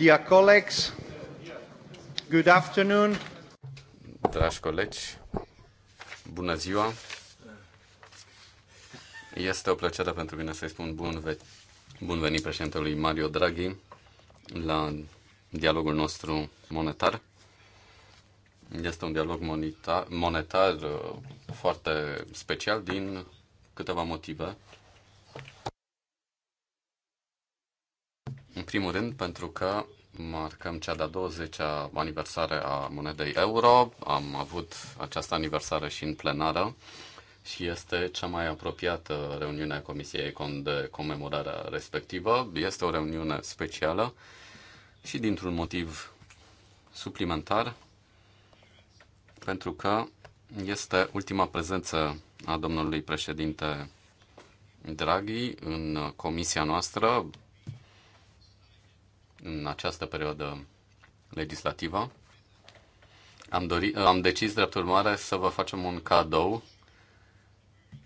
Dragi colegi, bună ziua. Este o plăcere pentru mine să-i spun bun, ve- bun venit președintelui Mario Draghi la dialogul nostru monetar. Este un dialog monetar, monetar uh, foarte special din câteva motive. primul rând pentru că marcăm cea de-a 20-a aniversare a monedei euro. Am avut această aniversare și în plenară și este cea mai apropiată reuniune a Comisiei Econ de comemorare respectivă. Este o reuniune specială și dintr-un motiv suplimentar, pentru că este ultima prezență a domnului președinte Draghi în comisia noastră în această perioadă legislativă. Am, dori, am decis, drept urmare, să vă facem un cadou.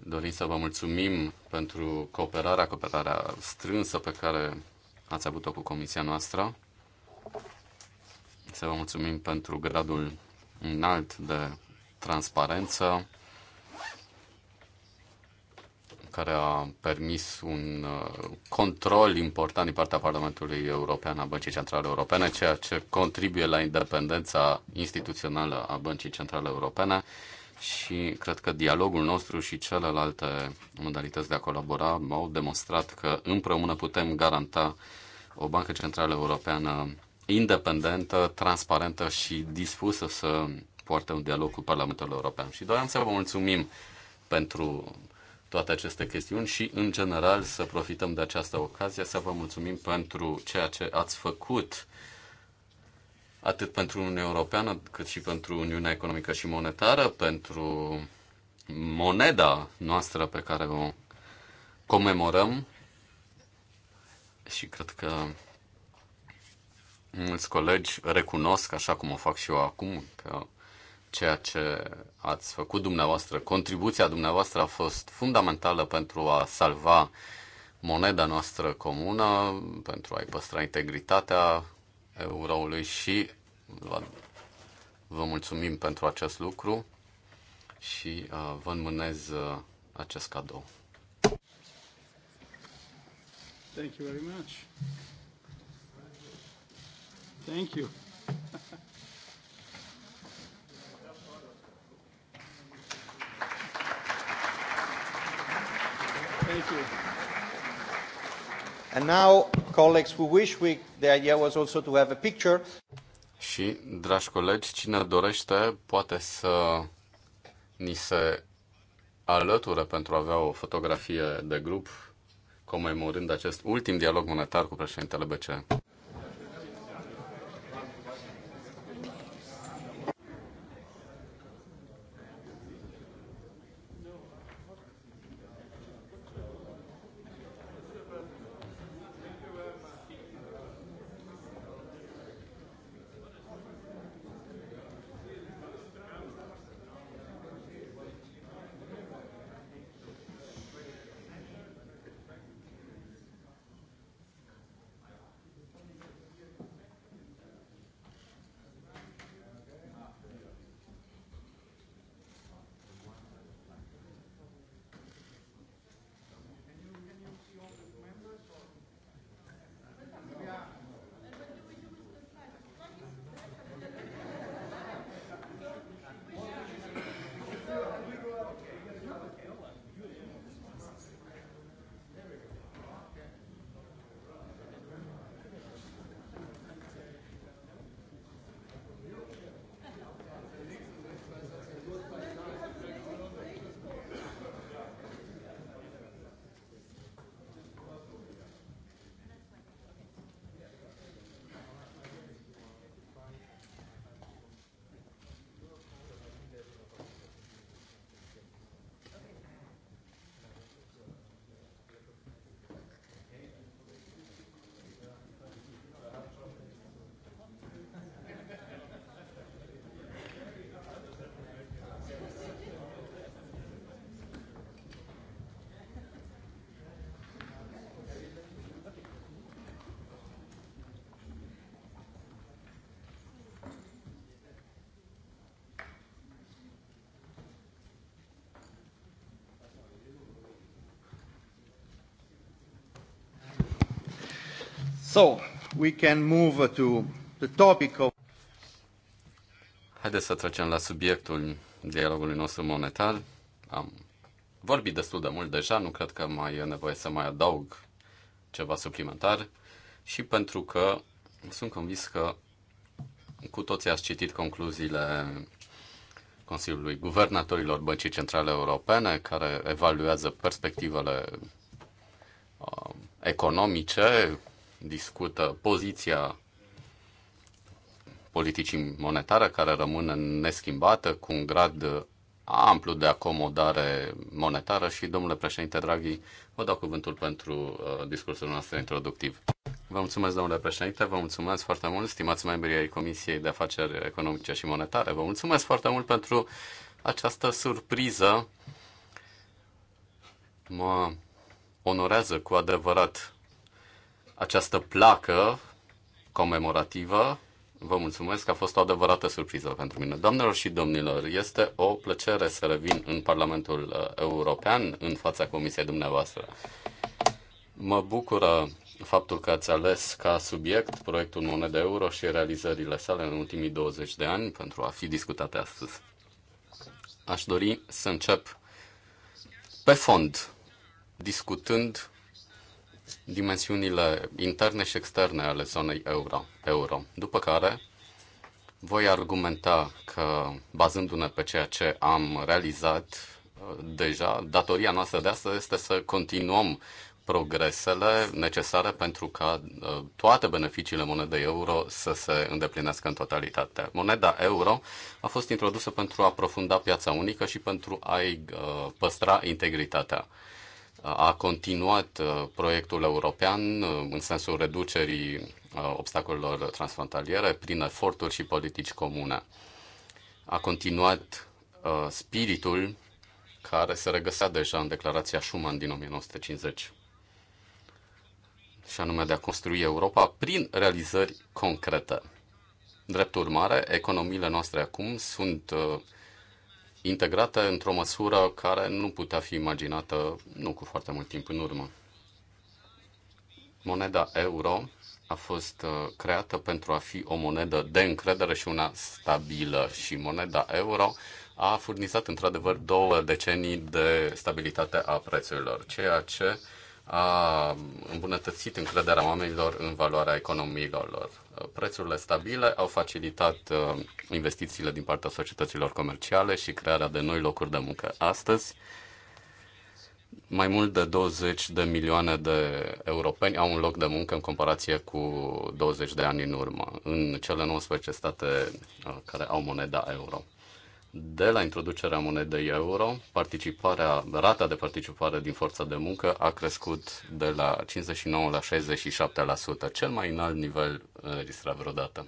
Dorim să vă mulțumim pentru cooperarea, cooperarea strânsă pe care ați avut-o cu comisia noastră. Să vă mulțumim pentru gradul înalt de transparență care a permis un uh, control important din partea Parlamentului European a Băncii Centrale Europene, ceea ce contribuie la independența instituțională a Băncii Centrale Europene și cred că dialogul nostru și celelalte modalități de a colabora au demonstrat că împreună putem garanta o bancă centrală europeană independentă, transparentă și dispusă să poartă un dialog cu Parlamentul European. Și doar să vă mulțumim pentru toate aceste chestiuni și, în general, să profităm de această ocazie, să vă mulțumim pentru ceea ce ați făcut atât pentru Uniunea Europeană, cât și pentru Uniunea Economică și Monetară, pentru moneda noastră pe care o comemorăm și cred că mulți colegi recunosc, așa cum o fac și eu acum, că ceea ce ați făcut dumneavoastră. Contribuția dumneavoastră a fost fundamentală pentru a salva moneda noastră comună, pentru a-i păstra integritatea euroului și vă mulțumim pentru acest lucru și uh, vă înmânez uh, acest cadou. Thank you very much. Thank you. Thank you. And now, colleagues who wish, we, the idea was also to have a picture. Și, dragi colegi, cine dorește poate să ni se alăture pentru a avea o fotografie de grup comemorând acest ultim dialog monetar cu președintele BCE. we can move to the topic of... Haideți să trecem la subiectul dialogului nostru monetar. Am vorbit destul de mult deja, nu cred că mai e nevoie să mai adaug ceva suplimentar și pentru că sunt convins că cu toții ați citit concluziile Consiliului Guvernatorilor Băncii Centrale Europene, care evaluează perspectivele um, economice discută poziția politicii monetare, care rămâne neschimbată, cu un grad amplu de acomodare monetară și, domnule președinte Draghi, vă dau cuvântul pentru uh, discursul nostru introductiv. Vă mulțumesc, domnule președinte, vă mulțumesc foarte mult, stimați membrii ai Comisiei de Afaceri Economice și Monetare, vă mulțumesc foarte mult pentru această surpriză. Mă onorează cu adevărat această placă comemorativă. Vă mulțumesc, a fost o adevărată surpriză pentru mine. Doamnelor și domnilor, este o plăcere să revin în Parlamentul uh, European, în fața comisiei dumneavoastră. Mă bucură faptul că ați ales ca subiect proiectul Moneda Euro și realizările sale în ultimii 20 de ani pentru a fi discutate astăzi. Aș dori să încep pe fond, discutând dimensiunile interne și externe ale zonei euro. euro. După care voi argumenta că, bazându-ne pe ceea ce am realizat uh, deja, datoria noastră de astăzi este să continuăm progresele necesare pentru ca uh, toate beneficiile monedei euro să se îndeplinească în totalitate. Moneda euro a fost introdusă pentru a profunda piața unică și pentru a-i uh, păstra integritatea a continuat uh, proiectul european uh, în sensul reducerii uh, obstacolelor transfrontaliere prin eforturi și politici comune. A continuat spiritul care se regăsea deja în declarația Schuman din 1950 și anume de a construi Europa prin realizări concrete. Drept urmare, economiile noastre acum sunt integrate într-o măsură care nu putea fi imaginată nu cu foarte mult timp în urmă. Moneda euro a fost uh, creată pentru a fi o monedă de încredere și una stabilă și moneda euro a furnizat într-adevăr două decenii de stabilitate a prețurilor, ceea ce uh, a îmbunătățit încrederea oamenilor în valoarea economiilor lor. Prețurile stabile au facilitat uh, investițiile din partea societăților comerciale și crearea de noi locuri de muncă. Astăzi, mai mult de 20 de milioane de europeni au un loc de muncă în comparație cu 20 de ani în urmă, în cele 19 state uh, care au moneda euro de la introducerea monedei euro, participarea, rata de participare din forța de muncă a crescut de la 59 la 67%, cel mai înalt nivel înregistrat vreodată.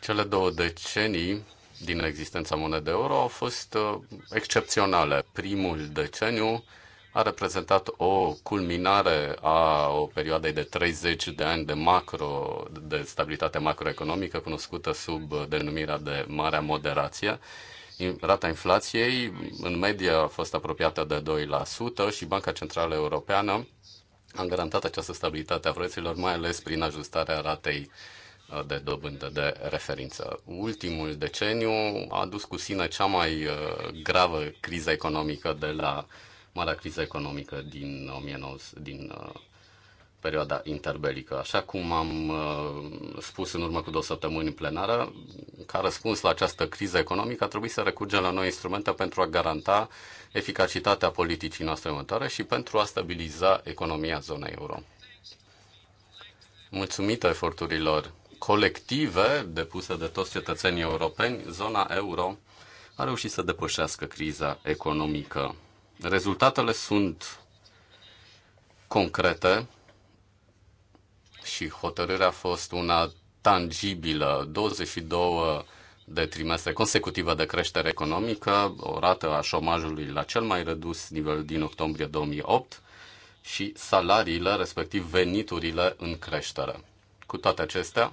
Cele două decenii din existența monedei euro au fost uh, excepționale. Primul deceniu a reprezentat o culminare a o perioadă de 30 de ani de macro, de stabilitate macroeconomică, cunoscută sub denumirea de Marea Moderație. Rata inflației în medie a fost apropiată de 2% și Banca Centrală Europeană a garantat această stabilitate a prețurilor, mai ales prin ajustarea ratei uh, de dobândă de referință. Ultimul deceniu a dus cu sine cea mai uh, gravă criză economică de la marea criză economică din, 19, uh, din uh, perioada interbelică. Așa cum am uh, spus în urmă cu două săptămâni în plenară, ca răspuns la această criză economică a trebuit să recurgem la noi instrumente pentru a garanta eficacitatea politicii noastre următoare și pentru a stabiliza economia zonei euro. Mulțumită eforturilor colective depuse de toți cetățenii europeni, zona euro a reușit să depășească criza economică Rezultatele sunt concrete și hotărârea a fost una tangibilă, 22 de trimestre consecutive de creștere economică, o rată a șomajului la cel mai redus nivel din octombrie 2008 și salariile, respectiv veniturile, în creștere. Cu toate acestea,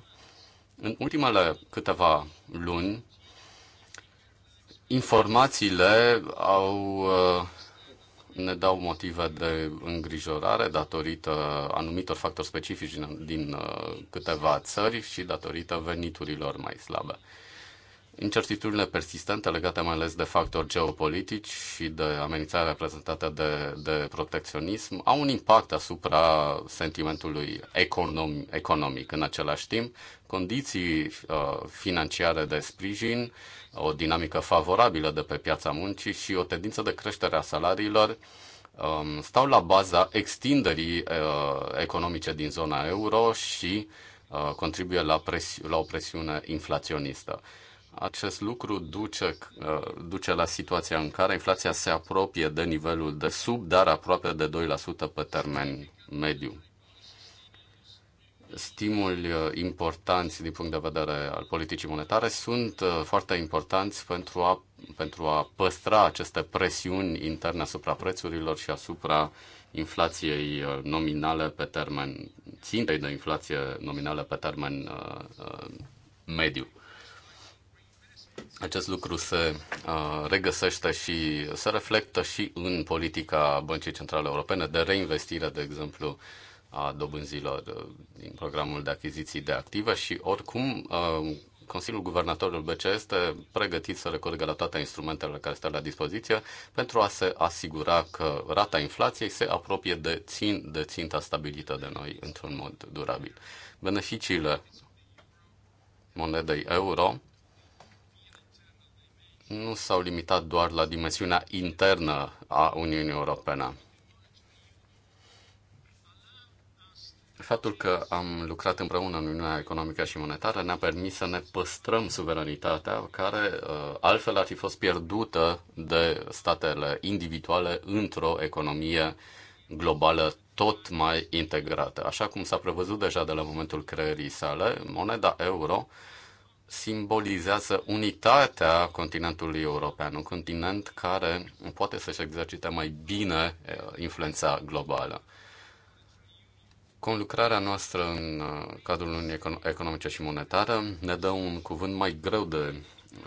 în ultimele câteva luni, informațiile au uh, ne dau motive de îngrijorare datorită anumitor factori specifici din, din uh, câteva țări și datorită veniturilor mai slabe. Incertitudinile persistente legate mai ales de factori geopolitici și de amenințarea reprezentată de, de protecționism au un impact asupra sentimentului econom, economic. În același timp, condiții uh, financiare de sprijin uh, o dinamică favorabilă de pe piața muncii și o tendință de creștere a salariilor um, stau la baza extinderii uh, economice din zona euro și uh, contribuie la, presi- la o presiune inflaționistă. Acest lucru duce, uh, duce la situația în care inflația se apropie de nivelul de sub, dar aproape de 2% pe termen mediu stimuli uh, importanți din punct de vedere al politicii monetare sunt uh, foarte importanți pentru a, pentru a păstra aceste presiuni interne asupra prețurilor și asupra inflației uh, nominale pe termen, țintei de inflație nominală pe termen uh, mediu. Acest lucru se uh, regăsește și se reflectă și în politica Băncii Centrale Europene de reinvestire, de exemplu, uh, a dobânzilor uh, din programul de achiziții de active și oricum uh, Consiliul Guvernatorilor BCE este pregătit să recurgă la toate instrumentele care stau la dispoziție pentru a se asigura că rata inflației se apropie de, țin, de ținta stabilită de noi într-un mod durabil. Beneficiile monedei euro nu s-au limitat doar la dimensiunea internă a Uniunii Europene. Faptul că am lucrat împreună în Uniunea Economică și Monetară ne-a permis să ne păstrăm suveranitatea care uh, altfel ar fi fost pierdută de statele individuale într-o economie globală tot mai integrată. Așa cum s-a prevăzut deja de la momentul creării sale, moneda euro simbolizează unitatea continentului european, un continent care poate să-și exercite mai bine uh, influența globală. Conlucrarea noastră în uh, cadrul Uniunii Economice și Monetare ne dă un cuvânt mai greu de,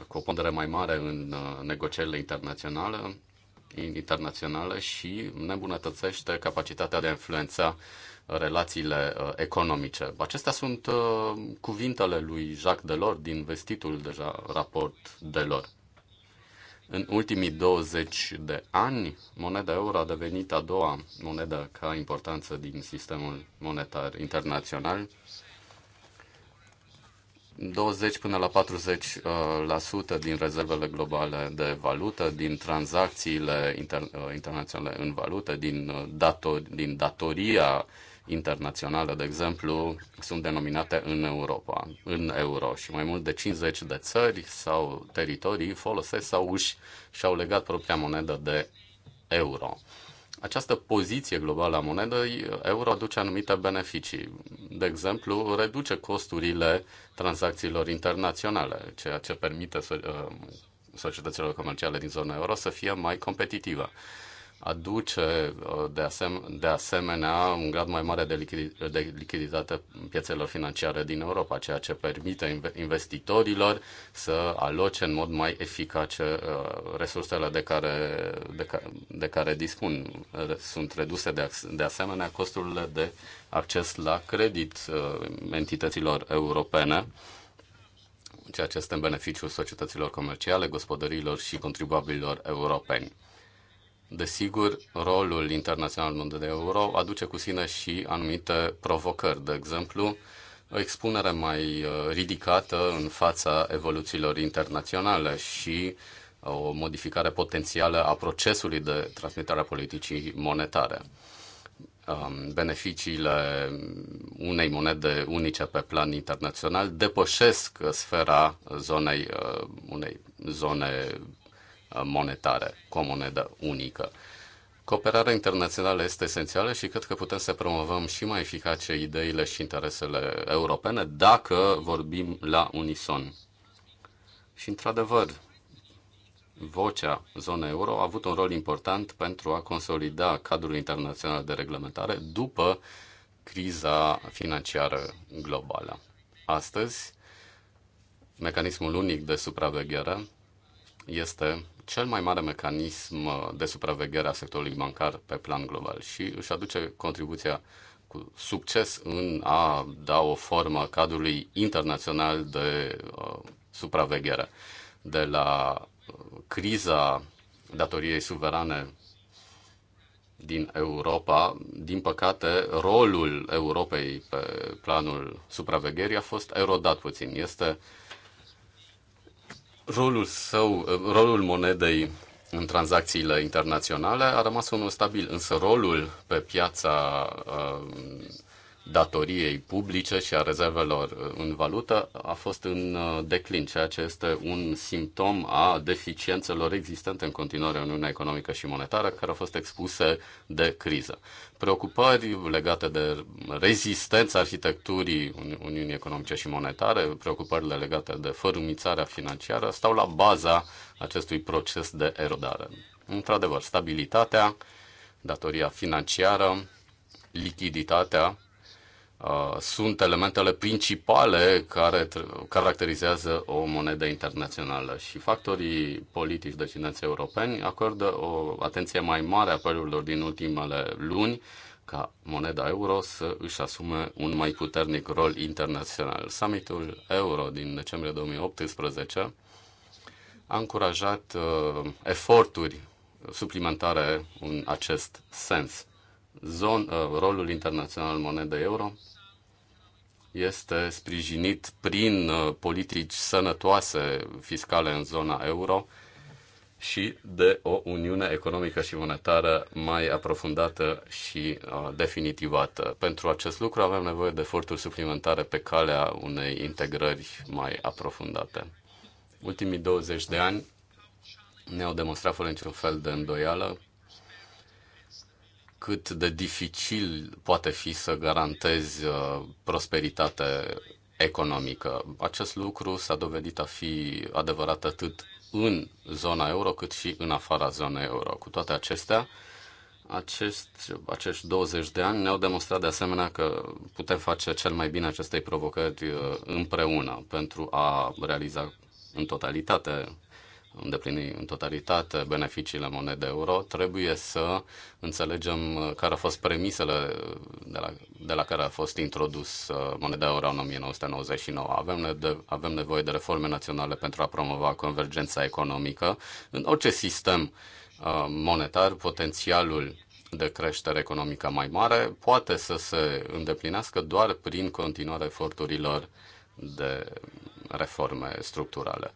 cu o pondere mai mare în uh, negocierile internaționale, internaționale și ne îmbunătățește capacitatea de a influența relațiile uh, economice. Acestea sunt cuvintele lui Jacques Delors din vestitul deja raport Delors. În ultimii 20 de ani, moneda euro a devenit a doua monedă ca importanță din sistemul monetar internațional. 20 până la 40% uh, din rezervele globale de valută, din tranzacțiile inter, uh, internaționale în valută, din, uh, dator, din datoria uh, internaționale, de exemplu, sunt denominate în Europa, în euro și mai mult de 50 de țări sau teritorii folosesc sau își și-au legat propria monedă de euro. Această poziție globală a monedei euro aduce anumite beneficii. De exemplu, reduce costurile tranzacțiilor internaționale, ceea ce permite uh, societăților comerciale din zona euro să fie mai competitive aduce uh, de, asem- de asemenea un grad mai mare de, lichid- de lichiditate piețelor financiare din Europa, ceea ce permite investitorilor să aloce în mod mai eficace uh, resursele de care, de, ca- de care dispun. Sunt reduse de, de asemenea costurile de acces la credit uh, entităților europene ceea ce este în beneficiul societăților comerciale, gospodăriilor și contribuabililor europeni. Desigur, rolul internațional al monedei euro aduce cu sine și anumite provocări, de exemplu, o expunere mai uh, ridicată în fața evoluțiilor internaționale și uh, o modificare potențială a procesului de transmitere a politicii monetare. Um, beneficiile unei monede unice pe plan internațional depășesc sfera zonei, uh, unei zone monetare, cu o monedă unică. Cooperarea internațională este esențială și cred că putem să promovăm și mai eficace ideile și interesele europene dacă vorbim la unison. Și, într-adevăr, vocea zonei euro a avut un rol important pentru a consolida cadrul internațional de reglementare după criza financiară globală. Astăzi, mecanismul unic de supraveghere este cel mai mare mecanism uh, de supraveghere a sectorului bancar pe plan global și își aduce contribuția cu succes în a da o formă cadrului internațional de uh, supraveghere. De la uh, criza datoriei suverane din Europa, din păcate, rolul Europei pe planul supravegherii a fost erodat puțin. Este uh, rolul său, eh, rolul monedei în tranzacțiile internaționale a rămas unul stabil, însă rolul pe piața eh, datoriei publice și a rezervelor uh, în valută a fost în uh, declin, ceea ce este un simptom a deficiențelor existente în continuare în Uniunea Economică și Monetară, care au fost expuse de criză. Preocupări legate de rezistența arhitecturii Uniunii Economice și Monetare, preocupările legate de fărâmițarea financiară, stau la baza acestui proces de erodare. Într-adevăr, stabilitatea, datoria financiară, lichiditatea, Uh, sunt elementele principale care caracterizează o monedă internațională și factorii politici de finanțe europeni acordă o atenție mai mare apelurilor din ultimele luni ca moneda euro să își asume un mai puternic rol internațional. Summitul euro din decembrie 2018 a încurajat uh, eforturi suplimentare în acest sens. Zon, uh, rolul internațional monedei euro este sprijinit prin uh, politici sănătoase fiscale în zona euro și de o uniune economică și monetară mai aprofundată și uh, definitivată. Pentru acest lucru avem nevoie de eforturi suplimentare pe calea unei integrări mai aprofundate. Ultimii 20 de ani ne-au demonstrat fără niciun fel de îndoială cât de dificil poate fi să garantezi uh, prosperitate economică. Acest lucru s-a dovedit a fi adevărat atât în zona euro cât și în afara zonei euro. Cu toate acestea, acești, acești 20 de ani ne-au demonstrat de asemenea că putem face cel mai bine acestei provocări uh, împreună pentru a realiza în totalitate îndeplini în totalitate beneficiile monedei euro, trebuie să înțelegem care au fost premisele de la, de la care a fost introdus uh, moneda euro în 1999. Avem, ne de, avem nevoie de reforme naționale pentru a promova convergența economică. În orice sistem uh, monetar, potențialul de creștere economică mai mare poate să se îndeplinească doar prin continuarea eforturilor de reforme structurale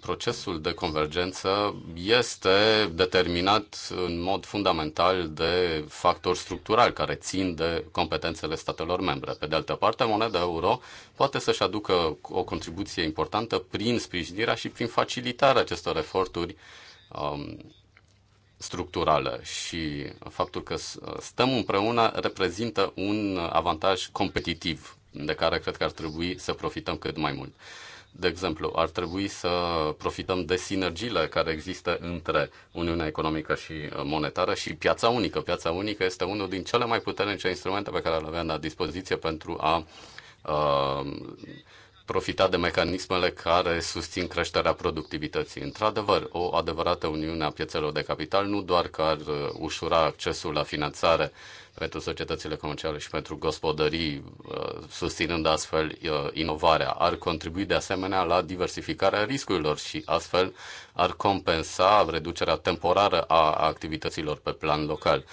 procesul de convergență este determinat în mod fundamental de factori structurali care țin de competențele statelor membre. Pe de altă parte, moneda euro poate să-și aducă o contribuție importantă prin sprijinirea și prin facilitarea acestor eforturi um, structurale și faptul că stăm împreună reprezintă un avantaj competitiv de care cred că ar trebui să profităm cât mai mult. De exemplu, ar trebui să profităm de sinergiile care există între Uniunea Economică și uh, Monetară și piața unică. Piața unică este unul din cele mai puternice instrumente pe care le avem la dispoziție pentru a uh, profita de mecanismele care susțin creșterea productivității. Într-adevăr, o adevărată uniune a piețelor de capital nu doar că ar uh, ușura accesul la finanțare pentru societățile comerciale și pentru gospodării, uh, susținând astfel uh, inovarea. Ar contribui de asemenea la diversificarea riscurilor și astfel ar compensa reducerea temporară a activităților pe plan local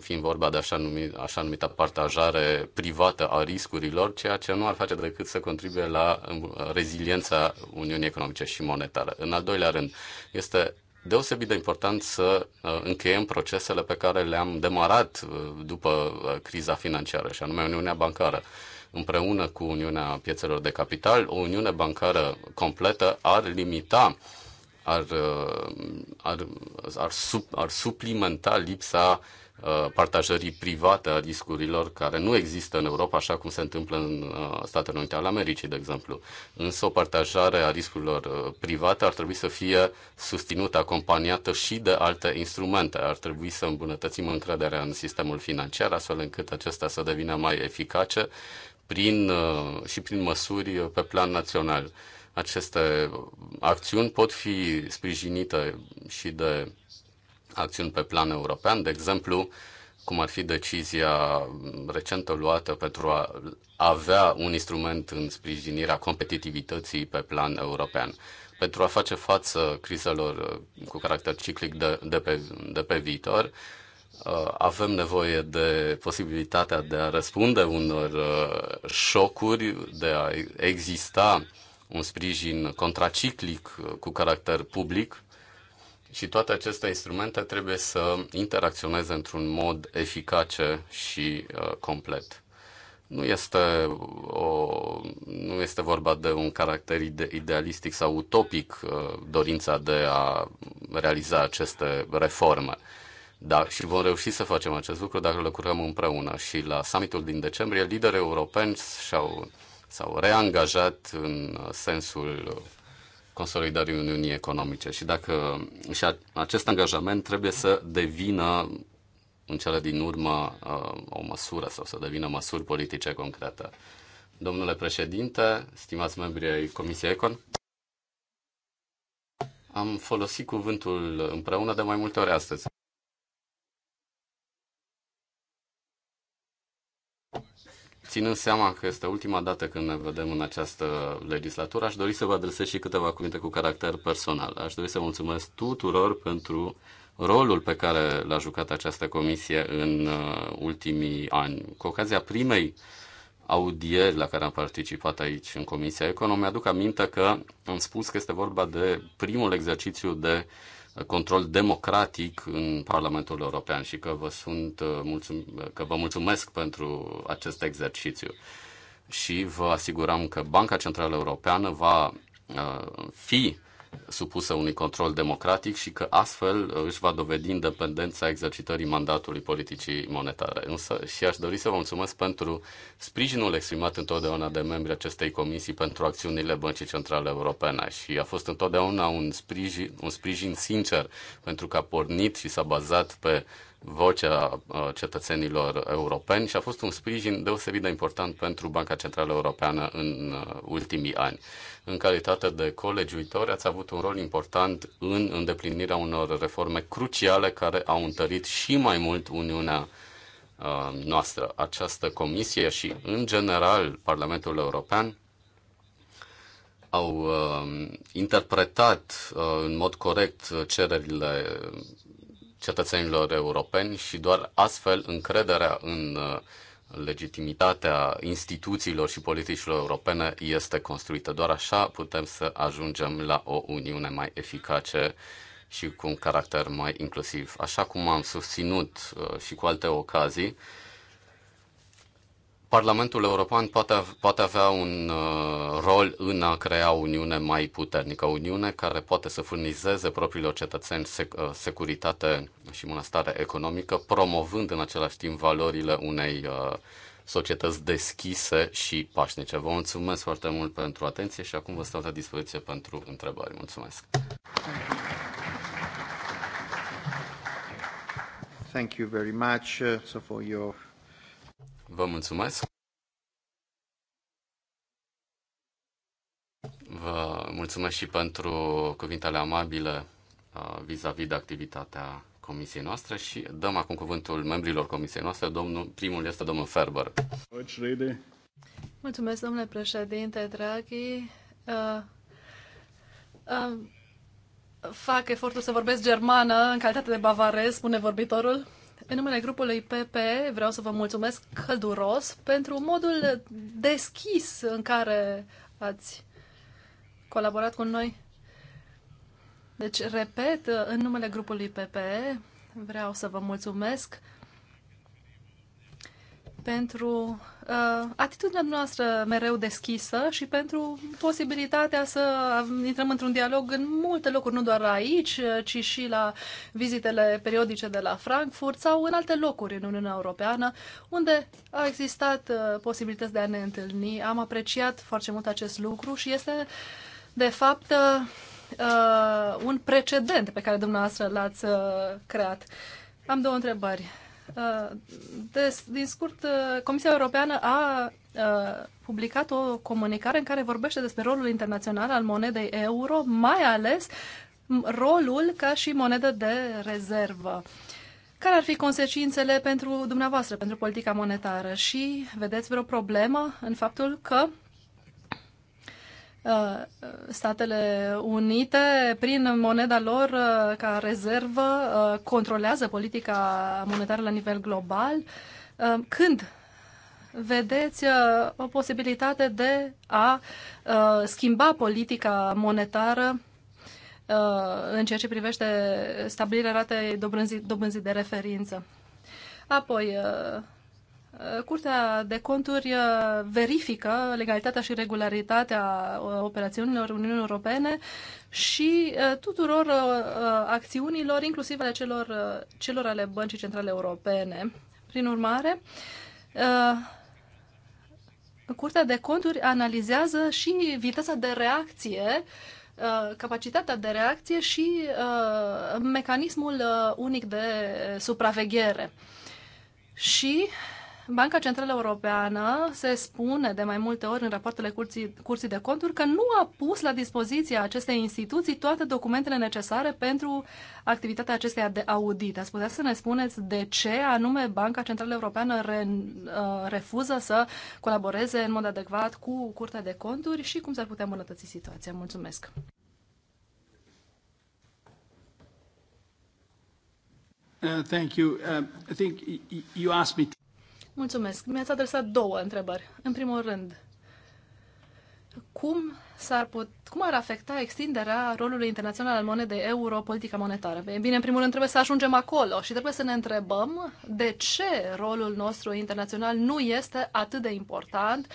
fiind vorba de așa, numi, așa numită partajare privată a riscurilor, ceea ce nu ar face decât să contribuie la uh, reziliența Uniunii Economice și Monetare. În al doilea rând, este deosebit de important să uh, încheiem procesele pe care le-am demarat uh, după uh, criza financiară, și anume Uniunea Bancară. Împreună cu Uniunea Piețelor de Capital, o Uniune Bancară completă ar limita, ar, ar, ar, sub, ar suplimenta lipsa uh, Uh, partajării private a riscurilor care nu există în Europa, așa cum se întâmplă în uh, Statele Unite ale Americii, de exemplu. Însă o partajare a riscurilor uh, private ar trebui să fie susținută, acompaniată și de alte instrumente. Ar trebui să îmbunătățim încrederea în sistemul financiar, astfel încât acesta să devină mai eficace prin, și prin măsuri pe plan național. Aceste acțiuni pot fi sprijinite și de acțiuni pe plan european, de exemplu, cum ar fi decizia recentă luată pentru a avea un instrument în sprijinirea competitivității pe plan european. Pentru a face față crizelor cu caracter ciclic de, de, pe, de pe viitor, uh, avem nevoie de posibilitatea de a răspunde unor uh, șocuri, de a exista un sprijin contraciclic cu caracter public și toate aceste instrumente trebuie să interacționeze într-un mod eficace și uh, complet. Nu este, o, nu este vorba de un caracter ide- idealistic sau utopic uh, dorința de a realiza aceste reforme. Da, și vom reuși să facem acest lucru dacă le lucrăm împreună. Și la summitul din decembrie, liderii europeni s au s-au reangajat în uh, sensul consolidării Uniunii Economice și dacă și acest angajament trebuie să devină în cele din urmă uh, o măsură sau să devină măsuri politice concrete. Domnule președinte, stimați membri ai Comisiei Econ, am folosit cuvântul împreună de mai multe ori astăzi. Ținând seama că este ultima dată când ne vedem în această legislatură, aș dori să vă adresez și câteva cuvinte cu caracter personal. Aș dori să mulțumesc tuturor pentru rolul pe care l-a jucat această comisie în uh, ultimii ani. Cu ocazia primei audieri la care am participat aici în Comisia Economie, aduc aminte că am spus că este vorba de primul exercițiu de uh, control democratic în Parlamentul European și că vă, sunt uh, mulțum- că vă mulțumesc pentru acest exercițiu. Și vă asigurăm că Banca Centrală Europeană va uh, fi supusă unui control democratic și că astfel uh, își va dovedi independența exercitării mandatului politicii monetare. Însă și aș dori să vă mulțumesc pentru sprijinul exprimat întotdeauna de membrii acestei comisii pentru acțiunile Băncii Centrale Europene și a fost întotdeauna un sprijin, un sprijin sincer pentru că a pornit și s-a bazat pe vocea uh, cetățenilor europeni și a fost un sprijin deosebit de important pentru Banca Centrală Europeană în uh, ultimii ani. În calitate de colegiuitor, ați avut un rol important în îndeplinirea unor reforme cruciale care au întărit și mai mult Uniunea uh, noastră. Această comisie și, în general, Parlamentul European au uh, interpretat uh, în mod corect cererile cetățenilor europeni și doar astfel încrederea în uh, legitimitatea instituțiilor și politicilor europene este construită. Doar așa putem să ajungem la o uniune mai eficace și cu un caracter mai inclusiv. Așa cum am susținut uh, și cu alte ocazii, Parlamentul European poate, poate avea un uh, rol în a crea o Uniune mai puternică, o Uniune care poate să furnizeze propriilor cetățeni sec- uh, securitate și bunăstare economică, promovând în același timp valorile unei uh, societăți deschise și pașnice. Vă mulțumesc foarte mult pentru atenție și acum vă stau la dispoziție pentru întrebări. Mulțumesc! Thank you very much uh, so for your Vă mulțumesc. Vă mulțumesc și pentru cuvintele amabile uh, vis-a-vis -vis de activitatea comisiei noastre și dăm acum cuvântul membrilor comisiei noastre. Domnul, primul este domnul Ferber. Mulțumesc, domnule președinte, draghi. Uh, uh, fac efortul să vorbesc germană în calitate de bavarez, spune vorbitorul. În numele grupului PP vreau să vă mulțumesc călduros pentru modul deschis în care ați colaborat cu noi. Deci, repet, în numele grupului PP vreau să vă mulțumesc pentru uh, atitudinea noastră mereu deschisă și pentru posibilitatea să intrăm într-un dialog în multe locuri, nu doar aici, uh, ci și la vizitele periodice de la Frankfurt sau în alte locuri în Uniunea Europeană, unde a existat uh, posibilități de a ne întâlni. Am apreciat foarte mult acest lucru și este, de fapt, uh, uh un precedent pe care dumneavoastră l-ați uh, creat. Am două întrebări. Uh, de, din scurt, uh, Comisia Europeană a uh, publicat o comunicare în care vorbește despre rolul internațional al monedei euro, mai ales rolul ca și monedă de rezervă. Care ar fi consecințele pentru dumneavoastră, pentru politica monetară? Și vedeți vreo problemă în faptul că Uh, Statele Unite, prin moneda lor uh, ca rezervă, uh, controlează politica monetară la nivel global. Când vedeți o posibilitate de a schimba politica monetară în ceea ce privește stabilirea ratei dobânzii de referință? Apoi, Uh, Curtea de conturi uh, verifică legalitatea și regularitatea uh, operațiunilor Uniunii Europene și tuturor acțiunilor, inclusiv ale celor, celor ale Băncii Centrale Europene. Prin urmare, Curtea de conturi analizează și viteza de reacție capacitatea de reacție și mecanismul unic de supraveghere. Și Banca Centrală Europeană se spune de mai multe ori în rapoartele curții, curții de conturi că nu a pus la dispoziția acestei instituții toate documentele necesare pentru activitatea acesteia de audit. Ați putea să ne spuneți de ce anume Banca Centrală Europeană re, uh, refuză să colaboreze în mod adecvat cu Curtea de Conturi și cum s-ar putea îmbunătăți situația? Mulțumesc! Uh, thank you. Uh, I think you asked me Mulțumesc. Mi-ați adresat două întrebări. În primul rând, cum, s-ar put, cum ar afecta extinderea rolului internațional al monedei euro, politica monetară? Bine, în primul rând trebuie să ajungem acolo și trebuie să ne întrebăm de ce rolul nostru internațional nu este atât de important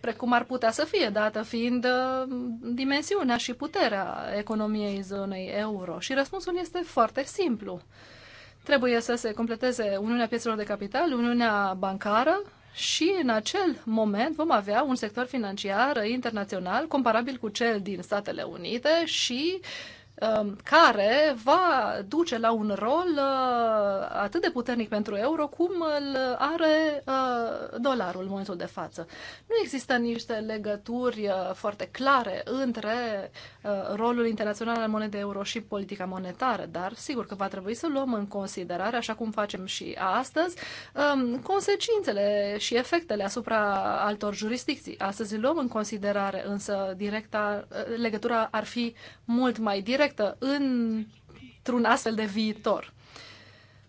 precum ar putea să fie, dată fiind uh, dimensiunea și puterea economiei zonei euro. Și răspunsul este foarte simplu. Trebuie să se completeze Uniunea Piețelor de Capital, Uniunea Bancară și în acel moment vom avea un sector financiar internațional comparabil cu cel din Statele Unite și uh, Um, care va duce la un rol uh, atât de puternic pentru euro cum îl are uh, dolarul în momentul de față. Nu există niște legături uh, foarte clare între rolul internațional al monedei euro și politica monetară, dar sigur că va trebui să luăm în considerare, așa cum facem și astăzi, um, consecințele și efectele asupra altor jurisdicții. Astăzi luăm în considerare, însă directa, legătura ar fi mult mai directă corectă într-un astfel de viitor.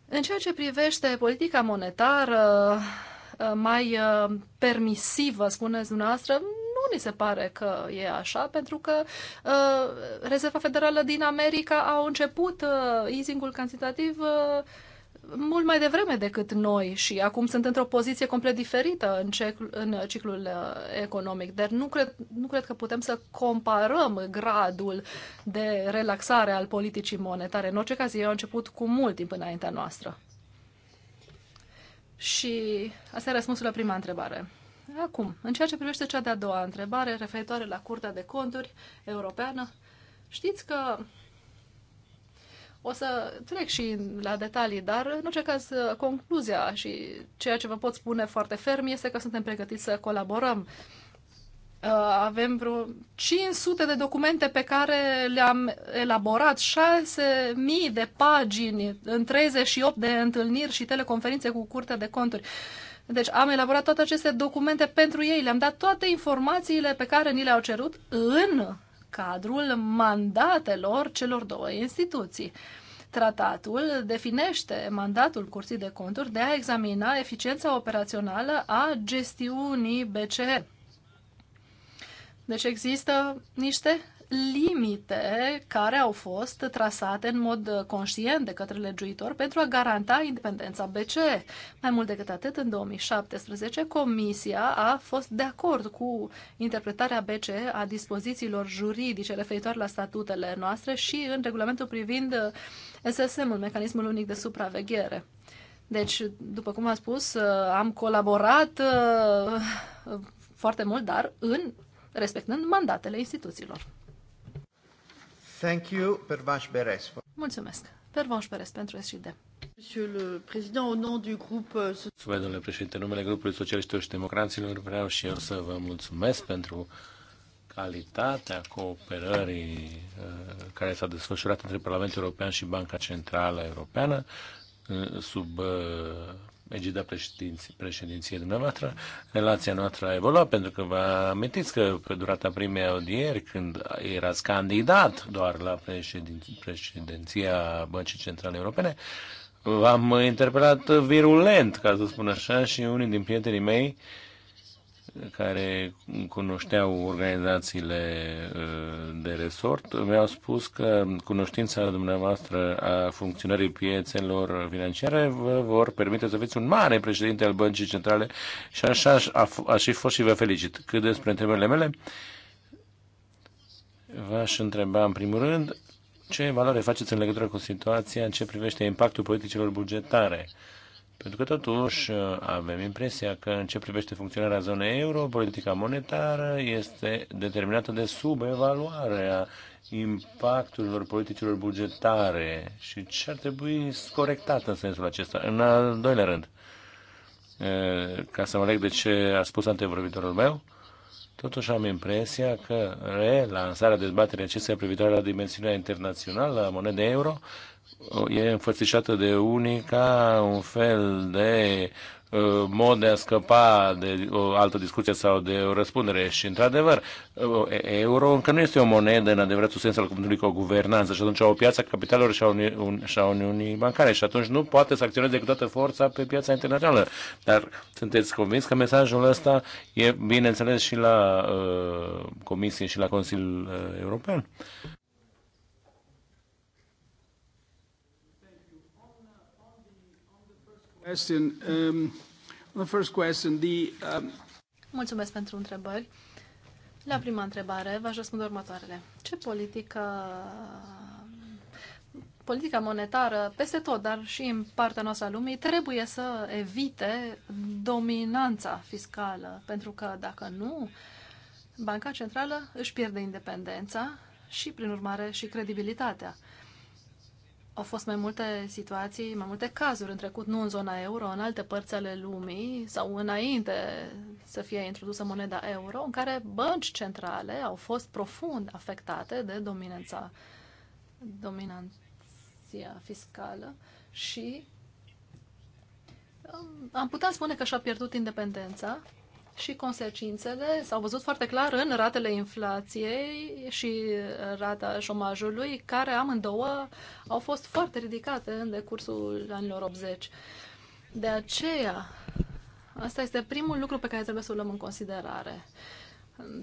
În ceea ce privește politica monetară uh, mai uh, permisivă, spuneți dumneavoastră, nu ni se pare că e așa, pentru că uh, Rezerva Federală din America a început easing-ul cantitativ mult mai devreme decât noi și acum sunt într-o poziție complet diferită în, cicl, în ciclul uh, economic, dar nu cred, nu cred că putem să comparăm gradul de relaxare al politicii monetare. În orice caz, ei au început cu mult timp înaintea noastră. Și asta e răspunsul la prima întrebare. Acum, în ceea ce privește cea de-a doua întrebare, referitoare la Curtea de Conturi Europeană, știți că o să trec și la detalii, dar în orice caz concluzia și ceea ce vă pot spune foarte ferm este că suntem pregătiți să colaborăm. Uh, avem vreo 500 de documente pe care le-am elaborat, 6.000 de pagini în 38 de întâlniri și teleconferințe cu Curtea de Conturi. Deci am elaborat toate aceste documente pentru ei, le-am dat toate informațiile pe care ni le-au cerut în cadrul mandatelor celor două instituții. Tratatul definește mandatul Curții de Conturi de a examina eficiența operațională a gestiunii BCE. Deci există niște limite care au fost trasate în mod conștient de către legiuitor pentru a garanta independența BCE. Mai mult decât atât, în 2017, Comisia a fost de acord cu interpretarea BCE a dispozițiilor juridice referitoare la statutele noastre și în regulamentul privind SSM-ul, Mecanismul Unic de Supraveghere. Deci, după cum am spus, am colaborat uh, foarte mult, dar în respectând mandatele instituțiilor. Thank you, Pervaș Beres. Mulțumesc. Pervaș Beres pentru SJD. Euh, mulțumesc, domnule președinte. numele grupului Socialiștilor și Democraților vreau și eu să vă mulțumesc pentru calitatea cooperării uh, care s-a desfășurat între Parlamentul European și Banca Centrală Europeană uh, sub uh, egida președinției dumneavoastră, relația noastră a evoluat, pentru că vă amintiți că pe durata primei audieri, când erați candidat doar la președin- președinția Băncii Centrale Europene, v-am interpelat virulent, ca să spun așa, și unii din prietenii mei uh, care cunoșteau organizațiile uh, de resort mi-au spus că cunoștința dumneavoastră a funcționării piețelor financiare vă vor permite să fiți un mare președinte al Băncii Centrale și așa a, fi și fost și vă felicit. Cât despre întrebările mele, v-aș întreba în primul rând ce valoare faceți în legătură cu situația în ce privește impactul politicilor bugetare pentru că totuși uh, avem impresia că în ce privește funcționarea zonei euro, politica monetară este determinată de subevaluarea impacturilor politicilor bugetare și ce ar trebui corectată în sensul acesta. În al doilea rând, uh, ca să mă leg de ce a spus antevorbitorul meu, totuși am impresia că relansarea dezbaterii acestea privitoare la dimensiunea internațională a monedei euro e înfățișată de unii ca un fel de uh, mod de a scăpa de o altă discuție sau de o răspundere. Și, într-adevăr, uh, euro încă nu este o monedă în adevăratul sens al cuvântului cu o guvernanță și atunci o piață a capitalelor și a, uni, un, și a Uniunii Bancare și atunci nu poate să acționeze cu toată forța pe piața internațională. Dar sunteți convins că mesajul ăsta e, bineînțeles, și la uh, Comisie și la Consiliul uh, European? Um, um, Mulțumesc pentru întrebări. La prima întrebare v-aș răspunde următoarele. Ce politică politica monetară peste tot, dar și în partea noastră a lumii, trebuie să evite dominanța fiscală, pentru că dacă nu, Banca Centrală își pierde independența și, prin urmare, și credibilitatea. Au fost mai multe situații, mai multe cazuri în trecut, nu în zona euro, în alte părți ale lumii sau înainte să fie introdusă moneda euro, în care bănci centrale au fost profund afectate de dominanța, dominanția fiscală și um, am putea spune că și-a pierdut independența și consecințele s-au văzut foarte clar în ratele inflației și rata șomajului, care amândouă au fost foarte ridicate în decursul anilor 80. De aceea, asta este primul lucru pe care trebuie să-l luăm în considerare.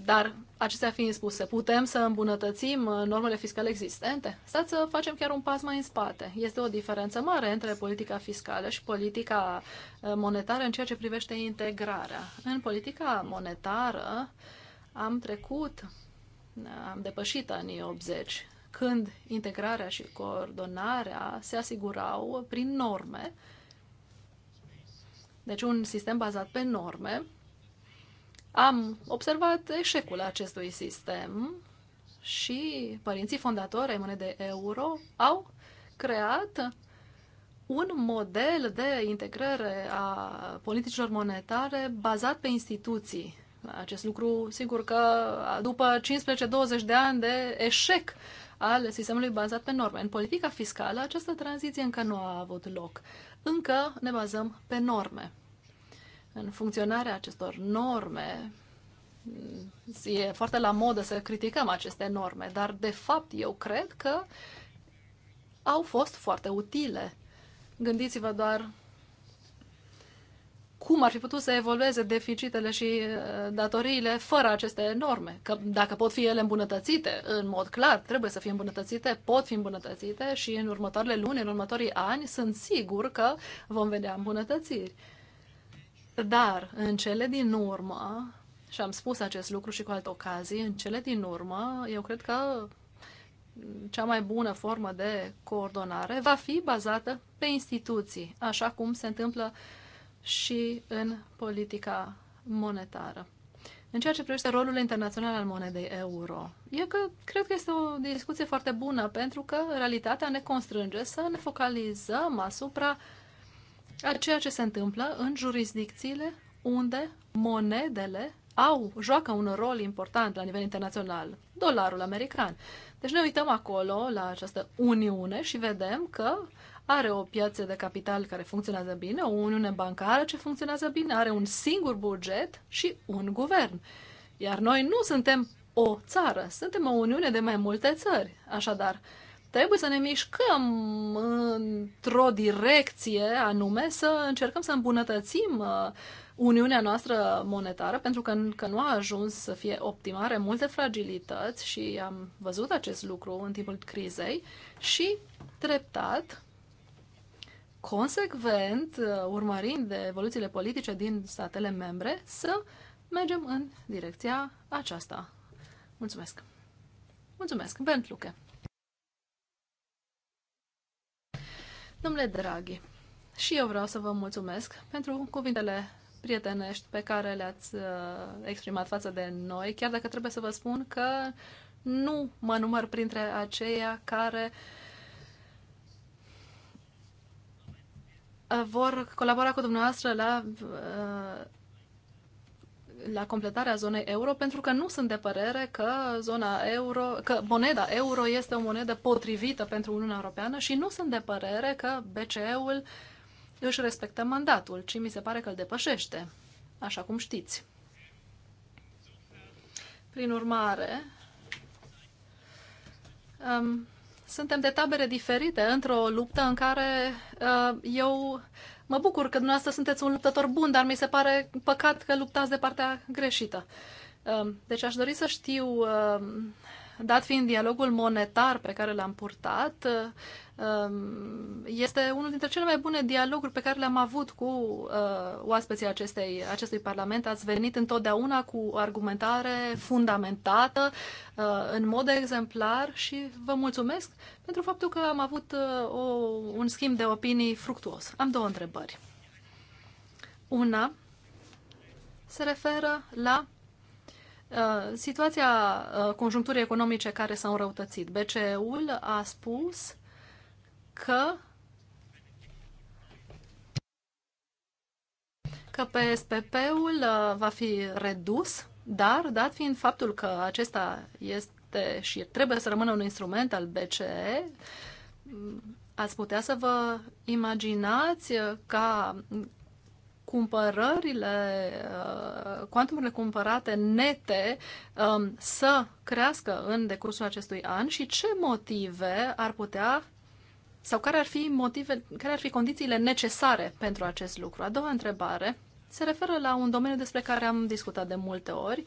Dar, acestea fiind spuse, putem să îmbunătățim uh, normele fiscale existente? Stați să facem chiar un pas mai în spate. Este o diferență mare între politica fiscală și politica uh, monetară în ceea ce privește integrarea. În politica monetară am trecut, uh, am depășit anii 80, când integrarea și coordonarea se asigurau prin norme. Deci un sistem bazat pe norme am observat eșecul acestui sistem și părinții fondatori ai monedei euro au creat un model de integrare a politicilor monetare bazat pe instituții. Acest lucru, sigur că după 15-20 de ani de eșec al sistemului bazat pe norme. În politica fiscală, această tranziție încă nu a avut loc. Încă ne bazăm pe norme în funcționarea acestor norme. E foarte la modă să criticăm aceste norme, dar de fapt eu cred că au fost foarte utile. Gândiți-vă doar cum ar fi putut să evolueze deficitele și uh, datoriile fără aceste norme. Că dacă pot fi ele îmbunătățite, în mod clar, trebuie să fie îmbunătățite, pot fi îmbunătățite și în următoarele luni, în următorii ani, sunt sigur că vom vedea îmbunătățiri. Dar, în cele din urmă, și am spus acest lucru și cu alte ocazii, în cele din urmă, eu cred că cea mai bună formă de coordonare va fi bazată pe instituții, așa cum se întâmplă și în politica monetară. În ceea ce privește rolul internațional al monedei euro, eu că, cred că este o discuție foarte bună, pentru că realitatea ne constrânge să ne focalizăm asupra ar ceea ce se întâmplă în jurisdicțiile unde monedele au, joacă un rol important la nivel internațional, dolarul american. Deci ne uităm acolo la această uniune și vedem că are o piață de capital care funcționează bine, o uniune bancară ce funcționează bine, are un singur buget și un guvern. Iar noi nu suntem o țară, suntem o uniune de mai multe țări. Așadar, Trebuie să ne mișcăm într-o direcție anume, să încercăm să îmbunătățim uh, Uniunea noastră monetară, pentru că încă nu a ajuns să fie optimare, multe fragilități și am văzut acest lucru în timpul crizei și treptat, consecvent, uh, urmărind de evoluțiile politice din statele membre, să mergem în direcția aceasta. Mulțumesc! Mulțumesc, Bent Luke! Domnule Draghi, și eu vreau să vă mulțumesc pentru cuvintele prietenești pe care le-ați uh, exprimat față de noi, chiar dacă trebuie să vă spun că nu mă număr printre aceia care uh, vor colabora cu dumneavoastră la uh, la completarea zonei euro, pentru că nu sunt de părere că zona euro, că moneda euro este o monedă potrivită pentru Uniunea Europeană și nu sunt de părere că BCE-ul își respectă mandatul, ci mi se pare că îl depășește, așa cum știți. Prin urmare, um, suntem de tabere diferite într-o luptă în care uh, eu Mă bucur că dumneavoastră sunteți un luptător bun, dar mi se pare păcat că luptați de partea greșită. Ehm, deci aș dori să știu ehm, dat fiind dialogul monetar pe care l-am purtat, um, este unul dintre cele mai bune dialoguri pe care le-am avut cu uh, oaspeții acestei, acestui Parlament. Ați venit întotdeauna cu o argumentare fundamentată, uh, în mod exemplar și vă mulțumesc pentru faptul că am avut uh, o, un schimb de opinii fructuos. Am două întrebări. Una se referă la Uh, situația uh, conjuncturii economice care s-a înrăutățit. BCE-ul a spus că că PSPP-ul uh, va fi redus, dar dat fiind faptul că acesta este și trebuie să rămână un instrument al BCE, mm, ați putea să vă imaginați ca cumpărările, uh, cuantumurile cumpărate nete um, să crească în decursul acestui an și ce motive ar putea sau care ar fi motive, care ar fi condițiile necesare pentru acest lucru. A doua întrebare se referă la un domeniu despre care am discutat de multe ori,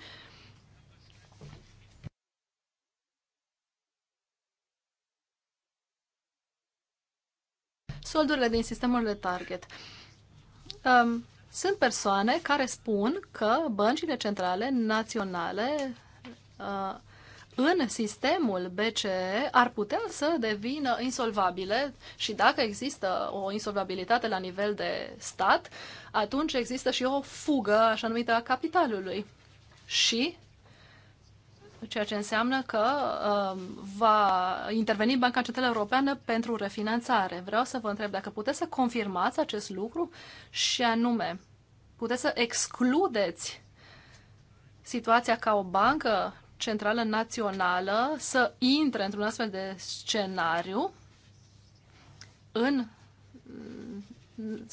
soldurile din sistemul de target. Um, sunt persoane care spun că băncile centrale naționale uh, în sistemul BCE ar putea să devină insolvabile și dacă există o insolvabilitate la nivel de stat, atunci există și o fugă așa numită a capitalului. Și ceea ce înseamnă că uh, va interveni Banca Centrală Europeană pentru refinanțare. Vreau să vă întreb dacă puteți să confirmați acest lucru și anume, puteți să excludeți situația ca o bancă centrală națională să intre într-un astfel de scenariu în,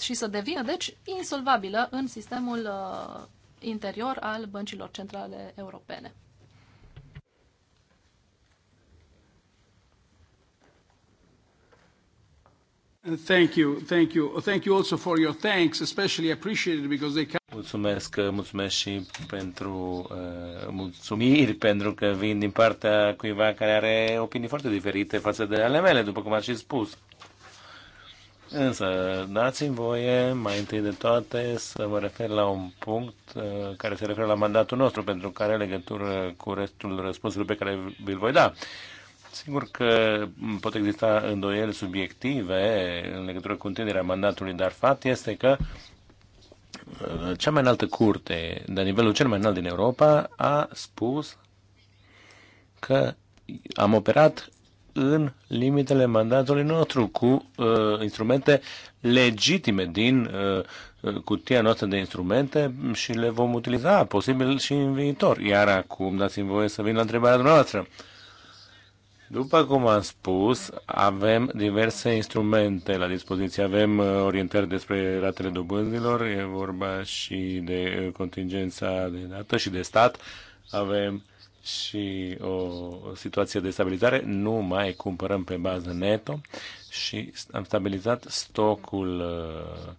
și să devină, deci, insolvabilă în sistemul uh, interior al băncilor centrale europene. thank you, thank you. Thank you also for your thanks, especially appreciated because they Mulțumesc, mulțumesc și pentru uh, mulțumiri, pentru că vin din partea cuiva care are opinii foarte diferite față de ale mele, după cum ați și spus. Însă, dați-mi voie mai întâi de toate să mă refer la un punct uh, care se referă la mandatul nostru, pentru care are legătură cu restul răspunsului pe care vi-l voi da. Uh, Sigur că pot exista îndoieli subiective în legătură cu întinderea mandatului, dar fapt este că uh, cea mai înaltă curte, de nivelul cel mai înalt din Europa, a spus că am operat în limitele mandatului nostru cu uh, instrumente legitime din uh, cutia noastră de instrumente și le vom utiliza posibil și în viitor. Iar acum dați-mi voie să vin la întrebarea dumneavoastră. Uh, după cum am spus, avem diverse instrumente la dispoziție. Avem uh, orientări despre ratele dobânzilor, e vorba și de uh, contingența de dată și de stat. Avem și o situație de stabilizare. Nu mai cumpărăm pe bază neto și am stabilizat stocul uh,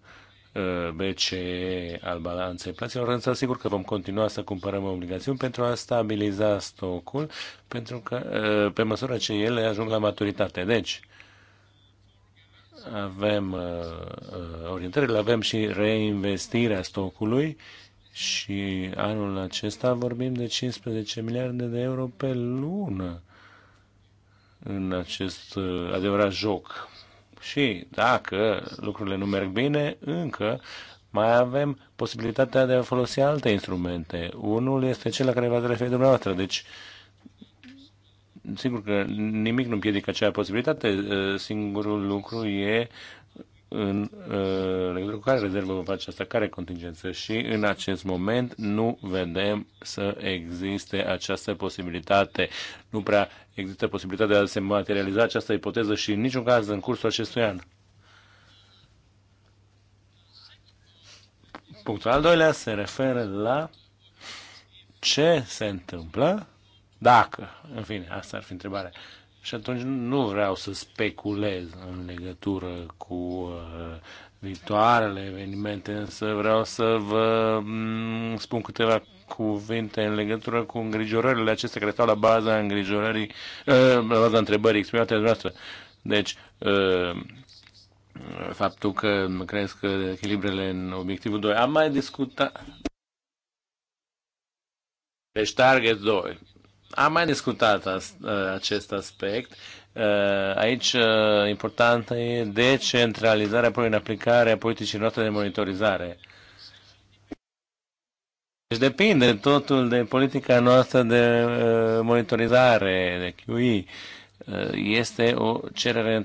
BCE al balanței plăților, însă sigur că vom continua să cumpărăm obligațiuni pentru a stabiliza stocul, pentru că pe măsură ce ele ajung la maturitate. Deci, avem orientările, avem și reinvestirea stocului și anul acesta vorbim de 15 miliarde de euro pe lună în acest adevărat joc și dacă lucrurile nu merg bine, încă mai avem posibilitatea de a folosi alte instrumente. Unul este cel la care v-ați referit dumneavoastră. Deci, sigur că nimic nu împiedică acea posibilitate. Singurul lucru e Uh, în legătură cu care rezervă vom face asta, care contingență și în acest moment nu vedem să existe această posibilitate. Nu prea există posibilitatea de a se materializa această ipoteză și în niciun caz în cursul acestui an. Punctul al doilea se referă la ce se întâmplă dacă, în fine, asta ar fi întrebarea, și atunci nu vreau să speculez în legătură cu uh, viitoarele evenimente, însă vreau să vă mm, spun câteva cuvinte în legătură cu îngrijorările acestea care stau la baza îngrijorării, uh, la baza întrebării exprimate de noastră. Deci, uh, faptul că cresc echilibrele în obiectivul 2. Am mai discutat... Deci target 2. Am mai discutat as, uh, acest aspect. Uh, aici uh, importantă e decentralizarea apoi în aplicare a politicii noastre de monitorizare. Deci depinde totul de politica noastră de monitorizare, de QI este o cerere,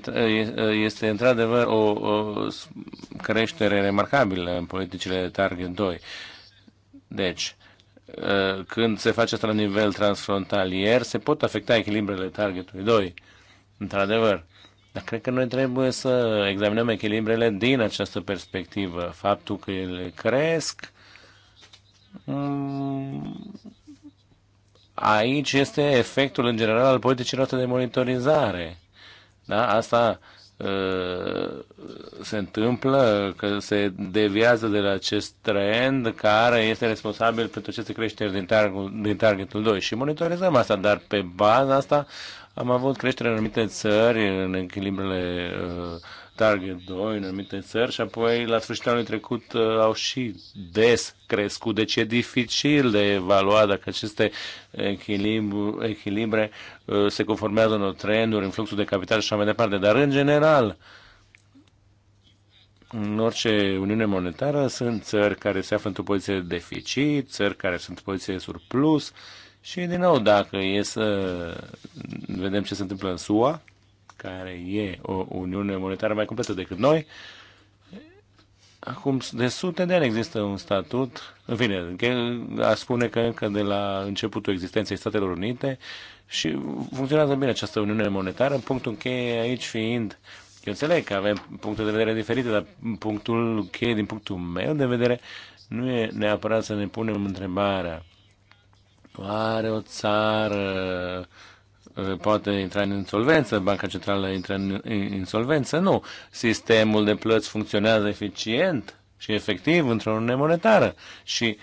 este într-adevăr o, o creștere remarcabilă în politicile Target 2. Deci, Uh, când se face asta la nivel transfrontalier, se pot afecta echilibrele targetului 2, într-adevăr. Dar cred că noi trebuie să examinăm echilibrele din această perspectivă. Faptul că ele cresc, mm, aici este efectul în general al politicii noastre de monitorizare. Da? Asta Uh, se întâmplă, că se deviază de la acest trend care este responsabil pentru aceste creșteri din, targ- din targetul 2 și monitorizăm asta, dar pe baza asta am avut creștere în anumite țări, în echilibrele uh, Target 2 în anumite țări și apoi la sfârșitul anului trecut uh, au și des crescut. Deci e dificil de evaluat dacă aceste echilibru, echilibre uh, se conformează unor trenduri, în fluxul de capital și așa mai departe. Dar în general, în orice uniune monetară sunt țări care se află într-o poziție de deficit, țări care sunt în poziție de surplus și din nou dacă e să vedem ce se întâmplă în SUA, care e o uniune monetară mai completă decât noi, acum de sute de ani există un statut, în fine, a spune că încă de la începutul existenței Statelor Unite și funcționează bine această uniune monetară, În punctul cheie aici fiind eu înțeleg că avem puncte de vedere diferite, dar punctul cheie din punctul meu de vedere nu e neapărat să ne punem întrebarea oare o țară uh, Eh, poate intra în insolvență, Banca Centrală intră în insolvență, nu. Sistemul de plăți funcționează eficient și efectiv într-o uniune monetară. Și eh,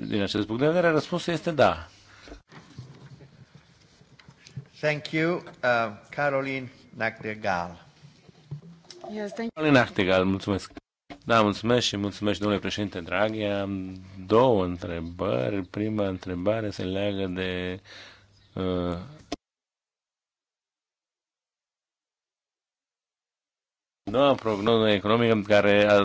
din acest punct de vedere răspunsul este da. Thank you, uh, Caroline Nachtigal. Yes, thank you. Caroline Nachtigal, mulțumesc. Da, mulțumesc și mulțumesc, domnule președinte Draghi. Am două întrebări. Prima întrebare se leagă de uh, Noua da, prognoză economică care a,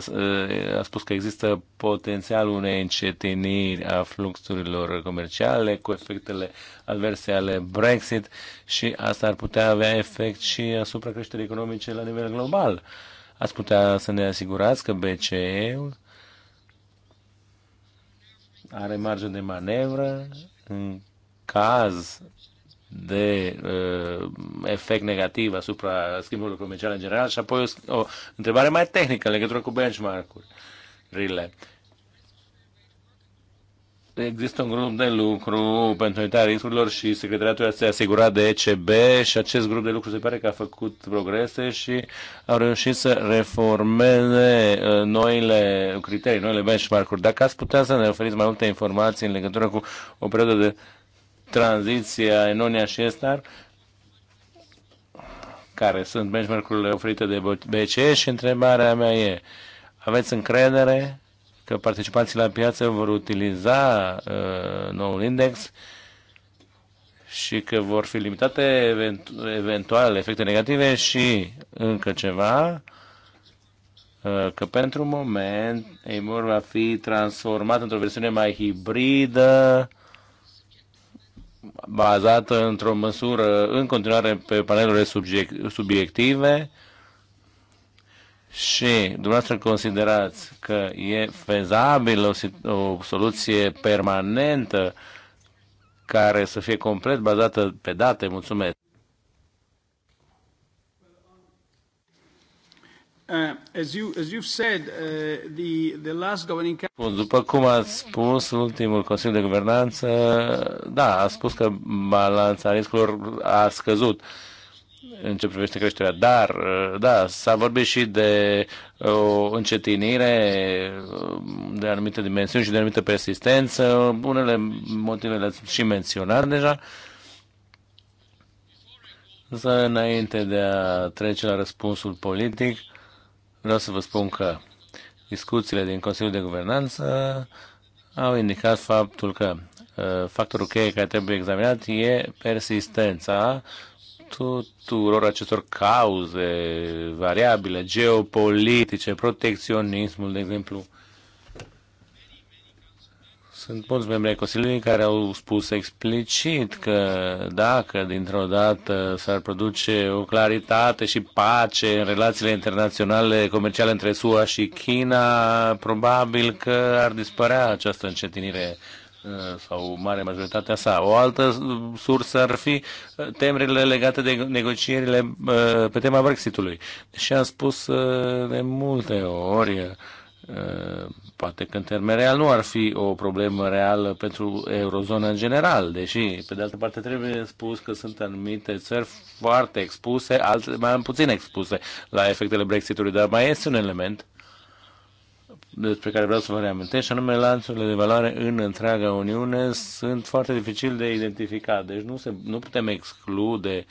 a spus că există potențialul unei încetiniri a fluxurilor comerciale cu efectele adverse ale Brexit și asta ar putea avea efect și asupra creșterii economice la nivel global. Ați putea să ne asigurați că BCE-ul are marge de manevră în caz de uh, efect negativ asupra schimbului comercial în general și apoi o, o întrebare mai tehnică în legătură cu benchmark-urile. Există un grup de lucru pentru evitarea riscurilor și secretariatul este asigurat de ECB și acest grup de lucru se pare că a făcut progrese și au reușit să reformeze uh, noile criterii, noile benchmark-uri. Dacă ați putea să ne oferiți mai multe informații în legătură cu o perioadă de tranziția Enonia și Estar, care sunt benchmark-urile oferite de BCE și întrebarea mea e, aveți încredere că participanții la piață vor utiliza uh, noul index și că vor fi limitate event eventualele efecte negative și încă ceva, uh, că pentru moment Amor va fi transformat într-o versiune mai hibridă bazată într-o măsură în continuare pe panelurile subiect, subiective și dumneavoastră considerați că e fezabilă o, o soluție permanentă care să fie complet bazată pe date? Mulțumesc! După cum ați spus, ultimul Consiliu de Guvernanță, da, a spus că balanța riscurilor a scăzut în ce privește creșterea, dar, uh, da, s-a vorbit și de uh, o încetinire uh, de anumite dimensiuni și de anumită persistență. Unele motive le-ați și menționat deja. Însă, înainte de a trece la răspunsul politic, vreau să vă spun că discuțiile din Consiliul de Guvernanță au indicat faptul că uh, factorul cheie care trebuie examinat e persistența tuturor acestor cauze variabile, geopolitice, protecționismul, de exemplu, sunt mulți membri ai Consiliului care au spus explicit că dacă dintr-o dată s-ar produce o claritate și pace în relațiile internaționale comerciale între SUA și China, probabil că ar dispărea această încetinire uh, sau mare majoritatea sa. O altă sursă ar fi uh, temerile legate de negocierile uh, pe tema Brexitului. Și am spus de multe ori Eh, poate că în termen real nu ar fi o problemă reală pentru eurozona în general, deși, pe de altă parte, trebuie spus că sunt anumite țări foarte expuse, alte mai puțin expuse la efectele Brexitului, dar mai este un element despre care vreau să vă reamintesc, și anume lanțurile de valoare în întreaga Uniune sunt foarte dificil de identificat. Deci nu, se, nu putem exclude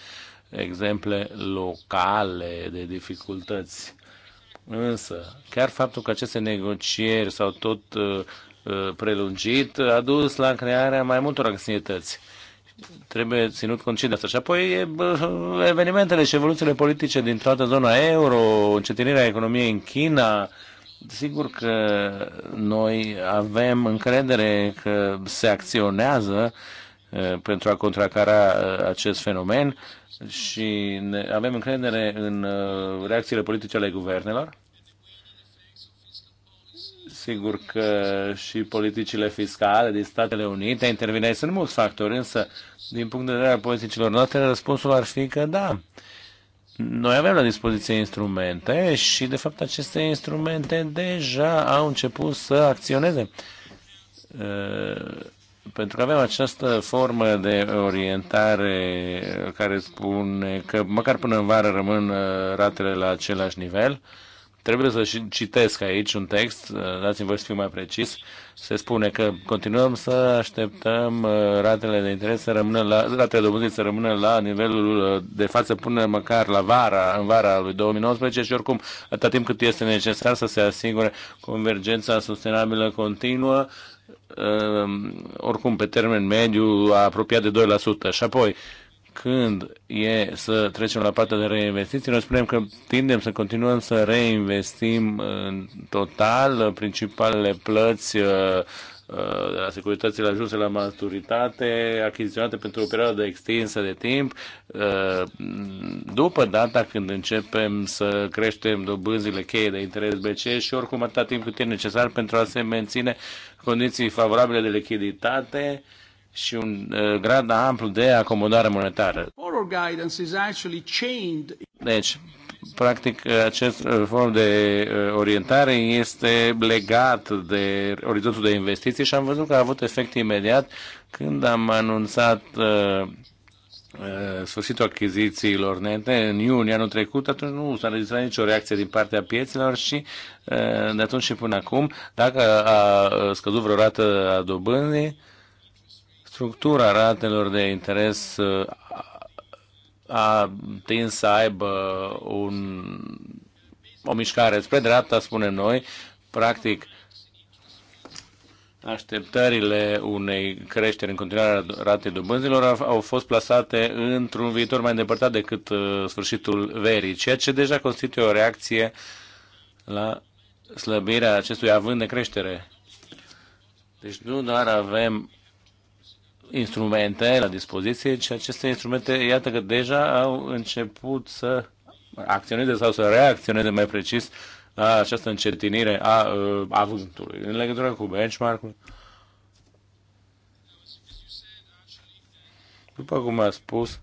exemple locale de dificultăți Însă, chiar faptul că aceste negocieri s-au tot uh, uh, prelungit a dus la crearea mai multor anxietăți. Trebuie ținut cont și de asta. Și apoi evenimentele și evoluțiile politice din toată zona euro, încetinirea economiei în China, Sigur că noi avem încredere că se acționează Uh, pentru a contracara uh, acest fenomen și ne, avem încredere în uh, reacțiile politice ale guvernelor. Sigur că și politicile fiscale din Statele Unite intervine. Sunt mulți factori, însă, din punct de vedere al politicilor noastre, răspunsul ar fi că da. Noi avem la dispoziție instrumente și, de fapt, aceste instrumente deja au început să acționeze pentru că avem această formă de orientare care spune că măcar până în vară rămân uh, ratele la același nivel. Trebuie să și citesc aici un text, uh, dați-mi voi să fiu mai precis. Se spune că continuăm să așteptăm uh, ratele de interes să rămână la, ratele dobândit să rămână la nivelul de față până măcar la vara, în vara lui 2019 și oricum atât timp cât este necesar să se asigure convergența sustenabilă continuă Ehm, oricum pe termen mediu apropiat de 2%. Și apoi, când e să trecem la partea de reinvestiții, noi spunem că tindem să continuăm să reinvestim în total principalele plăți Uh, de la securitățile ajunse la maturitate, achiziționate pentru o perioadă extinsă de timp, uh, după data când începem să creștem dobânzile cheie de interes BC și oricum atâta timp cât e necesar pentru a se menține condiții favorabile de lichiditate și un uh, grad amplu de acomodare monetară. Deci, Practic, acest uh, form de uh, orientare este legat de orizontul de investiții și am văzut că a avut efect imediat când am anunțat uh, sfârșitul achizițiilor nete în iunie anul trecut, atunci nu s-a registrat nicio reacție din partea pieților și de atunci și până acum, dacă a scăzut vreo rată a dobânzii, structura ratelor de interes a tins să aibă un, o mișcare spre dreapta, spunem noi, practic așteptările unei creșteri în continuare a ratei dobânzilor au fost plasate într-un viitor mai îndepărtat decât uh, sfârșitul verii, ceea ce deja constituie o reacție la slăbirea acestui având de creștere. Deci nu doar avem instrumente la dispoziție și aceste instrumente, iată că deja au început să acționeze sau să reacționeze mai precis la această încetinire a, uh, a avântului. În legătură cu benchmark-ul, după cum a spus,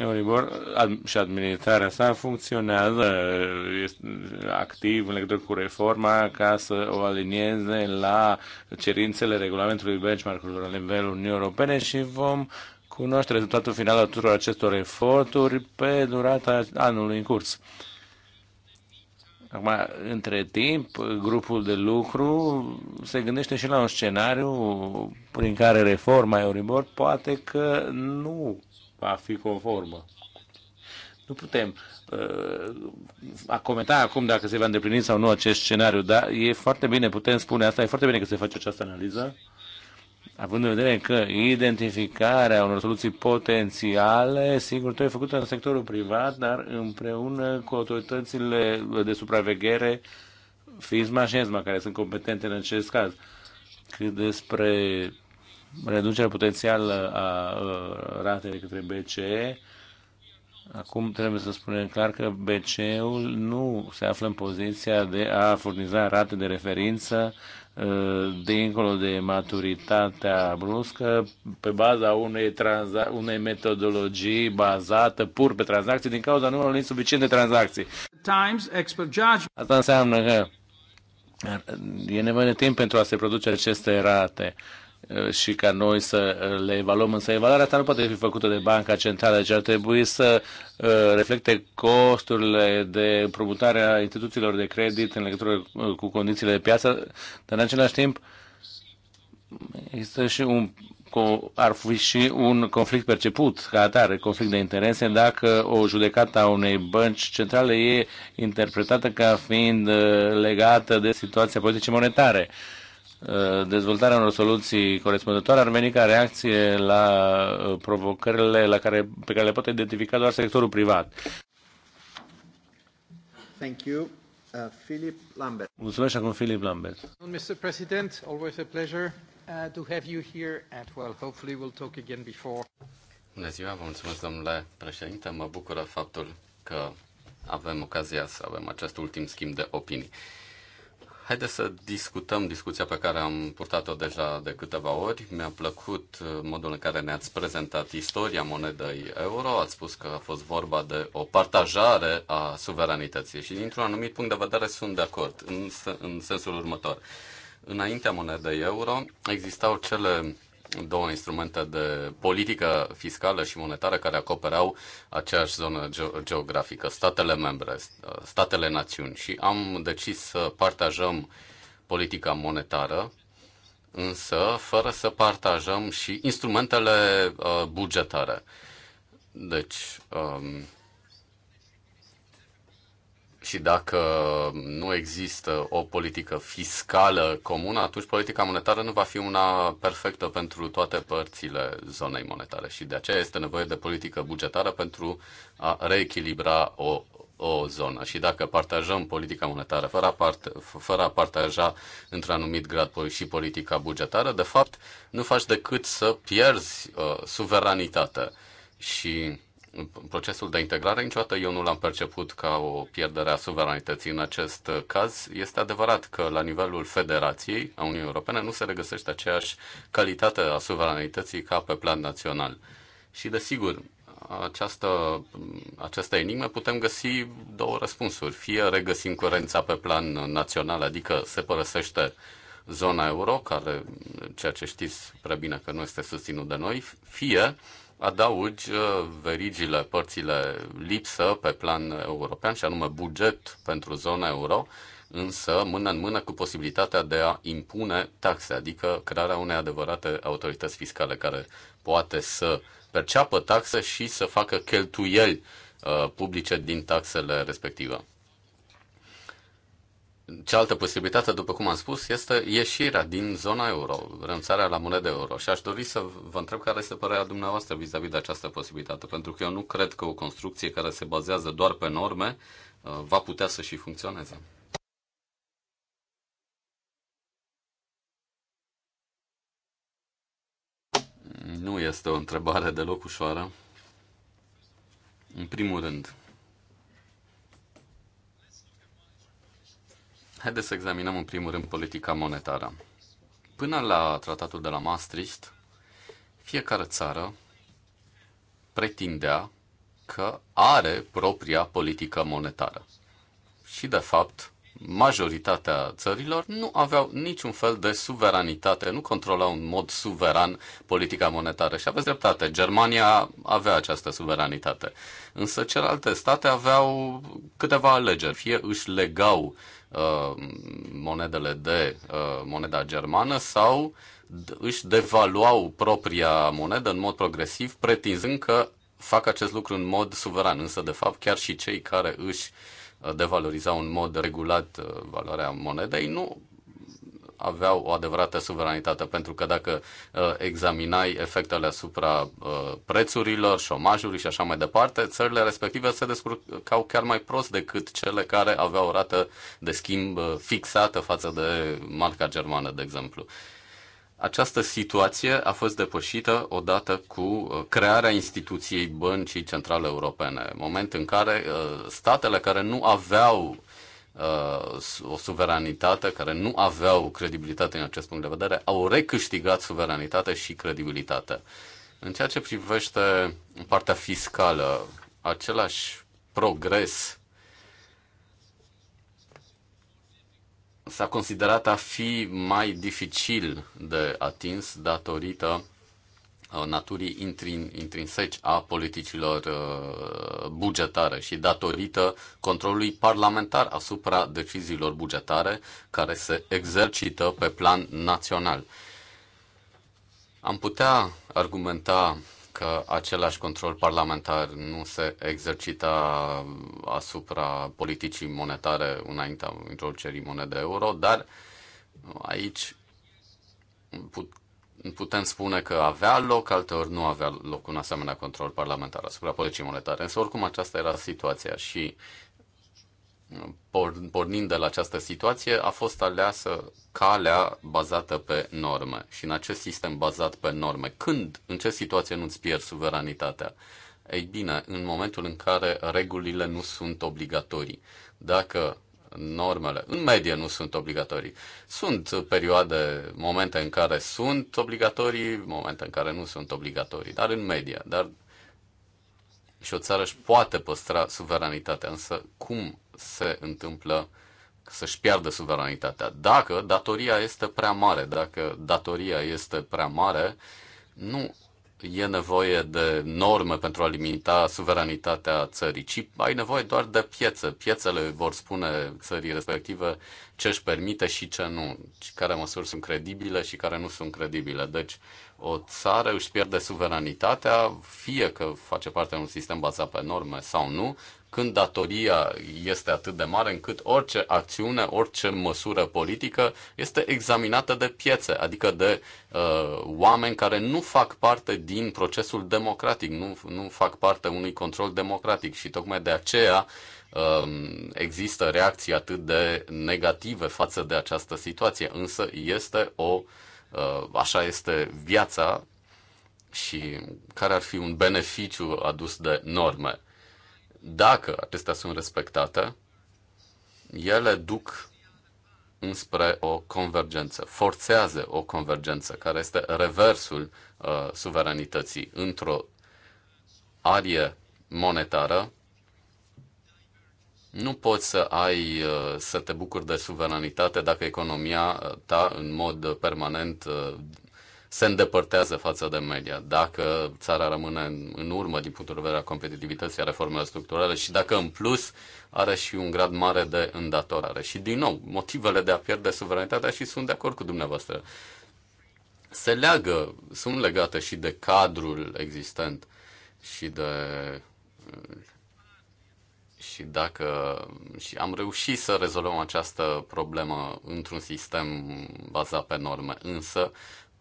Euribor ad- și administrarea sa funcționează activ în legătură cu reforma ca să o alinieze la cerințele regulamentului benchmark-urilor la nivelul Uniunii Europene și vom cunoaște rezultatul final al tuturor acestor eforturi pe durata anului în curs. Acum, între timp, grupul de lucru se gândește și la un scenariu prin care reforma Euribor poate că nu va fi conformă. Nu putem uh, a comenta acum dacă se va îndeplini sau nu acest scenariu, dar e foarte bine, putem spune asta, e foarte bine că se face această analiză, având în vedere că identificarea unor soluții potențiale, sigur, tot e făcută în sectorul privat, dar împreună cu autoritățile de supraveghere, FISMA și ESMA, care sunt competente în acest caz. Cât despre reducerea potențială a uh, ratei de către BCE. Acum trebuie să spunem clar că BCE-ul nu se află în poziția de a furniza rate de referință uh, dincolo de maturitatea bruscă, pe baza unei, tranza- unei metodologii bazată pur pe tranzacții din cauza numărului insuficient de tranzacții. Times, expert judge. Asta înseamnă că e nevoie de timp pentru a se produce aceste rate. Uh, Uh, și ca noi să uh, le evaluăm, însă evaluarea ta nu poate fi făcută de Banca Centrală, deci ar trebui să uh, reflecte costurile de promutare a instituțiilor de credit în legătură cu condițiile de piață, dar în același timp există și un ar fi și un conflict perceput ca atare, conflict de interese, dacă o judecată a unei bănci centrale e interpretată ca fiind legată de situația politice monetare. Uh, dezvoltarea unor soluții corespunzătoare ar veni ca reacție la uh, provocările la care, pe care le poate identifica doar sectorul privat. Thank you. Uh, Mulțumesc acum Philip Lambert. Mr. President, always a pleasure uh, to have you here and well, hopefully we'll talk again before. Bună ziua, vă mulțumesc, domnule președinte. Mă bucură faptul că avem ocazia să avem acest ultim schimb de opinii. Haideți să discutăm discuția pe care am purtat-o deja de câteva ori. Mi-a plăcut uh, modul în care ne-ați prezentat istoria monedei euro. Ați spus că a fost vorba de o partajare a suveranității și dintr-un anumit punct de vedere sunt de acord, în, în sensul următor. Înaintea monedei euro existau cele două instrumente de politică fiscală și monetară care acoperau aceeași zonă geografică, statele membre, statele națiuni și am decis să partajăm politica monetară, însă fără să partajăm și instrumentele uh, bugetare. Deci, um, și dacă nu există o politică fiscală comună, atunci politica monetară nu va fi una perfectă pentru toate părțile zonei monetare și de aceea este nevoie de politică bugetară pentru a reechilibra o, o zonă. Și dacă partajăm politica monetară fără a, part- fără a partaja într-un anumit grad și politica bugetară, de fapt nu faci decât să pierzi uh, suveranitate și procesul de integrare, niciodată eu nu l-am perceput ca o pierdere a suveranității. În acest caz, este adevărat că la nivelul Federației a Uniunii Europene nu se regăsește aceeași calitate a suveranității ca pe plan național. Și, desigur, această, această enigmă putem găsi două răspunsuri. Fie regăsim curența pe plan național, adică se părăsește zona euro, care, ceea ce știți prea bine că nu este susținut de noi, fie adaugi uh, verigile, părțile lipsă pe plan european, și anume buget pentru zona euro, însă mână în mână cu posibilitatea de a impune taxe, adică crearea unei adevărate autorități fiscale care poate să perceapă taxe și să facă cheltuieli uh, publice din taxele respective. Cealaltă posibilitate, după cum am spus, este ieșirea din zona euro, renunțarea la moneda euro. Și aș dori să vă întreb care este părerea dumneavoastră vis-a-vis -vis de această posibilitate, pentru că eu nu cred că o construcție care se bazează doar pe norme uh, va putea să și funcționeze. Nu este o întrebare deloc ușoară. În primul rând, Haideți să examinăm în primul rând politica monetară. Până la tratatul de la Maastricht, fiecare țară pretindea că are propria politică monetară. Și, de fapt, majoritatea țărilor nu aveau niciun fel de suveranitate, nu controlau în mod suveran politica monetară. Și aveți dreptate, Germania avea această suveranitate. Însă celelalte state aveau câteva alegeri. Fie își legau uh, Uh, monedele de uh, moneda germană sau își devaluau propria monedă în mod progresiv, pretinzând că fac acest lucru în mod suveran. Însă, de fapt, chiar și cei care își uh, devalorizau în mod regulat valoarea monedei nu aveau o adevărată suveranitate, pentru că dacă uh, examinai efectele asupra uh, prețurilor, șomajului și așa mai departe, țările respective se descurcau chiar mai prost decât cele care aveau o rată de schimb uh, fixată față de marca germană, de exemplu. Această situație a fost depășită odată cu crearea instituției Băncii Centrale Europene, moment în care statele care nu aveau Uh, o suveranitate, care nu aveau credibilitate în acest punct de vedere, au recâștigat suveranitate și credibilitate. În ceea ce privește partea fiscală, același progres s-a considerat a fi mai dificil de atins datorită Uh, naturii intrin, intrinseci a politicilor uh, bugetare și datorită controlului parlamentar asupra deciziilor bugetare care se exercită pe plan național. Am putea argumenta că același control parlamentar nu se exercita asupra politicii monetare înaintea introducerii monede euro, dar aici put, putem spune că avea loc, alteori nu avea loc un asemenea control parlamentar asupra politicii monetare. Însă, oricum, aceasta era situația și pornind de la această situație, a fost aleasă calea bazată pe norme. Și în acest sistem bazat pe norme, când, în ce situație nu-ți pierzi suveranitatea? Ei bine, în momentul în care regulile nu sunt obligatorii. Dacă normele. În medie nu sunt obligatorii. Sunt perioade, momente în care sunt obligatorii, momente în care nu sunt obligatorii, dar în medie. Dar și o țară își poate păstra suveranitatea, însă cum se întâmplă să-și piardă suveranitatea? Dacă datoria este prea mare, dacă datoria este prea mare, nu e nevoie de norme pentru a limita suveranitatea țării, ci ai nevoie doar de piețe. Piețele vor spune țării respective ce își permite și ce nu, care măsuri sunt credibile și care nu sunt credibile. Deci o țară își pierde suveranitatea, fie că face parte de un sistem bazat pe norme sau nu, când datoria este atât de mare încât orice acțiune, orice măsură politică este examinată de piețe, adică de uh, oameni care nu fac parte din procesul democratic, nu, nu fac parte unui control democratic și tocmai de aceea uh, există reacții atât de negative față de această situație, însă este o, uh, așa este viața și care ar fi un beneficiu adus de norme dacă acestea sunt respectate, ele duc înspre o convergență, forțează o convergență, care este reversul uh, suveranității într-o arie monetară. Nu poți să ai uh, să te bucuri de suveranitate dacă economia uh, ta în mod permanent uh, se îndepărtează față de media. Dacă țara rămâne în urmă din punctul de vedere a competitivității, a reformelor structurale și dacă în plus are și un grad mare de îndatorare. Și din nou, motivele de a pierde suveranitatea și sunt de acord cu dumneavoastră. Se leagă, sunt legate și de cadrul existent și de și dacă și am reușit să rezolvăm această problemă într-un sistem bazat pe norme, însă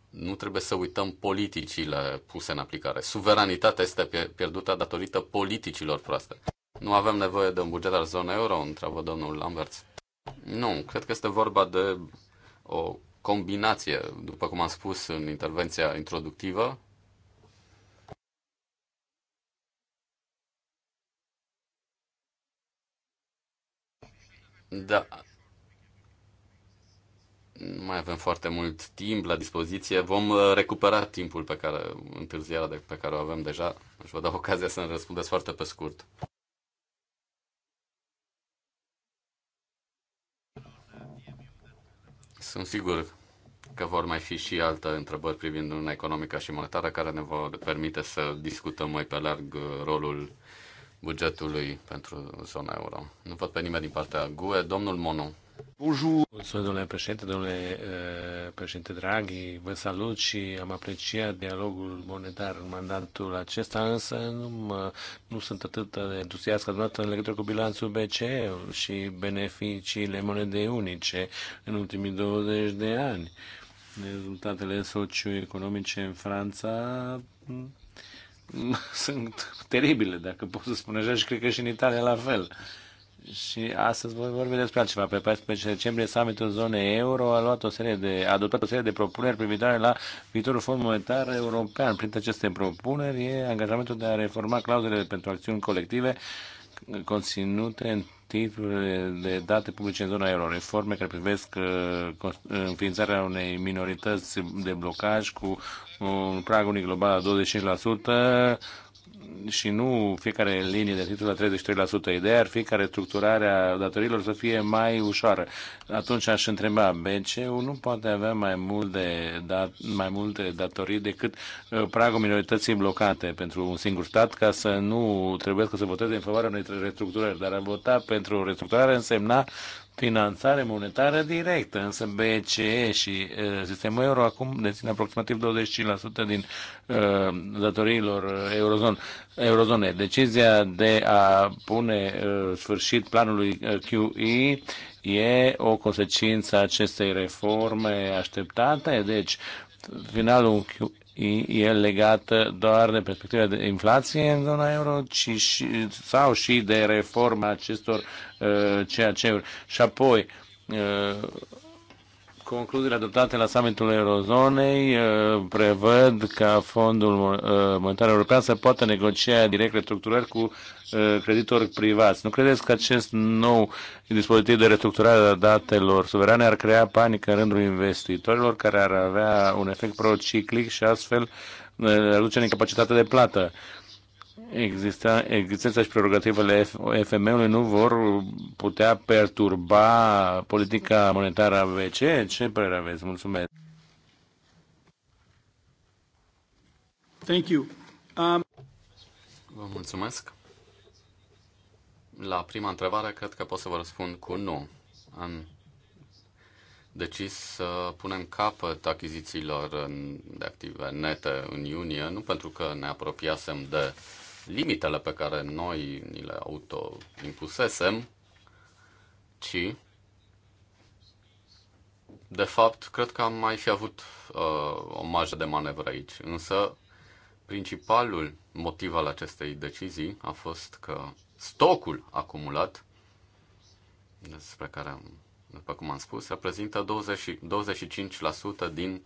nu trebuie să uităm politicile puse în aplicare. Suveranitatea este pierdută datorită politicilor proaste. Nu avem nevoie de un buget al zonei euro, întreabă domnul Lambert. Nu, cred că este vorba de o combinație, după cum am spus în intervenția introductivă. Da, nu mai avem foarte mult timp la dispoziție. Vom uh, recupera timpul pe care, întârzierea de, pe care o avem deja. Și vă dau ocazia să-mi răspundeți foarte pe scurt. Sunt sigur că vor mai fi și alte întrebări privind una Economică și Monetară care ne vor permite să discutăm mai pe larg uh, rolul bugetului pentru zona euro. Nu văd pe nimeni din partea GUE. Domnul Mono. Bonjour. Mulțumesc, domnule președinte, domnule eh, președinte Draghi, vă salut și am apreciat dialogul monetar în mandatul acesta, însă nu, mă, nu sunt atât de entuziasmat, ca dumneavoastră în legătură cu bilanțul BCE și beneficiile monedei unice în ultimii 20 de ani. Rezultatele socioeconomice în Franța mm, sunt teribile, dacă pot să spun așa, și cred că și în Italia la fel și astăzi voi vorbi despre altceva. Pe 14 decembrie, summitul zonei euro a, luat o serie de, a adoptat o serie de propuneri privitoare la viitorul fond monetar european. Printre aceste propuneri e angajamentul de a reforma clauzele pentru acțiuni colective conținute în titlurile de date publice în zona euro, reforme care privesc uh, uh, înființarea unei minorități de blocaj cu un prag unic global la 25%, și nu fiecare linie de titlu la 33%. Ideea ar fi ca restructurarea datorilor să fie mai ușoară. Atunci aș întreba, BCU nu poate avea mai, mult de dat, mai multe datorii decât uh, pragul minorității blocate pentru un singur stat ca să nu trebuie să voteze în favoarea unei restructurări. Dar a vota pentru restructurare însemna finanțare monetară directă, însă BCE și uh, sistemul euro acum dețin aproximativ 25% din uh, datoriilor uh, eurozon, eurozone. Decizia de a pune uh, sfârșit planului uh, QE e o consecință acestei reforme așteptate, deci finalul e legată doar de perspectiva de inflație în zona euro, ci și, sau și de reforma acestor uh, CAC-uri. Și apoi, uh, Concluziile adoptate la summitul Eurozonei uh, prevăd ca Fondul uh, Monetar European să poată negocia direct restructurări cu uh, creditori privați. Nu credeți că acest nou dispozitiv de restructurare a datelor suverane ar crea panică în rândul investitorilor care ar avea un efect prociclic și astfel reduce în incapacitatea de plată? exista, existența și prerogativele FMI-ului nu vor putea perturba politica monetară a BCE? Ce părere aveți? Mulțumesc! Thank you. Um... Vă mulțumesc. La prima întrebare, cred că pot să vă răspund cu nu. Am decis să punem capăt achizițiilor de active nete în iunie, nu pentru că ne apropiasem de limitele pe care noi ni le auto-impusesem, ci, de fapt, cred că am mai fi avut uh, o marjă de manevră aici. Însă, principalul motiv al acestei decizii a fost că stocul acumulat, despre care după cum am spus, reprezintă 20, 25% din uh,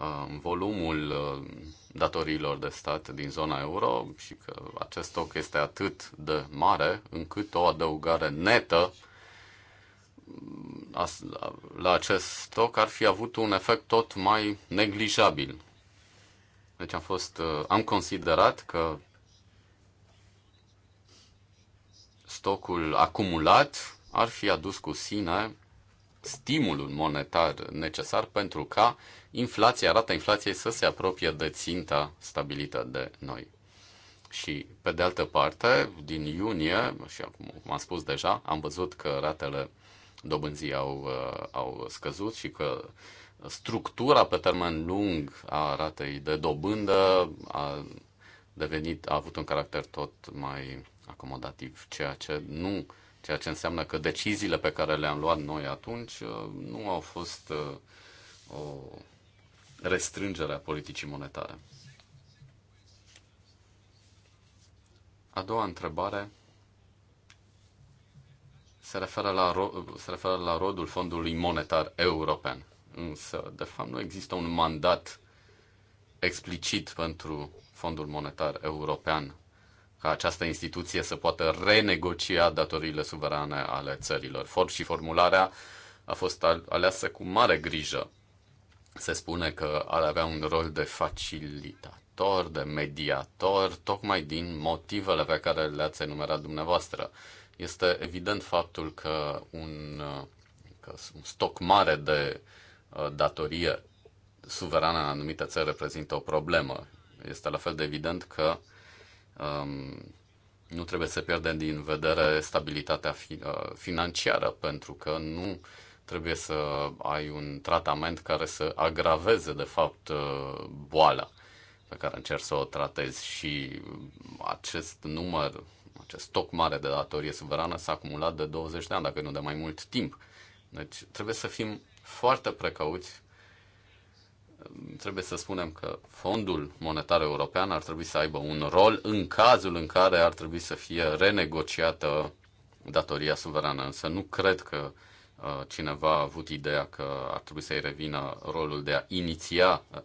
Um, volumul uh, datoriilor de stat din zona euro și că acest stoc este atât de mare încât o adăugare netă um, la acest stoc ar fi avut un efect tot mai neglijabil. Deci am fost, uh, am considerat că stocul acumulat ar fi adus cu sine stimulul monetar necesar pentru ca uh, inflația, rata inflației să se apropie de ținta stabilită de noi. Și, pe de altă parte, din iunie, și acum am spus deja, am văzut că ratele dobânzii au, uh, au scăzut și că structura pe termen lung a ratei de dobândă a devenit, a avut un caracter tot mai acomodativ, ceea ce nu, ceea ce înseamnă că deciziile pe care le-am luat noi atunci uh, nu au fost uh, o restrângere a politicii monetare. A doua întrebare se referă la, ro- se referă la rodul Fondului Monetar European. Însă, de fapt, nu există un mandat explicit pentru Fondul Monetar European ca această instituție să poată renegocia datoriile suverane ale țărilor. For și formularea a fost aleasă cu mare grijă se spune că ar avea un rol de facilitator, de mediator, tocmai din motivele pe care le-ați enumerat dumneavoastră. Este evident faptul că un, că un stoc mare de uh, datorie suverană în anumite țări reprezintă o problemă. Este la fel de evident că um, nu trebuie să pierdem din vedere stabilitatea fi, uh, financiară, pentru că nu uh, Trebuie să ai un tratament care să agraveze, de fapt, uh, boala pe care încerci să o tratezi și acest număr, acest stoc mare de datorie suverană s-a acumulat de 20 de ani, dacă nu de mai mult timp. Deci trebuie să fim foarte precauți. Trebuie să spunem că Fondul Monetar European ar trebui să aibă un rol în cazul în care ar trebui să fie renegociată datoria suverană, însă nu cred că Uh, cineva a avut ideea că ar trebui să-i revină rolul de a iniția uh,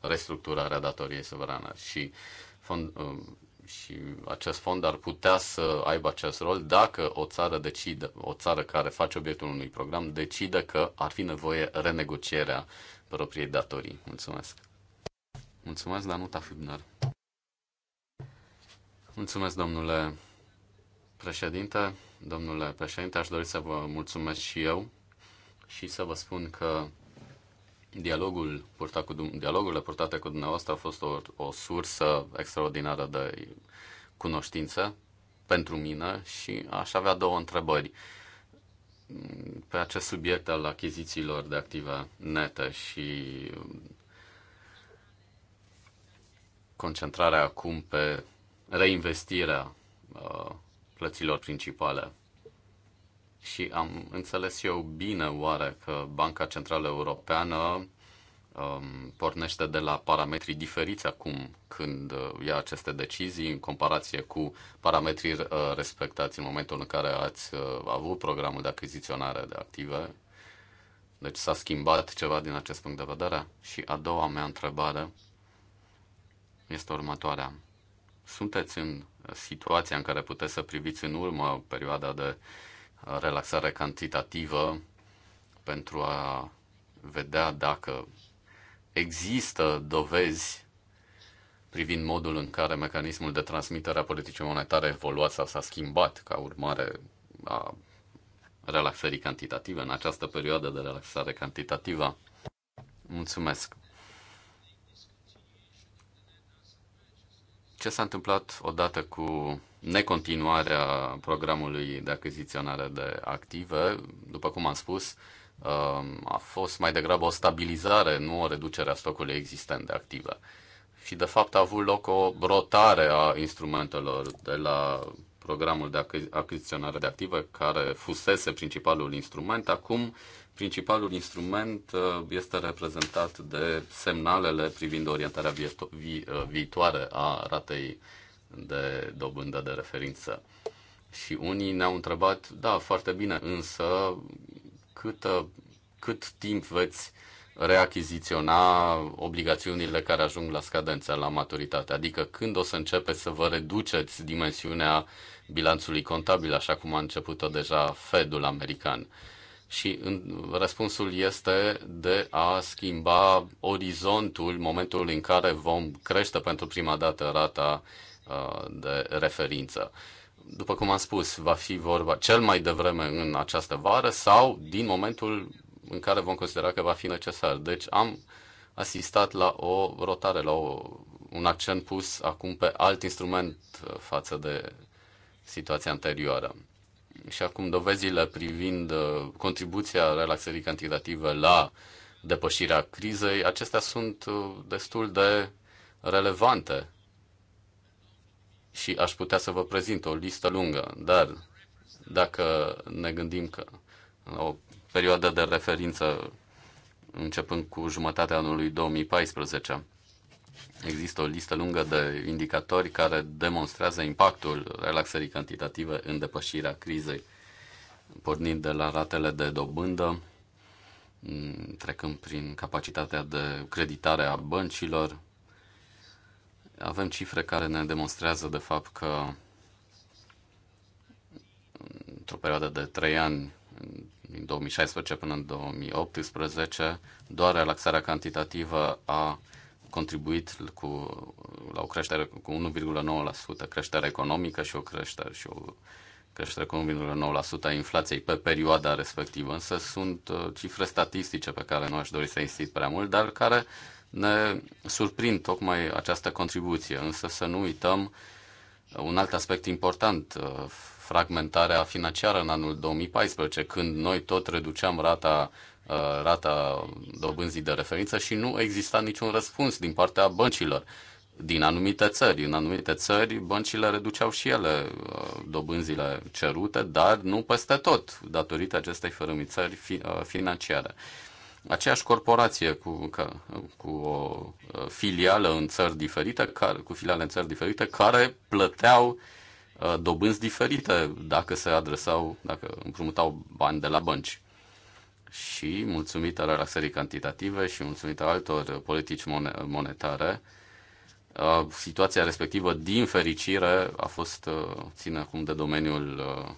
restructurarea datoriei suverane și, fond, um, și acest fond ar putea să aibă acest rol dacă o țară decide, o țară care face obiectul unui program decide că ar fi nevoie renegocierea propriei datorii. Mulțumesc. Mulțumesc, Danuta Fibner. Mulțumesc, domnule președinte, domnule președinte, aș dori să vă mulțumesc și eu și să vă spun că dialogul purtat cu, dialogurile purtate cu dumneavoastră a fost o, o sursă extraordinară de cunoștință pentru mine și aș avea două întrebări pe acest subiect al achizițiilor de active nete și concentrarea acum pe reinvestirea uh, plăților principale. Și am înțeles eu bine oare că Banca Centrală Europeană um, pornește de la parametri diferiți acum când uh, ia aceste decizii în comparație cu parametrii uh, respectați în momentul în care ați uh, avut programul de achiziționare de active. Deci s-a schimbat ceva din acest punct de vedere? Și a doua mea întrebare este următoarea sunteți în situația în care puteți să priviți în urmă perioada de uh, relaxare cantitativă pentru a vedea dacă există dovezi privind modul în care mecanismul de transmitere a politicii monetare a evoluat sau s-a schimbat ca urmare a relaxării cantitative în această perioadă de relaxare cantitativă. Mulțumesc! Ce s-a întâmplat odată cu necontinuarea programului de achiziționare de active? După cum am spus, um, a fost mai degrabă o stabilizare, nu o reducere a stocului existent de active. Și, de fapt, a avut loc o rotare a instrumentelor de la programul de achiziționare de active, care fusese principalul instrument, acum principalul instrument uh, este reprezentat de semnalele privind orientarea uh, viitoare a ratei de dobândă de referință. Și unii ne-au întrebat, da, foarte bine, însă cât, cât timp veți reachiziționa obligațiunile care ajung la scadență, la maturitate? Adică când o să începeți să vă reduceți dimensiunea bilanțului contabil, așa cum a început-o deja Fedul american? și în, răspunsul este de a schimba orizontul momentul în care vom crește pentru prima dată rata uh, de referință. După cum am spus, va fi vorba cel mai devreme în această vară sau din momentul în care vom considera că va fi necesar. Deci am asistat la o rotare, la o, un accent pus acum pe alt instrument față de situația anterioară și acum dovezile privind uh, contribuția relaxării cantitative la depășirea crizei, acestea sunt uh, destul de relevante și aș putea să vă prezint o listă lungă, dar dacă ne gândim că o perioadă de referință începând cu jumătatea anului 2014, Există o listă lungă de indicatori care demonstrează impactul relaxării cantitative în depășirea crizei, pornind de la ratele de dobândă, trecând prin capacitatea de creditare a băncilor. Avem cifre care ne demonstrează de fapt că într-o perioadă de 3 ani, din 2016 până în 2018, doar relaxarea cantitativă a contribuit cu, la o creștere cu 1,9% creștere economică și o creștere și o creștere cu 1,9% a inflației pe perioada respectivă, însă sunt uh, cifre statistice pe care nu aș dori să insist prea mult, dar care ne surprind tocmai această contribuție. Însă să nu uităm un alt aspect important, uh, fragmentarea financiară în anul 2014, când noi tot reduceam rata Uh, rata dobânzii de referință și nu exista niciun răspuns din partea băncilor din anumite țări. În anumite țări, băncile reduceau și ele uh, dobânzile cerute, dar nu peste tot, datorită acestei fărâmițări uh, financiare. Aceeași corporație cu, ca, cu o filială în țări diferite, care, cu filiale în țări diferite, care plăteau dobânzi diferite dacă se adresau, dacă împrumutau bani de la bănci și mulțumită relaxării cantitative și mulțumită altor politici monetare, uh, situația respectivă, din fericire, a fost uh, ține acum de domeniul uh,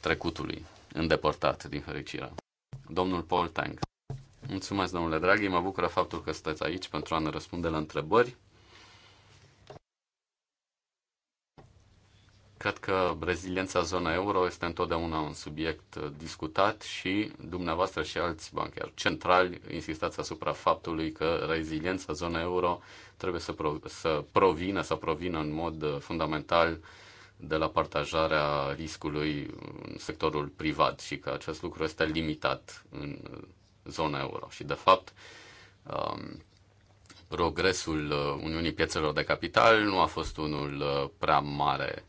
trecutului, îndepărtat, din fericire. Domnul Paul Tang. Mulțumesc, domnule Draghi, mă bucură faptul că sunteți aici pentru a ne răspunde la întrebări. Cred că reziliența zonei euro este întotdeauna un subiect discutat și dumneavoastră și alți bancheri centrali insistați asupra faptului că reziliența zonei euro trebuie să, prov- să provină, să provină în mod fundamental de la partajarea riscului în sectorul privat și că acest lucru este limitat în zona euro. Și, de fapt, um, progresul uh, Uniunii Piețelor de Capital nu a fost unul uh, prea mare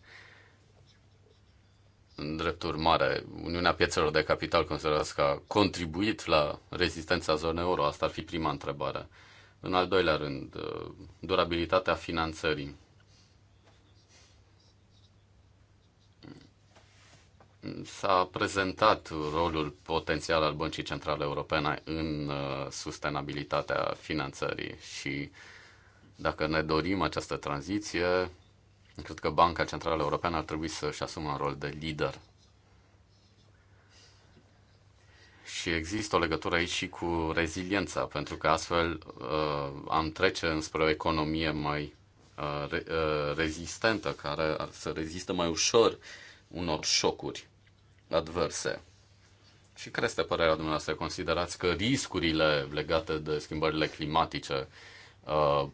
în drept urmare, Uniunea Piețelor de Capital considerați că a contribuit la rezistența zonei euro? Asta ar fi prima întrebare. În al doilea rând, uh, durabilitatea finanțării. S-a prezentat rolul potențial al Băncii Centrale Europene în uh, sustenabilitatea finanțării și dacă ne dorim această tranziție, Cred că Banca Centrală Europeană ar trebui să-și asume un rol de lider. Și există o legătură aici și cu reziliența, pentru că astfel uh, am trece înspre o economie mai uh, re, uh, rezistentă, care ar să rezistă mai ușor unor șocuri adverse. Și care este părerea dumneavoastră? Considerați că riscurile legate de schimbările climatice uh, Uh,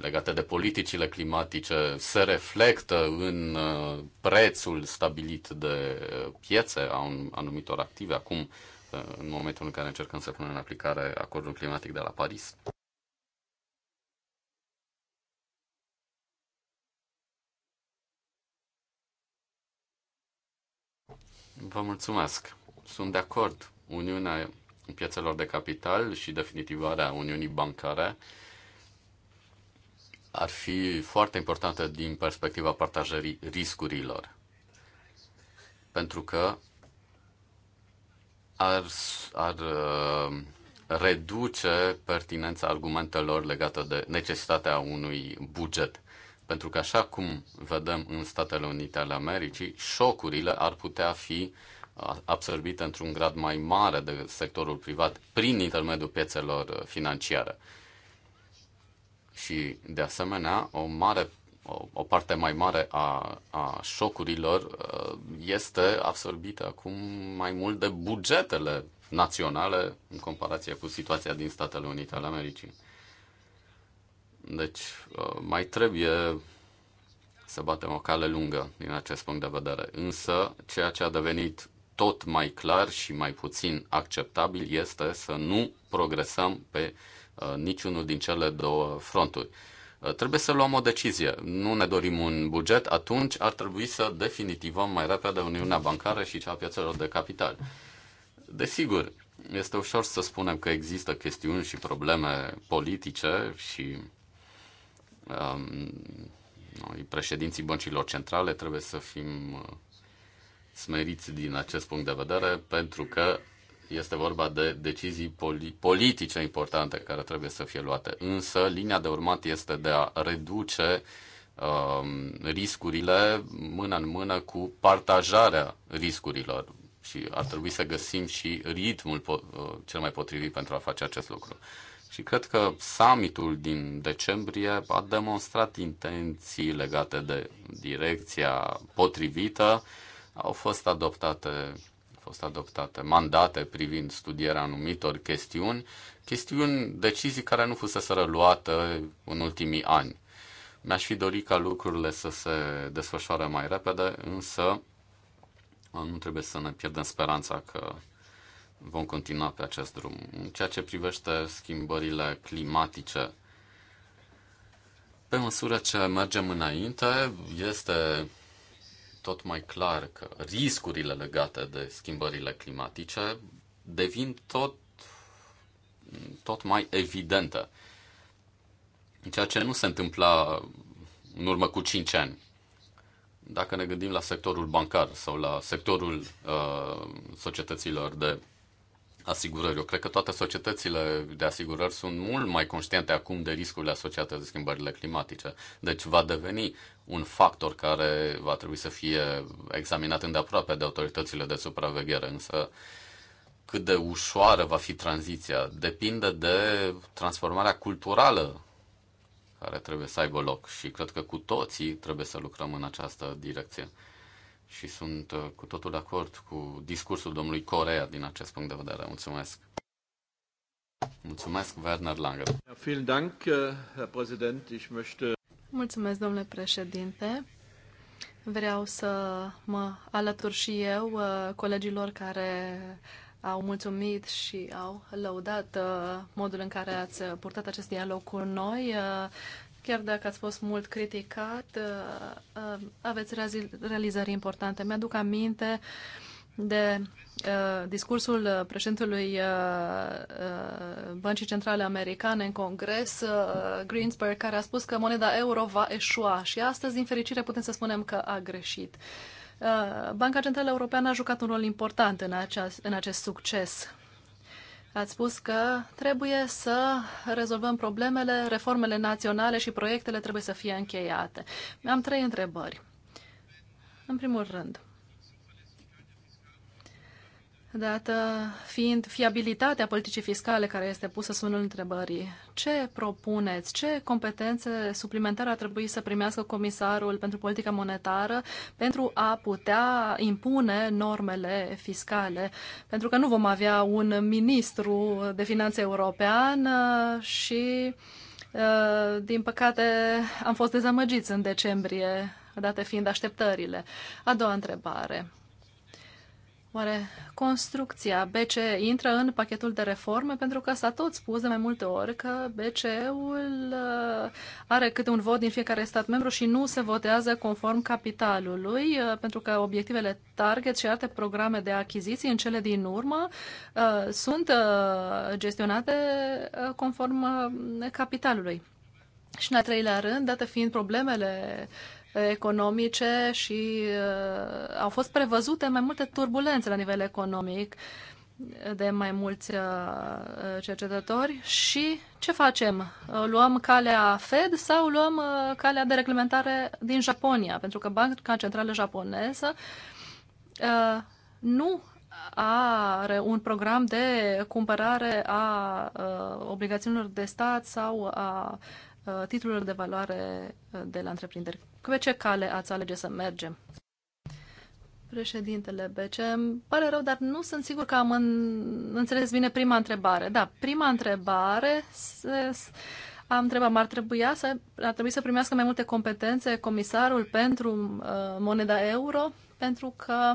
legate de politicile climatice se reflectă în uh, prețul stabilit de piețe a anumitor active acum, uh, în momentul în care încercăm să punem în aplicare acordul climatic de la Paris. Vă mulțumesc. Sunt de acord. Uniunea piețelor de capital și definitivarea Uniunii bancare uh, ar fi foarte importantă din perspectiva partajării riscurilor. Pentru că ar, ar uh, reduce pertinența argumentelor legate de necesitatea unui buget. Pentru că, așa cum vedem în Statele Unite ale Americii, șocurile ar putea fi uh, absorbite într-un grad mai mare de sectorul privat prin intermediul piețelor uh, financiare. Și, de asemenea, o mare o, o parte mai mare a, a șocurilor uh, este absorbită acum mai mult de bugetele naționale în comparație cu situația din Statele Unite ale Americii. Deci uh, mai trebuie să batem o cale lungă din acest punct de vedere. Însă ceea ce a devenit tot mai clar și mai puțin acceptabil este să nu progresăm pe uh, Uh, niciunul din cele două fronturi. Uh, trebuie să luăm o decizie. Nu ne dorim un buget, atunci ar trebui să definitivăm mai repede Uniunea Bancară și cea a piațelor de capital. Desigur, este ușor să spunem că există chestiuni și probleme politice și um, noi, președinții băncilor centrale, trebuie să fim uh, smeriți din acest punct de vedere pentru că este vorba de decizii politice importante care trebuie să fie luate. Însă, linia de urmat este de a reduce uh, riscurile mână în mână cu partajarea riscurilor și ar trebui să găsim și ritmul uh, cel mai potrivit pentru a face acest lucru. Și cred că summitul din decembrie a demonstrat intenții legate de direcția potrivită. Au fost adoptate fost adoptate mandate privind studierea anumitor chestiuni, chestiuni, decizii care nu fusese luate în ultimii ani. Mi-aș fi dorit ca lucrurile să se desfășoare mai repede, însă nu trebuie să ne pierdem speranța că vom continua pe acest drum. În ceea ce privește schimbările climatice, pe măsură ce mergem înainte, este tot mai clar că riscurile legate de schimbările climatice devin tot, tot mai evidente. Ceea ce nu se întâmpla în urmă cu 5 ani. Dacă ne gândim la sectorul bancar sau la sectorul uh, societăților de asigurări, eu cred că toate societățile de asigurări sunt mult mai conștiente acum de riscurile asociate de schimbările climatice. Deci va deveni un factor care va trebui să fie examinat îndeaproape de autoritățile de supraveghere, însă cât de ușoară va fi tranziția depinde de transformarea culturală care trebuie să aibă loc și cred că cu toții trebuie să lucrăm în această direcție. Și sunt uh, cu totul de acord cu discursul domnului Corea din acest punct de vedere. Mulțumesc! Mulțumesc, Werner Langer! Vielen Dank, äh, Herr Präsident. Ich möchte Mulțumesc, domnule președinte. Vreau să mă alătur și eu uh, colegilor care au mulțumit și au lăudat uh, modul în care ați purtat acest dialog cu noi. Uh, chiar dacă ați fost mult criticat, aveți realizări importante. Mi-aduc aminte uh, de uh, discursul uh, președintelui uh, uh, Băncii Centrale Americane în Congres, uh, care a spus că moneda euro va eșua și astăzi, din fericire, putem să spunem că a greșit. Uh, Banca Centrală Europeană a jucat un rol important în, aceas, în acest succes. Ați spus că trebuie să rezolvăm problemele, reformele naționale și proiectele trebuie să fie încheiate. Am trei întrebări. În primul rând, dată fiind fiabilitatea politicii fiscale care este pusă sunul întrebării. Ce propuneți? Ce competențe suplimentare ar trebui să primească comisarul pentru politică monetară pentru a putea impune normele fiscale? Pentru că nu vom avea un ministru de finanțe european uh, și, uh, din păcate, am fost dezamăgiți în decembrie, date fiind așteptările. A doua întrebare Oare construcția BCE intră în pachetul de reforme? Pentru că s-a tot spus de mai multe ori că BCE-ul uh, are câte un vot din fiecare stat membru și nu se votează conform capitalului, uh, pentru că obiectivele target și alte programe de achiziții în cele din urmă uh, sunt gestionate conform capitalului. Și în al treilea rând, date fiind problemele economice și uh, au fost prevăzute mai multe turbulențe la nivel economic de mai mulți uh, cercetători și ce facem? Uh, luăm calea Fed sau luăm uh, calea de reglementare din Japonia? Pentru că Banca Centrală Japoneză uh, nu are un program de cumpărare a uh, obligațiunilor de stat sau a uh, titlurilor de valoare uh, de la întreprinderi pe ce cale ați alege să mergem? Președintele BC, îmi pare rău, dar nu sunt sigur că am în... înțeles bine prima întrebare. Da, prima întrebare se... am întrebat, ar, trebuia să, ar trebui să primească mai multe competențe comisarul pentru uh, moneda euro, pentru că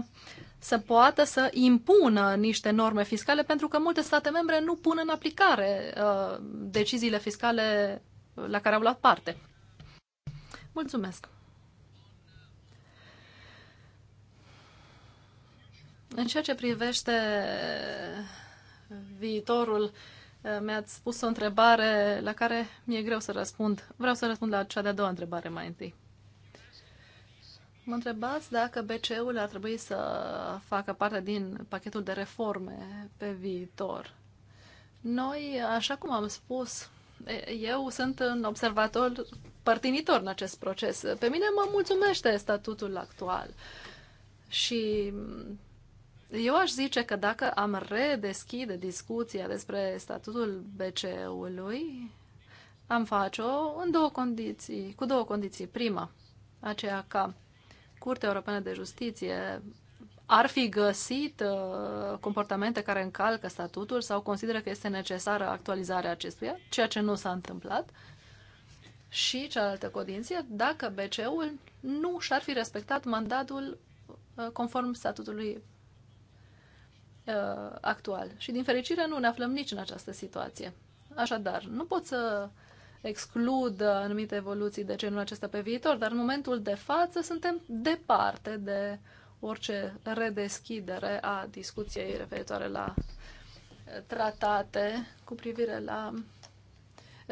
să poată să impună niște norme fiscale, pentru că multe state membre nu pun în aplicare uh, deciziile fiscale la care au luat parte. Mulțumesc! În ceea ce privește viitorul, eh, mi-ați spus o întrebare la care mi-e greu să răspund. Vreau să răspund la cea de-a doua întrebare mai întâi. Mă întrebați dacă BCE-ul ar trebui să facă parte din pachetul de reforme pe viitor. Noi, așa cum am spus, eu sunt un observator părtinitor în acest proces. Pe mine mă mulțumește statutul actual. Și eu aș zice că dacă am redeschide discuția despre statutul BCE-ului, am face-o în două condiții, cu două condiții. Prima, aceea ca Curtea Europeană de Justiție ar fi găsit uh, comportamente care încalcă statutul sau consideră că este necesară actualizarea acestuia, ceea ce nu s-a întâmplat. Și cealaltă condiție, dacă BCE-ul nu și-ar fi respectat mandatul uh, conform statutului uh, actual. Și din fericire nu ne aflăm nici în această situație. Așadar, nu pot să exclud anumite evoluții de genul acesta pe viitor, dar în momentul de față suntem departe de orice redeschidere a discuției referitoare la tratate cu privire la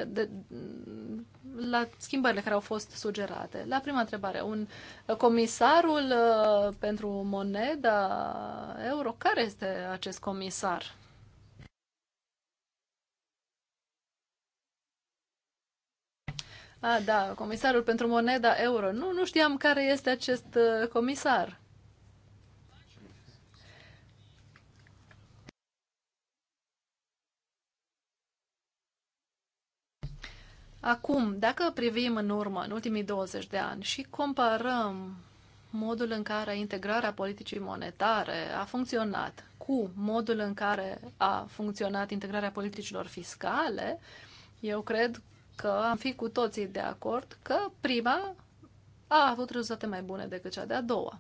de, la schimbările care au fost sugerate. La prima întrebare, un comisarul uh, pentru moneda euro, care este acest comisar? A, ah, da, comisarul pentru moneda euro. Nu, nu știam care este acest uh, comisar. Acum, dacă privim în urmă, în ultimii 20 de ani, și comparăm modul în care integrarea politicii monetare a funcționat cu modul în care a funcționat integrarea politicilor fiscale, eu cred că am fi cu toții de acord că prima a avut rezultate mai bune decât cea de-a doua.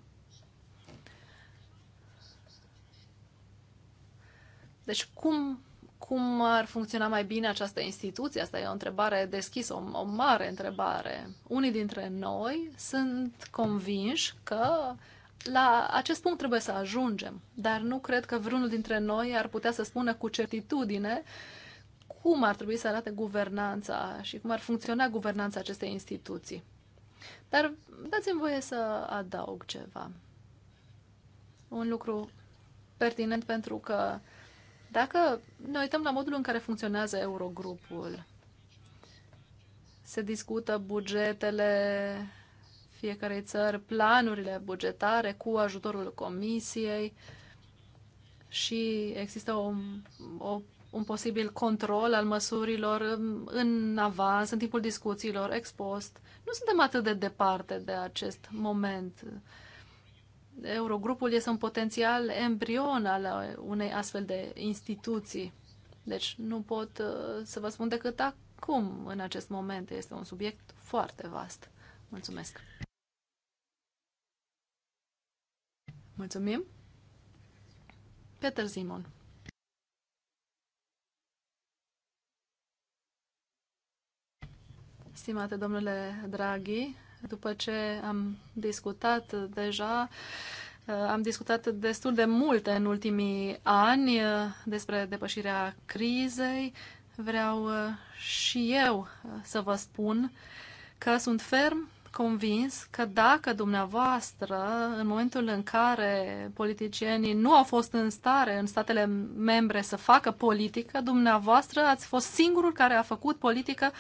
Deci cum cum ar funcționa mai bine această instituție? Asta e o întrebare deschisă, o, o mare întrebare. Unii dintre noi sunt convinși că la acest punct trebuie să ajungem, dar nu cred că vreunul dintre noi ar putea să spună cu certitudine cum ar trebui să arate guvernanța și cum ar funcționa guvernanța acestei instituții. Dar dați-mi voie să adaug ceva. Un lucru pertinent pentru că dacă ne uităm la modul în care funcționează Eurogrupul, se discută bugetele fiecarei țări, planurile bugetare cu ajutorul Comisiei și există o, o, un posibil control al măsurilor în avans, în timpul discuțiilor, ex post. Nu suntem atât de departe de acest moment Eurogrupul este un potențial embrion al unei astfel de instituții. Deci nu pot uh, să vă spun decât acum, în acest moment. Este un subiect foarte vast. Mulțumesc! Mulțumim! Peter Simon Stimate domnule Draghi, după ce am discutat deja, uh, am discutat destul de multe în ultimii ani uh, despre depășirea crizei. Vreau uh, și eu să vă spun că sunt ferm convins că dacă dumneavoastră, în momentul în care politicienii nu au fost în stare în statele membre să facă politică, dumneavoastră ați fost singurul care a făcut politică uh,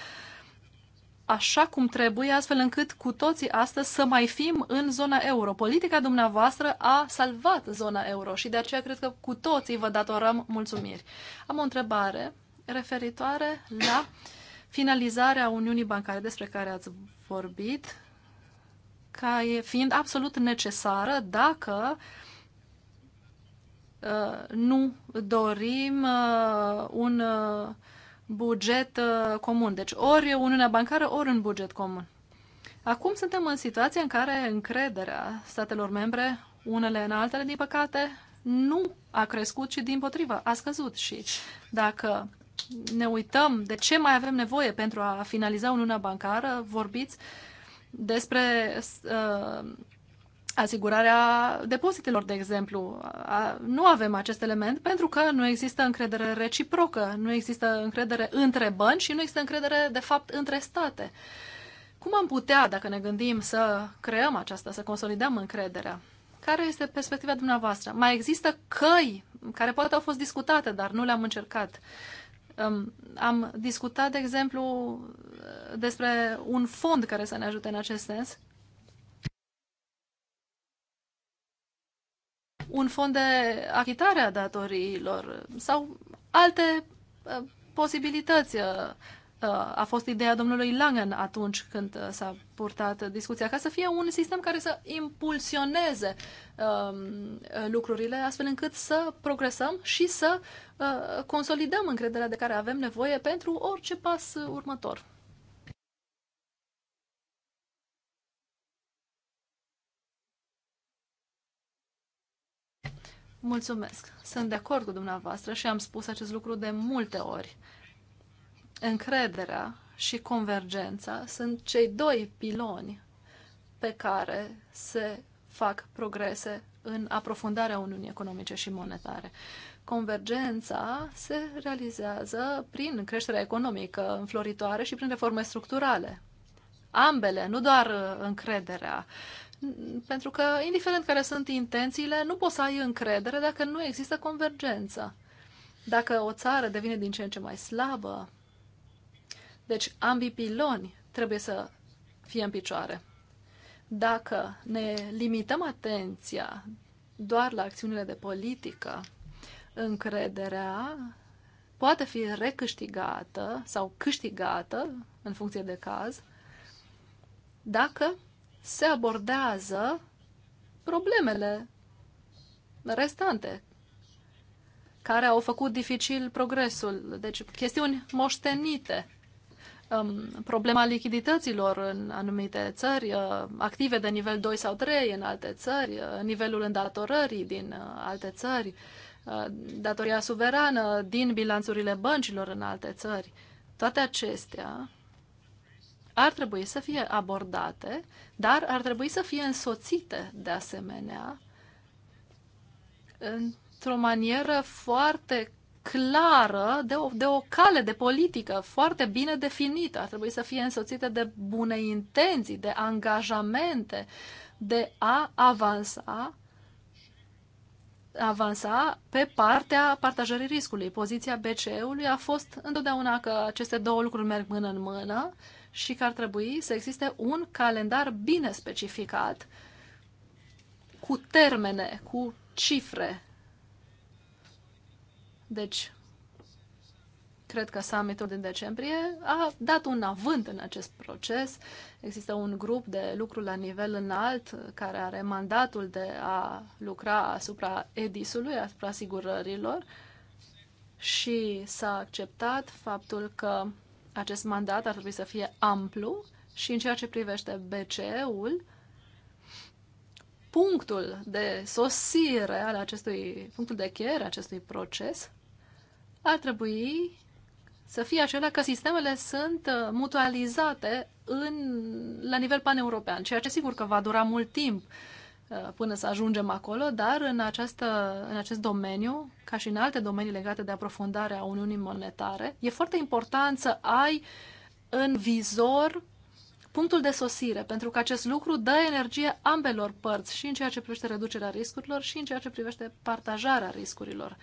așa cum trebuie, astfel încât cu toții astăzi să mai fim în zona euro. Politica dumneavoastră a salvat zona euro și de aceea cred că cu toții vă datorăm mulțumiri. Am o întrebare referitoare la finalizarea Uniunii Bancare despre care ați vorbit, ca fiind absolut necesară dacă uh, nu dorim uh, un uh, buget uh, comun. Deci ori Uniunea Bancară, ori un buget comun. Acum suntem în situația în care încrederea statelor membre, unele în altele, din păcate, nu a crescut, ci din potrivă a scăzut. Și dacă ne uităm de ce mai avem nevoie pentru a finaliza Uniunea Bancară, vorbiți despre uh, asigurarea depozitelor, de exemplu. Nu avem acest element pentru că nu există încredere reciprocă, nu există încredere între bănci și nu există încredere, de fapt, între state. Cum am putea, dacă ne gândim să creăm aceasta, să consolidăm încrederea? Care este perspectiva dumneavoastră? Mai există căi care poate au fost discutate, dar nu le-am încercat. Um, am discutat, de exemplu, despre un fond care să ne ajute în acest sens un fond de achitare a datoriilor sau alte uh, posibilități. Uh, uh, a fost ideea domnului Langen atunci când s-a purtat discuția, ca să fie un sistem care să impulsioneze um, lucrurile, astfel încât să progresăm și să uh, consolidăm încrederea de care avem nevoie pentru orice pas următor. Mulțumesc. Sunt de acord cu dumneavoastră și am spus acest lucru de multe ori. Încrederea și convergența sunt cei doi piloni pe care se fac progrese în aprofundarea Uniunii Economice și Monetare. Convergența se realizează prin creșterea economică înfloritoare și prin reforme structurale. Ambele, nu doar uh, încrederea pentru că, indiferent care sunt intențiile, nu poți să ai încredere dacă nu există convergență. Dacă o țară devine din ce în ce mai slabă, deci ambii piloni trebuie să fie în picioare. Dacă ne limităm atenția doar la acțiunile de politică, încrederea poate fi recâștigată sau câștigată, în funcție de caz, dacă se abordează problemele restante care au făcut dificil progresul. Deci, chestiuni moștenite, um, problema lichidităților în anumite țări, uh, active de nivel 2 sau 3 în alte țări, uh, nivelul îndatorării din uh, alte țări, datoria suverană din bilanțurile băncilor în alte țări. Toate acestea ar trebui să fie abordate, dar ar trebui să fie însoțite de asemenea într-o manieră foarte clară, de o, de o cale de politică foarte bine definită. Ar trebui să fie însoțite de bune intenții, de angajamente, de a avansa avansa pe partea partajării riscului. Poziția BCE-ului a fost întotdeauna că aceste două lucruri merg mână în mână și că ar trebui să existe un calendar bine specificat, cu termene, cu cifre. Deci, cred că summitul din decembrie a dat un avânt în acest proces. Există un grup de lucru la nivel înalt care are mandatul de a lucra asupra edisului, asupra asigurărilor și s-a acceptat faptul că acest mandat ar trebui să fie amplu și în ceea ce privește BCE-ul, punctul de sosire al acestui, punctul de cheiere acestui proces ar trebui să fie acela că sistemele sunt uh, mutualizate în, la nivel paneuropean, ceea ce sigur că va dura mult timp. Uh, Uh, până să ajungem acolo, dar în, această, în acest domeniu, ca și în alte domenii legate de aprofundarea Uniunii Monetare, e foarte important să ai în vizor punctul de sosire, pentru că acest lucru dă energie ambelor părți, și în ceea ce privește reducerea riscurilor, și în ceea ce privește partajarea riscurilor.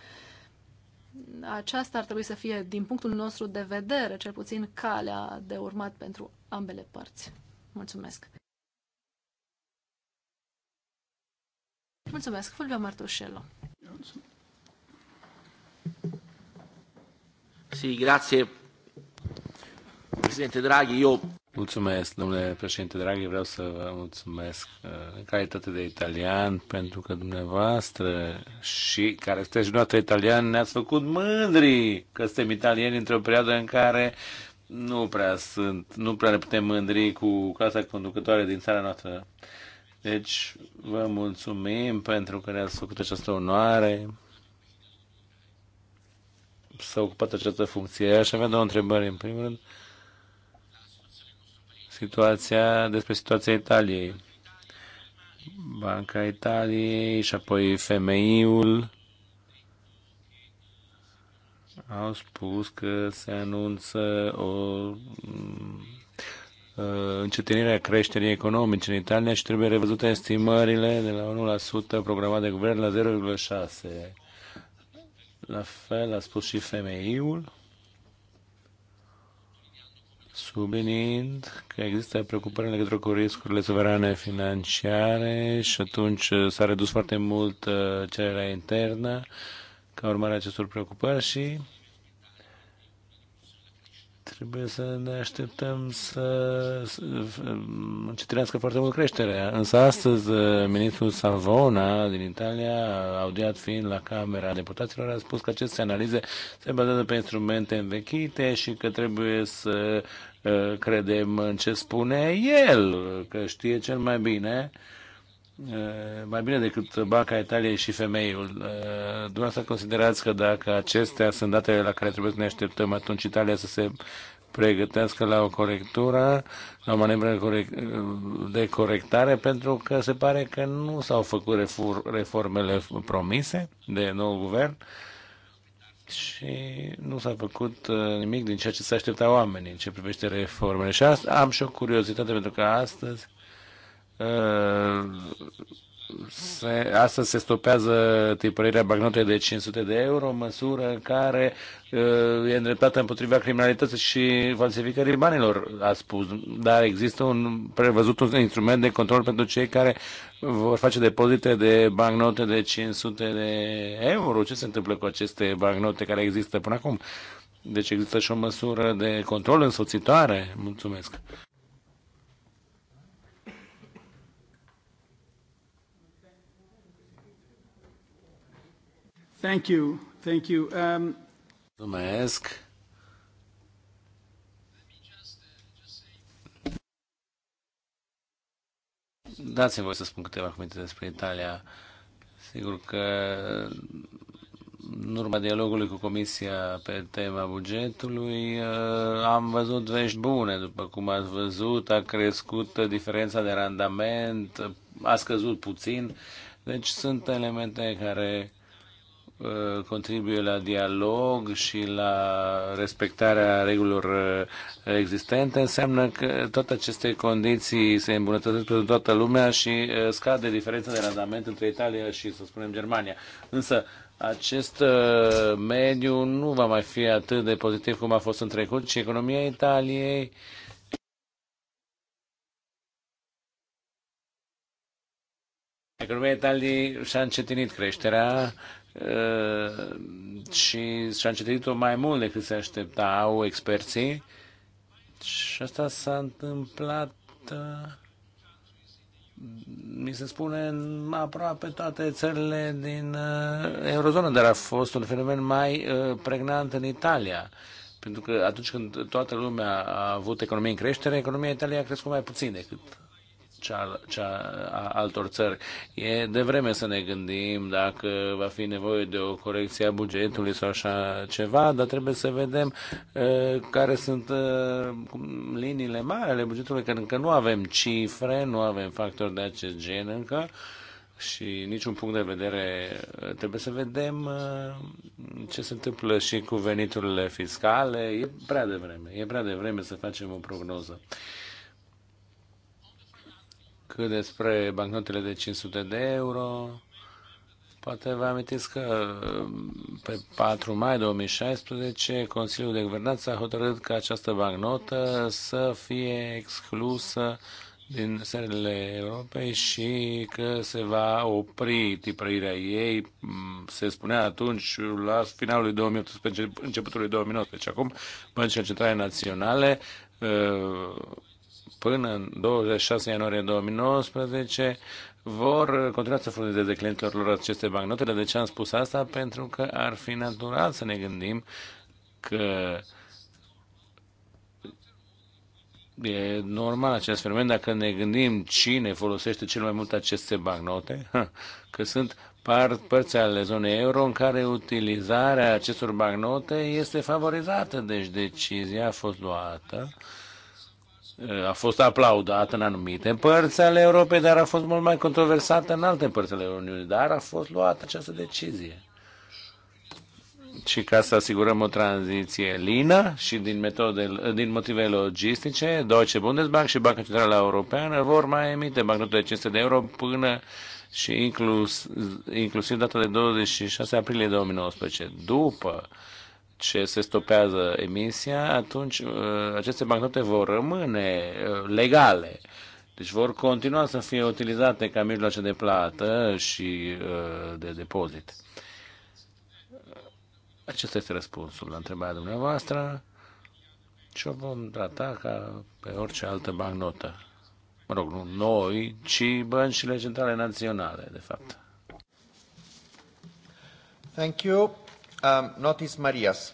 Aceasta ar trebui să fie, din punctul nostru de vedere, cel puțin calea de urmat pentru ambele părți. Mulțumesc! Mulțumesc, Fulvio Martușello. Sì, grazie Presidente Draghi, eu... Mulțumesc, domnule președinte Draghi, vreau să vă mulțumesc uh, în calitate de italian, pentru că dumneavoastră și care sunteți dumneavoastră italian ne-ați făcut mândri că suntem italieni într-o perioadă în care nu prea sunt, nu prea ne putem mândri cu clasa conducătoare din țara noastră. Uh, deci, vă mulțumim pentru că ne-ați făcut această onoare s-a ocupat această funcție. Aș avea două întrebări. În primul rând, situația, despre situația Italiei. Banca Italiei și apoi femeiul au spus că se anunță o Uh, încetinirea creșterii economice în Italia și trebuie revăzute estimările de la 1% programat de guvern la 0,6%. La fel a spus și femeiul, subliniind că există preocupări în legătură cu riscurile suverane financiare și atunci uh, s-a redus foarte mult uh, cererea internă ca urmare a acestor preocupări și Trebuie să ne așteptăm să încetinească foarte mult creșterea. Însă astăzi eh, ministrul Savona din Italia, audiat fiind la Camera Deputaților, a spus că aceste analize se bazează pe instrumente învechite și că trebuie să eh, credem în ce spune el, că știe cel mai bine eh, mai bine decât Banca Italiei și femeiul. Dumneavoastră considerați că dacă acestea sunt datele la care trebuie să ne așteptăm, atunci Italia să se pregătească la o corectură, la o manevră de corectare, pentru că se pare că nu s-au făcut reformele promise de nou guvern și nu s-a făcut uh, nimic din ceea ce se aștepta oamenii în ce privește reformele. Și asta am și o curiozitate, pentru că astăzi uh, se, astăzi se stopează tipărirea bagnotei de 500 de euro, măsură în care uh, e îndreptată împotriva criminalității și falsificării banilor, a spus. Dar există un prevăzut un instrument de control pentru cei care vor face depozite de bagnote de 500 de euro. Ce se întâmplă cu aceste bagnote care există până acum? Deci există și o măsură de control însoțitoare. Mulțumesc. Thank you. Thank you. Um... Mulțumesc. Dați-mi voi să spun câteva cuvinte despre Italia. Sigur că în urma dialogului cu Comisia pe tema bugetului uh, am văzut vești bune. După cum ați văzut, a crescut diferența de randament, a scăzut puțin. Deci sunt elemente care Uh, contribuie la dialog și la respectarea regulilor uh, existente, înseamnă că toate aceste condiții se îmbunătățesc pentru toată lumea și uh, scade diferența de randament între Italia și, să spunem, Germania. Însă, acest mediu nu va mai fi atât de pozitiv cum a fost în trecut ci economia Italiei Economia Italiei și-a încetinit creșterea Uh, și și-a încetinit-o mai mult decât se așteptau experții și asta s-a întâmplat uh, mi se spune în aproape toate țările din uh, eurozonă, dar a fost un fenomen mai pregnant în Italia. Pentru că atunci când toată lumea a avut economie în creștere, economia Italiei a crescut mai puțin decât cea, cea a altor țări. E de vreme să ne gândim dacă va fi nevoie de o corecție a bugetului sau așa ceva, dar trebuie să vedem uh, care sunt uh, liniile mari ale bugetului, că încă nu avem cifre, nu avem factori de acest gen încă și niciun punct de vedere. Trebuie să vedem uh, ce se întâmplă și cu veniturile fiscale. E prea devreme, e prea devreme să facem o prognoză. Cât despre bancnotele de 500 de euro, poate vă amintiți că pe 4 mai 2016 Consiliul de Guvernanță a hotărât că această bancnotă să fie exclusă din serile Europei și că se va opri tipărirea ei, se spunea atunci, la finalul 2018, începutul 2019. Acum, băncile centrale naționale până în 26 ianuarie 2019 vor continua să furnizeze clienților lor aceste bancnote. De ce am spus asta? Pentru că ar fi natural să ne gândim că e normal acest fenomen dacă ne gândim cine folosește cel mai mult aceste bancnote, că sunt părți ale zonei euro în care utilizarea acestor bancnote este favorizată. Deci decizia a fost luată Eh, a fost aplaudată în anumite părți ale Europei, dar a fost mult mai controversată în alte părți ale Uniunii, dar a fost luată această decizie. Și ca să asigurăm o tranziție lină și din, metode, eh, din motive logistice, Deutsche Bundesbank și Banca Centrală Europeană vor mai emite bancnote de 500 de euro până și inclus, inclusiv data de 26 aprilie 2019. După ce se stopează emisia, atunci uh, aceste bancnote vor rămâne uh, legale. Deci vor continua să fie utilizate ca mijloace de plată și uh, de depozit. Acesta este răspunsul la întrebarea dumneavoastră și o vom trata ca pe orice altă bancnotă. Mă rog, nu noi, ci băncile centrale naționale, de fapt. Thank you. Um, Notis Marias.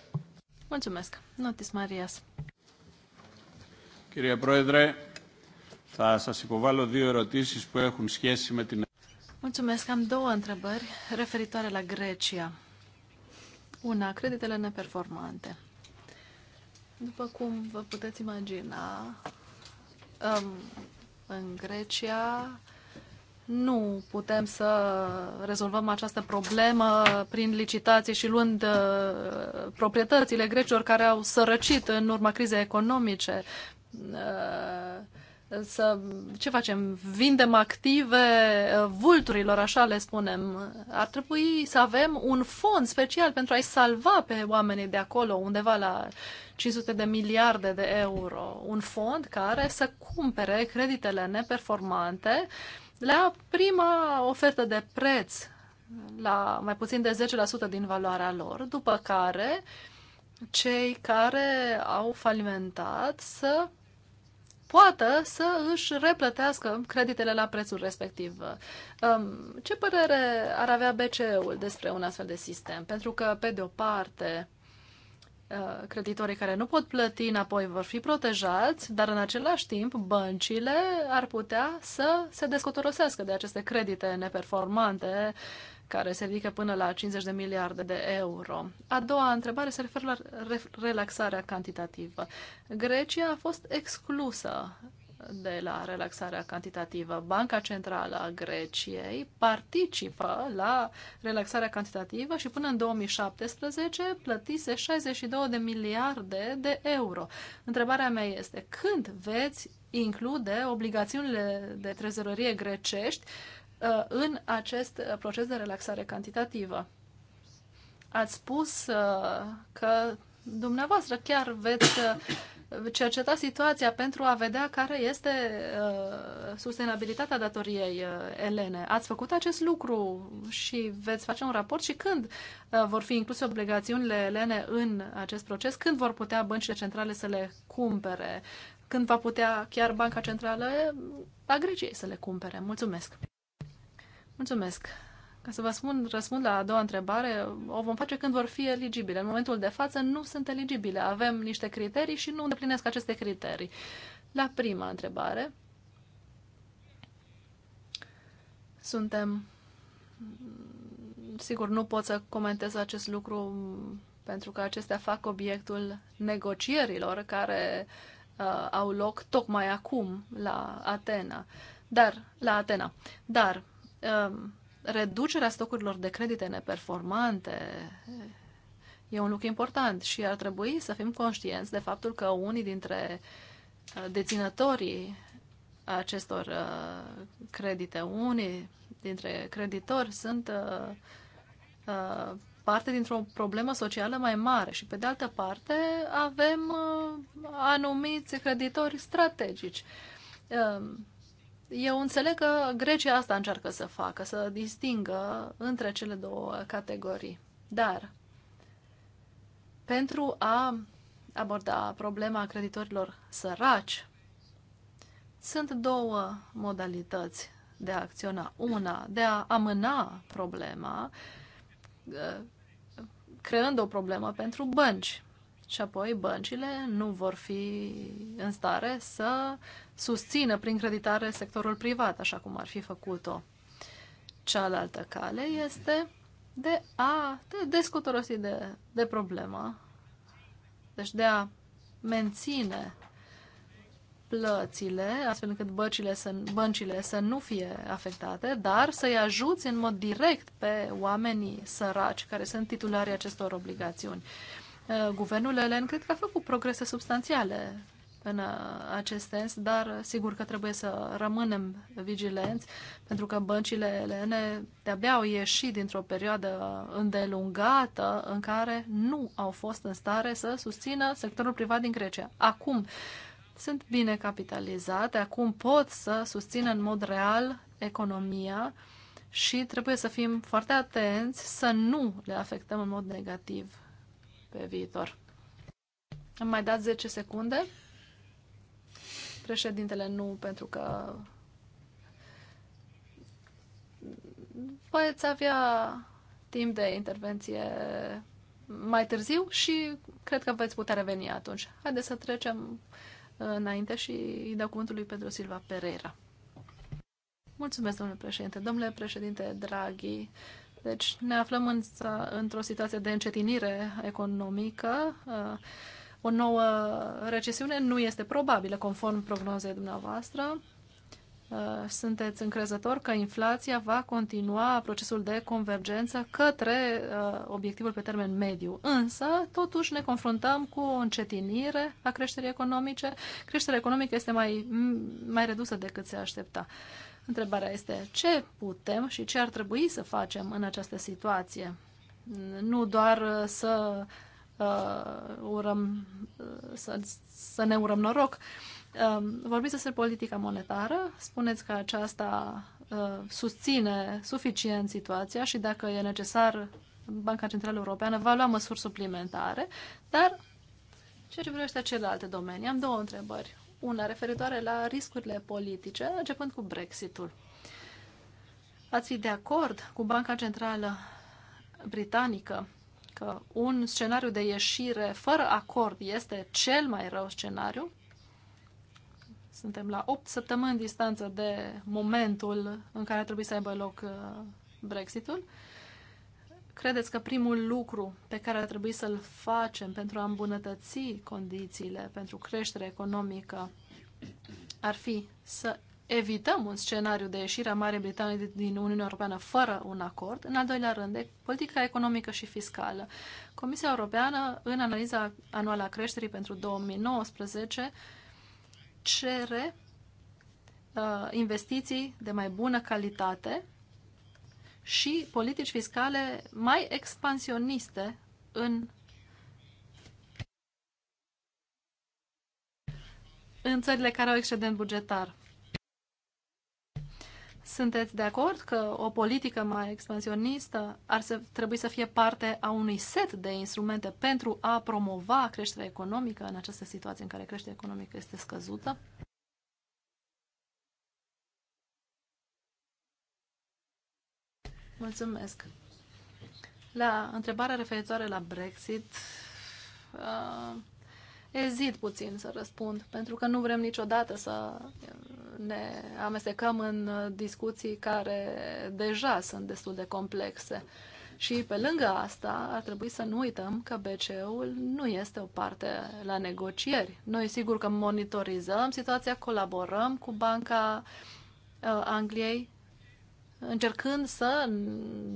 Mulțumesc. Notis Marias. Κύριε Πρόεδρε, θα σας υποβάλω δύο ερωτήσεις που έχουν σχέση με την... Mulțumesc. Am două întrebări referitoare la Grecia. Una, creditele neperformante. După cum vă puteți imagina, um, în Grecia nu putem să rezolvăm această problemă prin licitație și luând uh, proprietățile grecilor care au sărăcit în urma crizei economice. Uh, să, ce facem? Vindem active uh, vulturilor, așa le spunem. Ar trebui să avem un fond special pentru a-i salva pe oamenii de acolo, undeva la 500 de miliarde de euro. Un fond care să cumpere creditele neperformante uh, la prima ofertă de preț, la mai puțin de 10% din valoarea lor, după care cei care au falimentat să poată să își replătească creditele la prețul respectiv. Um, ce părere ar avea BCE-ul despre un astfel de sistem? Pentru că, pe de o parte, Uh, creditorii care nu pot plăti înapoi vor fi protejați, dar în același timp băncile ar putea să se descotorosească de aceste credite neperformante care se ridică până la 50 de miliarde de euro. A doua întrebare se referă la relaxarea cantitativă. Grecia a fost exclusă de la relaxarea cantitativă. Banca Centrală a Greciei participă la relaxarea cantitativă și până în 2017 plătise 62 de miliarde de euro. Întrebarea mea este când veți include obligațiunile de trezorărie grecești uh, în acest proces de relaxare cantitativă? Ați spus uh, că dumneavoastră chiar veți uh, cerceta situația pentru a vedea care este uh, sustenabilitatea datoriei uh, elene. Ați făcut acest lucru și veți face un raport și când uh, vor fi incluse obligațiunile elene în acest proces, când vor putea băncile centrale să le cumpere, când va putea chiar Banca Centrală a Greciei să le cumpere. Mulțumesc! Mulțumesc! Ca să vă spun, răspund la a doua întrebare, o vom face când vor fi eligibile. În momentul de față nu sunt eligibile. Avem niște criterii și nu îndeplinesc aceste criterii. La prima întrebare, suntem sigur nu pot să comentez acest lucru pentru că acestea fac obiectul negocierilor care uh, au loc tocmai acum la Atena. Dar la Atena. Dar uh, reducerea stocurilor de credite neperformante e un lucru important și ar trebui să fim conștienți de faptul că unii dintre uh, deținătorii acestor uh, credite, unii dintre creditori sunt uh, parte dintr-o problemă socială mai mare și pe de altă parte avem anumiți creditori strategici eu înțeleg că Grecia asta încearcă să facă, să distingă între cele două categorii. Dar pentru a aborda problema creditorilor săraci, sunt două modalități de a acționa. Una, de a amâna problema, eh, creând o problemă pentru bănci. Și apoi băncile nu vor fi în stare să susțină prin creditare sectorul privat, așa cum ar fi făcut-o. Cealaltă cale este de a descutorosi de, de problema, deci de a menține plățile, astfel încât băncile să, băncile să nu fie afectate, dar să-i ajuți în mod direct pe oamenii săraci care sunt titularii acestor obligațiuni. Uh, guvernul elen cred că a făcut progrese substanțiale în uh, acest sens, dar uh, sigur că trebuie să rămânem vigilenți, pentru că băncile elene de-abia au ieșit dintr-o perioadă îndelungată în care nu au fost în stare să susțină sectorul privat din Grecia. Acum sunt bine capitalizate, acum pot să susțină în mod real economia și trebuie să fim foarte atenți să nu le afectăm în mod negativ pe viitor. Am mai dat 10 secunde? Președintele nu, pentru că veți avea timp de intervenție mai târziu și cred că veți putea reveni atunci. Haideți să trecem înainte și îi dau cuvântul lui Pedro Silva Pereira. Mulțumesc, domnule președinte. Domnule președinte Draghi, deci ne aflăm în, într-o situație de încetinire economică. Uh, o nouă recesiune nu este probabilă, conform prognozei dumneavoastră. Uh, sunteți încrezător că inflația va continua procesul de convergență către uh, obiectivul pe termen mediu. Însă, totuși, ne confruntăm cu o încetinire a creșterii economice. Creșterea economică este mai, mai redusă decât se aștepta. Întrebarea este ce putem și ce ar trebui să facem în această situație. Nu doar uh, să uh, uh, urăm, uh, să, să ne urăm noroc. Um, vorbiți despre politica monetară, spuneți că aceasta uh, susține suficient situația și dacă e necesar, Banca Centrală Europeană va lua măsuri suplimentare, dar ceea ce privește celelalte domenii, am două întrebări. Una referitoare la riscurile politice, începând cu Brexitul. Ați fi de acord cu Banca Centrală Britanică că un scenariu de ieșire fără acord este cel mai rău scenariu. Suntem la 8 săptămâni distanță de momentul în care trebuie să aibă loc uh, Brexitul. Credeți că primul lucru pe care ar trebui să-l facem pentru a îmbunătăți condițiile pentru creștere economică ar fi să evităm un scenariu de ieșire a Marii Britanii din Uniunea Europeană fără un acord. În al doilea rând, de politica economică și fiscală. Comisia Europeană, în analiza anuală a creșterii pentru 2019, cere uh, investiții de mai bună calitate și politici fiscale mai expansioniste în în țările care au excedent bugetar. Sunteți de acord că o politică mai expansionistă ar să, trebui să fie parte a unui set de instrumente pentru a promova creșterea economică în această situație în care creșterea economică este scăzută? Mulțumesc. La întrebarea referitoare la Brexit, uh, ezit puțin să răspund, pentru că nu vrem niciodată să ne amestecăm în discuții care deja sunt destul de complexe. Și pe lângă asta, ar trebui să nu uităm că BCE-ul nu este o parte la negocieri. Noi sigur că monitorizăm situația, colaborăm cu Banca uh, Angliei, încercând să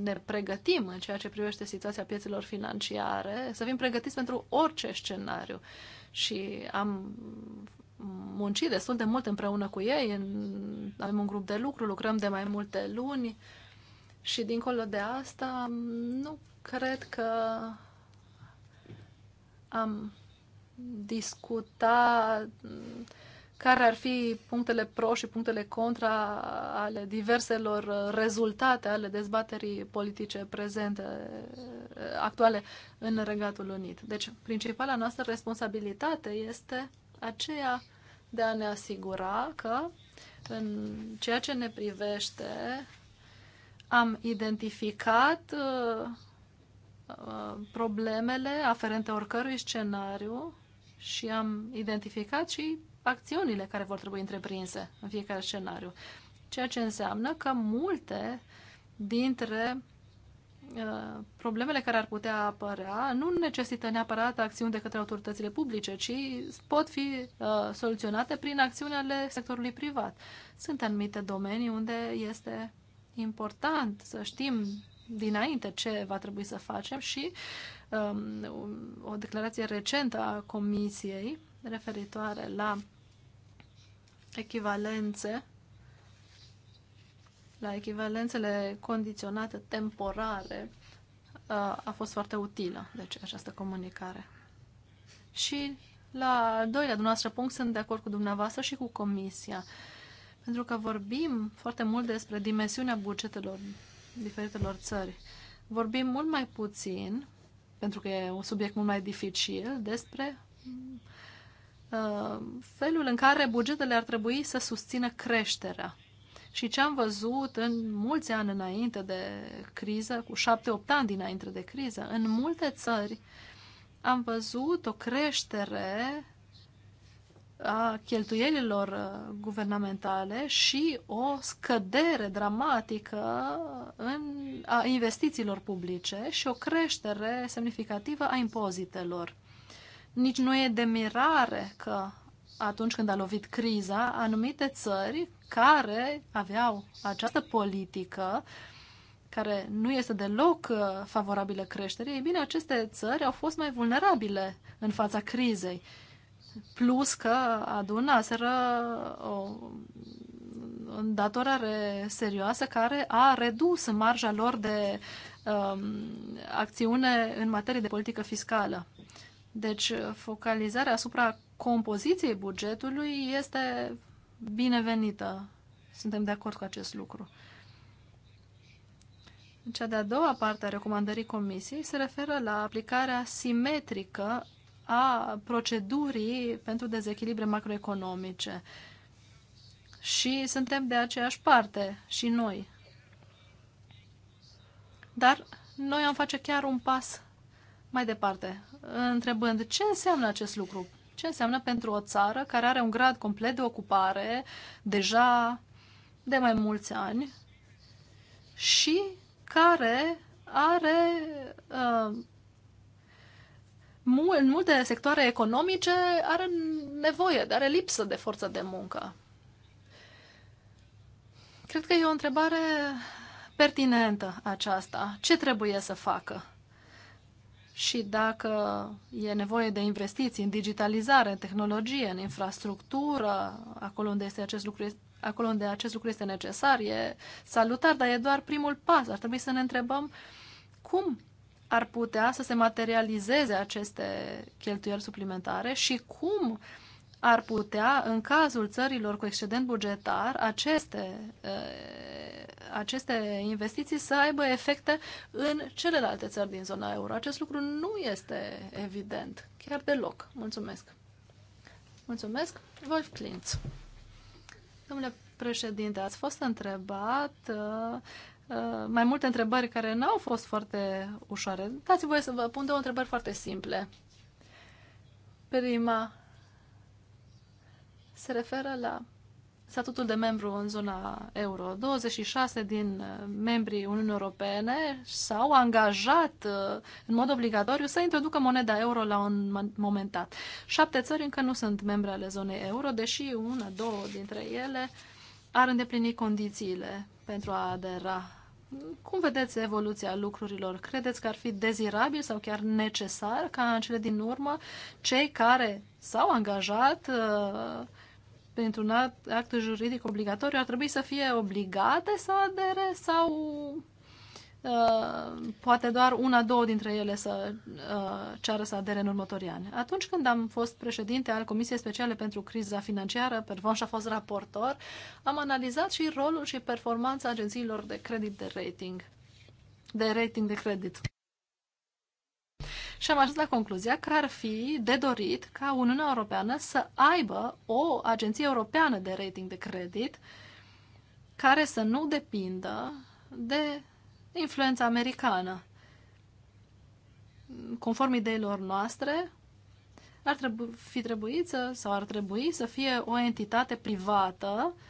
ne pregătim în ceea ce privește situația piețelor financiare, să fim pregătiți pentru orice scenariu și am muncit destul de mult împreună cu ei, în, avem un grup de lucru, lucrăm de mai multe luni și dincolo de asta nu cred că am discutat care ar fi punctele pro și punctele contra ale diverselor rezultate ale dezbaterii politice prezente, eh, actuale în Regatul Unit. Deci, principala noastră responsabilitate este aceea de a ne asigura că în ceea ce ne privește am identificat eh, problemele aferente oricărui scenariu și am identificat și acțiunile care vor trebui întreprinse în fiecare scenariu. Ceea ce înseamnă că multe dintre uh, problemele care ar putea apărea nu necesită neapărat acțiuni de către autoritățile publice, ci pot fi uh, soluționate prin acțiuni ale sectorului privat. Sunt anumite domenii unde este important să știm dinainte ce va trebui să facem și um, o declarație recentă a Comisiei referitoare la echivalențe, la echivalențele condiționate, temporare, a fost foarte utilă, deci, această comunicare. Și la doilea dumneavoastră punct sunt de acord cu dumneavoastră și cu Comisia, pentru că vorbim foarte mult despre dimensiunea bugetelor diferitelor țări. Vorbim mult mai puțin, pentru că e un subiect mult mai dificil, despre Uh, felul în care bugetele ar trebui să susțină creșterea. Și ce am văzut în mulți ani înainte de criză, cu șapte-opt ani dinainte de criză, în multe țări am văzut o creștere a cheltuielilor uh, guvernamentale și o scădere dramatică în, a investițiilor publice și o creștere semnificativă a impozitelor. Nici nu e de mirare că atunci când a lovit criza, anumite țări care aveau această politică, care nu este deloc uh, favorabilă creșterii, ei bine, aceste țări au fost mai vulnerabile în fața crizei. Plus că adunaseră o îndatorare serioasă care a redus marja lor de um, acțiune în materie de politică fiscală. Deci, uh, focalizarea asupra compoziției bugetului este binevenită. Suntem de acord cu acest lucru. Cea de-a doua parte a recomandării comisiei se referă la aplicarea simetrică a procedurii pentru dezechilibre macroeconomice. Și suntem de aceeași parte și noi. Dar noi am face chiar un pas mai departe, întrebând ce înseamnă acest lucru? Ce înseamnă pentru o țară care are un grad complet de ocupare deja de mai mulți ani și care are uh, în multe sectoare economice are nevoie, are lipsă de forță de muncă. Cred că e o întrebare pertinentă aceasta. Ce trebuie să facă? și dacă e nevoie de investiții în digitalizare, în tehnologie, în infrastructură, acolo unde este acest lucru acolo unde acest lucru este necesar, e salutar, dar e doar primul pas. Ar trebui să ne întrebăm cum ar putea să se materializeze aceste cheltuieli suplimentare și cum ar putea, în cazul țărilor cu excedent bugetar, aceste eh, aceste investiții să aibă efecte în celelalte țări din zona euro. Acest lucru nu este evident, chiar deloc. Mulțumesc. Mulțumesc. Wolf Klintz. Domnule președinte, ați fost întrebat uh, uh, mai multe întrebări care n-au fost foarte ușoare. Dați voie să vă pun două întrebări foarte simple. Prima se referă la statutul de membru în zona euro. 26 din uh, membrii Uniunii Europene s-au angajat uh, în mod obligatoriu să introducă moneda euro la un moment dat. Șapte țări încă nu sunt membre ale zonei euro, deși una, două dintre ele ar îndeplini condițiile pentru a adera. Cum vedeți evoluția lucrurilor? Credeți că ar fi dezirabil sau chiar necesar ca în cele din urmă cei care s-au angajat uh, pentru un act, act juridic obligatoriu ar trebui să fie obligate să adere sau uh, poate doar una, două dintre ele să uh, ceară să adere în următorii ani. Atunci când am fost președinte al Comisiei Speciale pentru Criza Financiară, pe și a fost raportor, am analizat și rolul și performanța agențiilor de credit de rating, de rating de credit. Și am ajuns la concluzia că ar fi de dorit ca Uniunea Europeană să aibă o agenție europeană de rating de credit care să nu depindă de influența americană. Conform ideilor noastre, ar trebui, fi trebuit să, sau ar trebui să fie o entitate privată uh,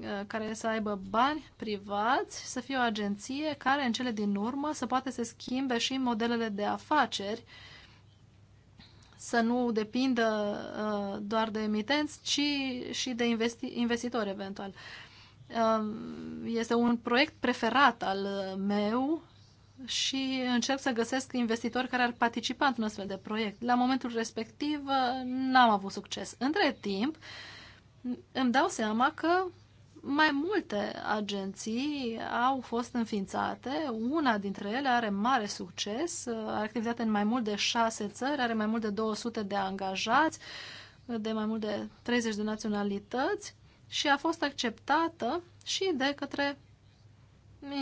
Uh, care să aibă bani privați, să fie o agenție care în cele din urmă să poate să schimbe și modelele de afaceri, să nu depindă uh, doar de emitenți, ci și de investi investitori eventual. Uh, este un proiect preferat al meu și încerc să găsesc investitori care ar participa într-un astfel de proiect. La momentul respectiv n-am avut succes. Între timp, îmi dau seama că mai multe agenții au fost înființate, una dintre ele are mare succes, are activitate în mai mult de șase țări, are mai mult de 200 de angajați, de mai mult de 30 de naționalități și a fost acceptată și de către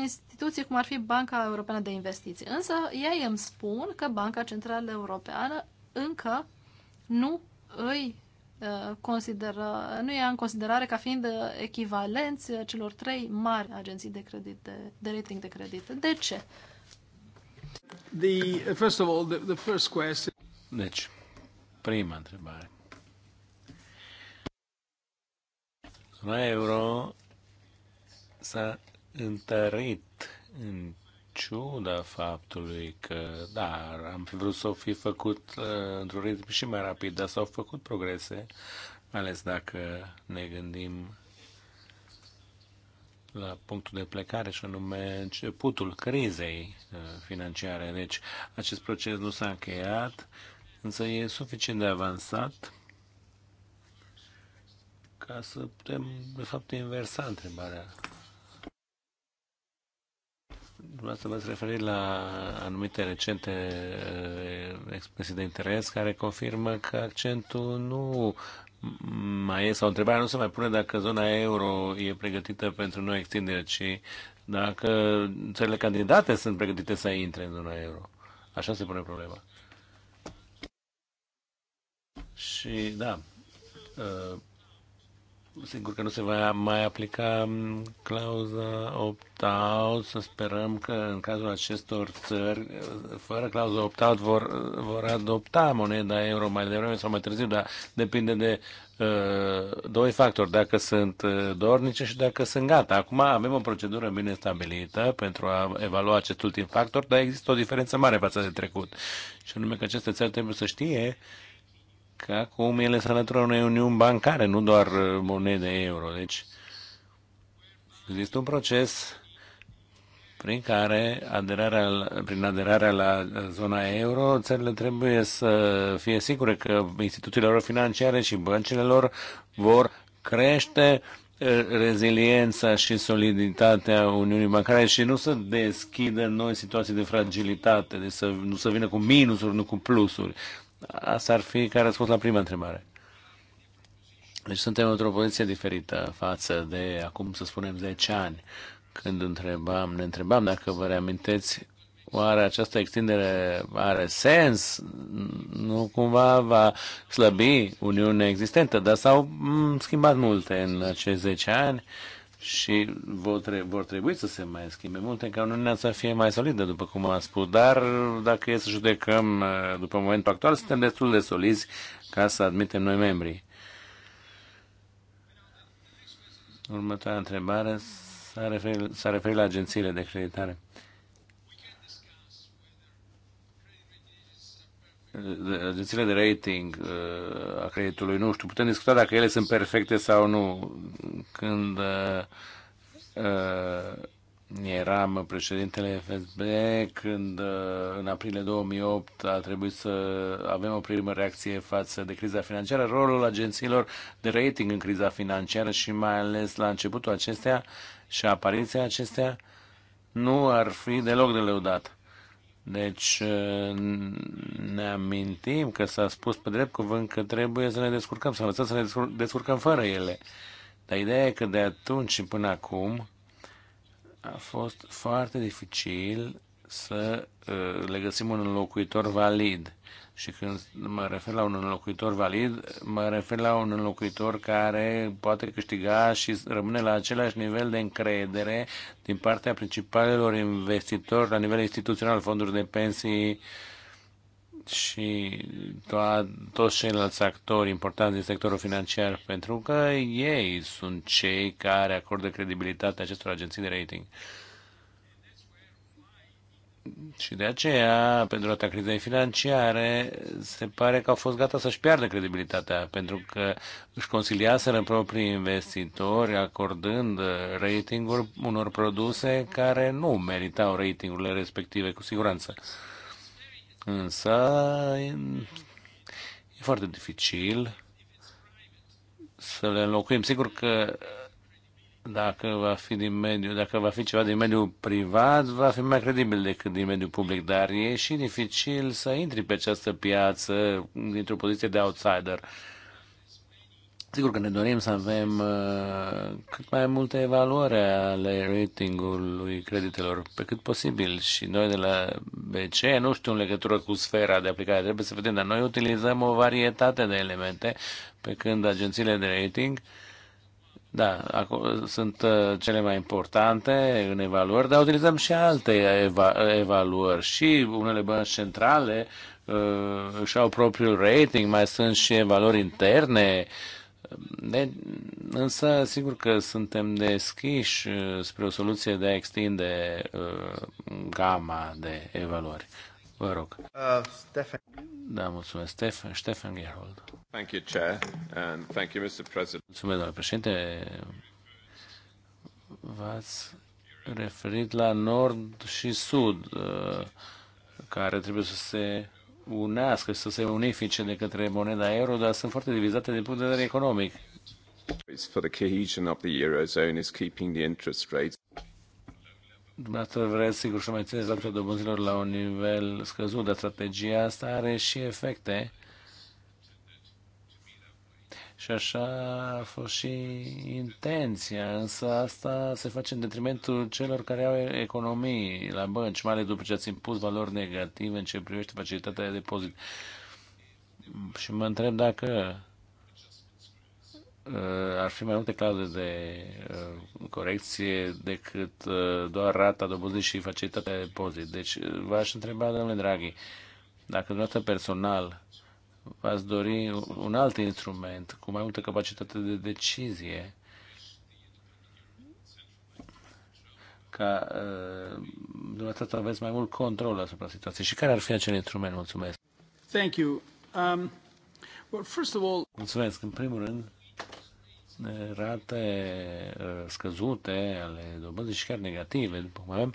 instituții cum ar fi Banca Europeană de Investiții. Însă ei îmi spun că Banca Centrală Europeană încă nu îi Uh, consideră, nu ia în considerare ca fiind uh, echivalenți uh, celor trei mari agenții de credit, de, de rating de credit. De ce? The, first of all, the, the first question... Deci, prima întrebare. Zona euro s-a întărit în ciuda faptului că, da, am fi vrut să o fi făcut uh, într-un ritm și mai rapid, dar s-au făcut progrese, mai ales dacă ne gândim la punctul de plecare și anume începutul crizei uh, financiare. Deci acest proces nu s-a încheiat, însă e suficient de avansat ca să putem, de fapt, inversa întrebarea Dumneavoastră v-ați referit la anumite recente eh, expresii de interes care confirmă că accentul nu mai e, sau întrebarea nu se mai pune dacă zona euro e pregătită pentru noi extindere, ci dacă țările candidate sunt pregătite să intre în zona euro. Așa se pune problema. Și da, eh, Sigur că nu se va mai aplica mm, clauza opt-out, să sperăm că în cazul acestor țări, fără clauza opt-out, vor, vor adopta moneda euro mai devreme sau mai târziu, dar depinde de uh, doi factori, dacă sunt uh, dornice și dacă sunt gata. Acum avem o procedură bine stabilită pentru a evalua acest ultim factor, dar există o diferență mare față de trecut. Și anume că aceste țări trebuie să știe că acum ele se alătură unei uniuni bancare, nu doar uh, monede euro. Deci există un proces prin care aderarea, prin aderarea la zona euro, țările trebuie să fie sigure că instituțiile lor financiare și băncile lor vor crește uh, reziliența și soliditatea Uniunii Bancare și nu să deschidă noi situații de fragilitate, de să, nu să vină cu minusuri, nu cu plusuri. Asta ar fi ca răspuns la prima întrebare. Deci suntem într-o poziție diferită față de acum, să spunem, 10 ani, când întrebam, ne întrebam dacă vă reaminteți Oare această extindere are sens? Nu cumva va slăbi Uniunea existentă? Dar s-au mm, schimbat multe în acești 10 ani și vor, tre- vor trebui să se mai schimbe multe ca Uniunea să fie mai solidă, după cum am spus. Dar dacă e să judecăm uh, după momentul actual, suntem destul de solizi ca să admitem noi membrii. Următoarea întrebare s-a referit, referit la agențiile de creditare. Uh, agențiile de rating uh, a creditului, nu știu, putem discuta dacă ele sunt perfecte sau nu. Când uh, uh, eram președintele FSB când în aprilie 2008 a trebuit să avem o primă reacție față de criza financiară. Rolul agențiilor de rating în criza financiară și mai ales la începutul acestea și apariția acestea nu ar fi deloc de lăudat. Deci ă, ne amintim că s-a spus pe drept cuvânt că trebuie să ne descurcăm, să învățăm să ne descurcăm fără ele. Dar ideea e că de atunci și până acum a fost foarte dificil să ă, le găsim un înlocuitor valid. Și când mă refer la un înlocuitor valid, mă refer la un înlocuitor care poate câștiga și rămâne la același nivel de încredere din partea principalelor investitori la nivel instituțional, fonduri de pensii și to- toți ceilalți actori importanți din sectorul financiar, pentru că ei sunt cei care acordă credibilitate acestor agenții de rating. Și de aceea, pentru a crizei financiare, se pare că au fost gata să-și piardă credibilitatea, pentru că își consiliaseră în proprii investitori, acordând ratinguri unor produse care nu meritau ratingurile respective, cu siguranță. Însă, e foarte dificil să le înlocuim. Sigur că dacă va fi din mediu, dacă va fi ceva din mediul privat, va fi mai credibil decât din mediul public, dar e și dificil să intri pe această piață dintr-o poziție de outsider. Sigur că ne dorim să avem uh, cât mai multe evaluări ale ratingului creditelor, pe cât posibil. Și noi de la BC, nu știu în legătură cu sfera de aplicare, trebuie să vedem, dar noi utilizăm o varietate de elemente, pe când agențiile de rating uh, da, sunt uh, cele mai importante în evaluări, dar utilizăm și alte eva- evaluări. Și unele bănci centrale uh, și au propriul rating, mai sunt și evaluări interne. De, însă, sigur că suntem deschiși uh, spre o soluție de a extinde uh, gama de evaluări. Vă rog. Uh, Da, mulțumesc. Stefan, Stefan Gerhold. Thank you, Chair, and thank you, Mr. President. Mulțumesc, domnule președinte. V-ați referit la nord și sud, uh, care trebuie să se unească să se unifice de către moneda euro, dar sunt foarte divizate din punct de vedere economic. For the cohesion of the eurozone is keeping the interest rates Dumneavoastră vreți, sigur, să mai mențineți rata dobânzilor la un nivel scăzut, dar strategia asta are și efecte. Și așa a fost și intenția, însă asta se face în detrimentul celor care au economii la bănci, mai ales după ce ați impus valori negative în ce privește facilitatea de depozit. Și mă întreb dacă ar fi mai multe clauze de uh, corecție decât uh, doar rata dobândii și facilitatea de depozit. Deci uh, v-aș întreba, domnule Draghi, dacă dumneavoastră personal v-ați dori un alt instrument cu mai multă capacitate de decizie ca uh, dumneavoastră să aveți mai mult control asupra situației. Și care ar fi acel instrument? Mulțumesc. Thank you. Um, well, first of all... Mulțumesc. În primul rând, rate uh, scăzute ale dobânzii și chiar negative, după cum avem,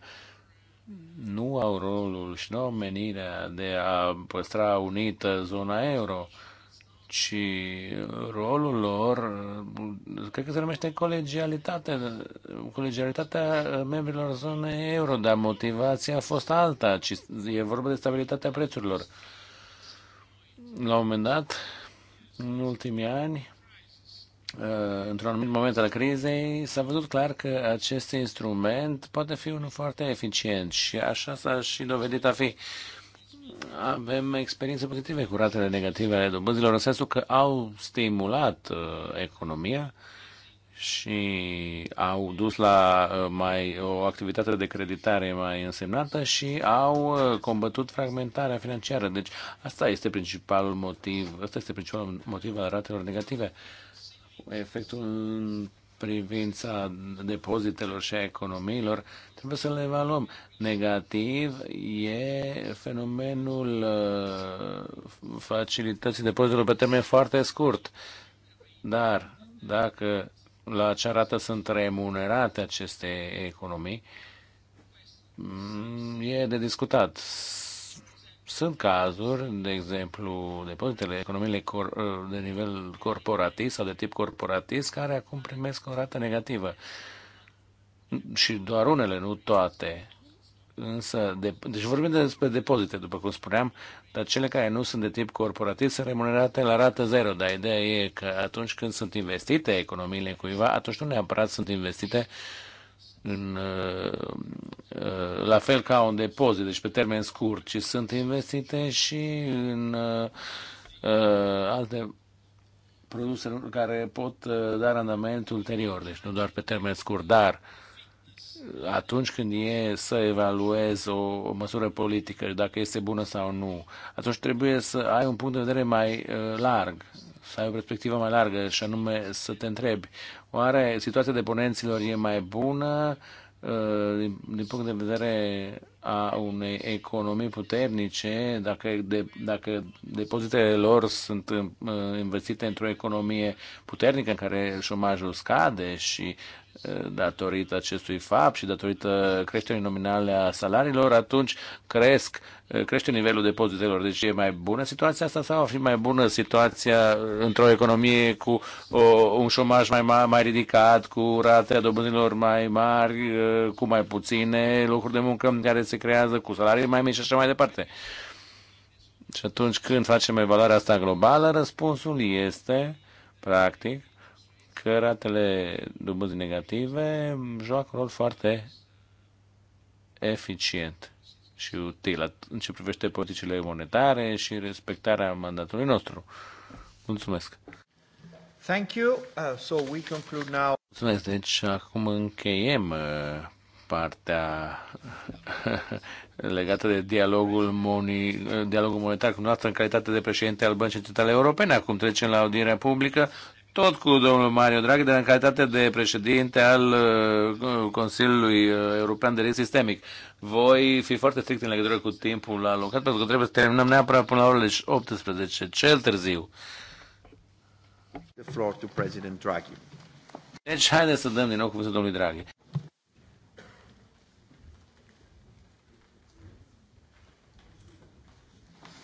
nu au rolul și nu au menirea de a păstra unită zona euro, ci rolul lor, cred că se numește colegialitate, colegialitatea membrilor zonei euro, dar motivația a fost alta, ci e vorba de stabilitatea prețurilor. La un moment dat, în ultimii ani, Uh, într-un anumit moment al crizei, s-a văzut clar că acest instrument poate fi unul foarte eficient și așa s-a și dovedit a fi. Avem experiențe pozitive cu ratele negative ale dobânzilor, în sensul că au stimulat uh, economia și au dus la uh, mai, o activitate de creditare mai însemnată și au combătut fragmentarea financiară. Deci asta este principalul motiv, asta este principalul motiv al ratelor negative. Uh, efectul în privința depozitelor și a economiilor, trebuie să le evaluăm. Negativ e fenomenul uh, facilității depozitelor pe termen foarte scurt. Dar dacă la acea rată sunt remunerate aceste economii, mm, e de discutat sunt cazuri, de exemplu, depozitele, economiile cor- de nivel corporatist sau de tip corporatist, care acum primesc o rată negativă. Și doar unele, nu toate. Însă, de, deci vorbim despre depozite, după cum spuneam, dar cele care nu sunt de tip corporatist sunt remunerate la rată zero. Dar ideea e că atunci când sunt investite economiile cuiva, atunci nu neapărat sunt investite uh, în, uh, la fel ca un depozit, deci pe termen scurt, ci sunt investite și în uh, uh, alte produse care pot da randament ulterior, deci nu doar pe termen scurt, dar atunci când e să evaluezi o, o măsură politică, dacă este bună sau nu, atunci trebuie să ai un punct de vedere mai uh, larg să ai o perspectivă mai largă și anume să te întrebi, oare situația deponenților e mai bună uh, din, din punct de vedere a unei economii puternice, dacă, de, dacă depozitele lor sunt uh, investite într-o economie puternică în care șomajul scade și datorită acestui fapt și datorită creșterii nominale a salariilor, atunci cresc, crește nivelul depozitelor. Deci e mai bună situația asta sau ar fi mai bună situația într-o economie cu o, un șomaj mai, mare, mai ridicat, cu rate dobânzilor mai mari, cu mai puține locuri de muncă care se creează, cu salarii mai mici și așa mai departe. Și atunci când facem evaluarea asta globală, răspunsul este, practic, că ratele dobânzii negative joacă un rol foarte eficient și util în ce privește politicile monetare și respectarea mandatului nostru. Mulțumesc! Thank you. Uh, so we conclude now. Mulțumesc. Deci acum încheiem uh, partea uh, legată de dialogul, moni, uh, dialogul monetar cu noastră în calitate de președinte al Băncii Centrale Europene. Acum trecem la audierea publică tot cu domnul Mario Draghi, dar în calitate de președinte al uh, Consiliului uh, European de Risc Sistemic. Voi fi foarte strict în legătură cu timpul alocat, pentru că trebuie să terminăm neapărat până la orele 18, cel târziu. The floor to President Draghi. Deci, haideți să dăm din nou cuvântul domnului Draghi.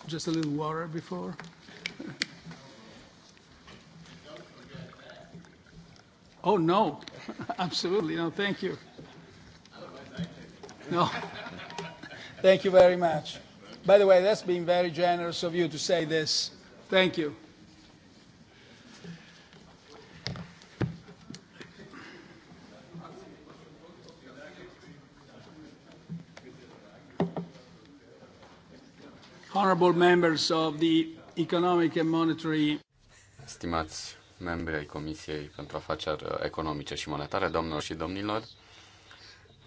Just a little water before. Oh, no. Absolutely. No, thank you. No. Thank you very much. By the way, that's been very generous of you to say this. Thank you. Honorable members of the Economic and Monetary Stimați membri ai Comisiei pentru Afaceri Economice și Monetare, domnilor și domnilor.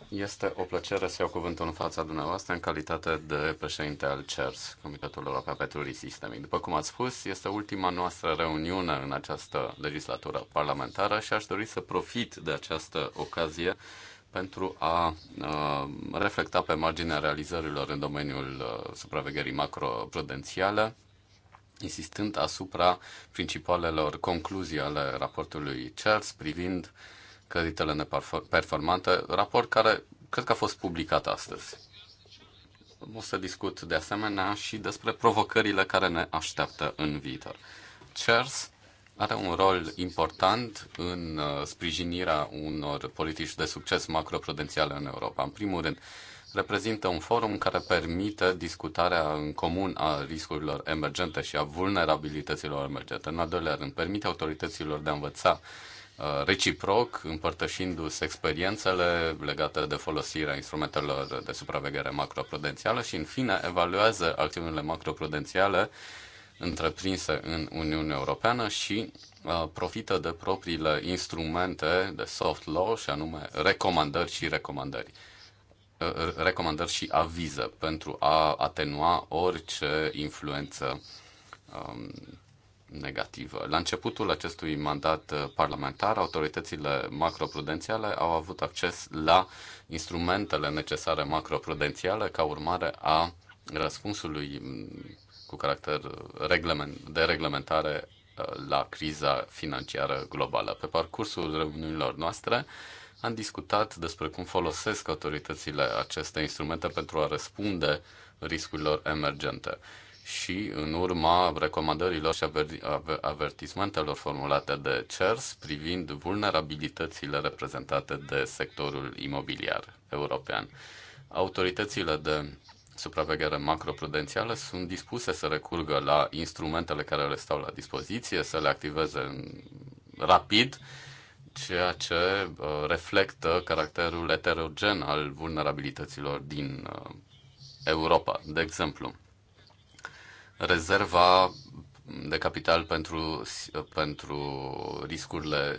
Este o plăcere să iau cuvântul în fața dumneavoastră în calitate de președinte al CERS, Comitetul European pentru Sistemic. După cum ați spus, este ultima noastră reuniune în această legislatură parlamentară și aș dori să profit de această ocazie pentru a uh, reflecta pe marginea realizărilor în domeniul uh, supravegherii macroprudențiale insistând asupra principalelor concluzii ale raportului CERS privind creditele neperformante, raport care cred că a fost publicat astăzi. O să discut de asemenea și despre provocările care ne așteaptă în viitor. CERS are un rol important în uh, sprijinirea unor politici de succes macroprudențiale în Europa. În primul rând, reprezintă un forum care permite discutarea în comun a riscurilor emergente și a vulnerabilităților emergente. În al doilea rând, permite autorităților de a învăța uh, reciproc, împărtășindu-se experiențele legate de folosirea instrumentelor de supraveghere macroprudențială și, în fine, evaluează acțiunile macroprudențiale întreprinse în Uniunea Europeană și uh, profită de propriile instrumente de soft law, și anume recomandări și recomandări. Uh, recomandări și avize pentru a atenua orice influență um, negativă. La începutul acestui mandat uh, parlamentar, autoritățile macroprudențiale au avut acces la instrumentele necesare macroprudențiale ca urmare a răspunsului mm, cu caracter uh, de reglementare la criza financiară globală. Pe parcursul reuniunilor noastre, am discutat despre cum folosesc autoritățile aceste instrumente pentru a răspunde riscurilor emergente. Și în urma recomandărilor și avertismentelor formulate de CERS privind vulnerabilitățile reprezentate de sectorul imobiliar european. Autoritățile de supraveghere macroprudențială sunt dispuse să recurgă la instrumentele care le stau la dispoziție, să le activeze rapid ceea ce uh, reflectă caracterul heterogen al vulnerabilităților din uh, Europa, de exemplu. Rezerva de capital pentru, uh, pentru riscurile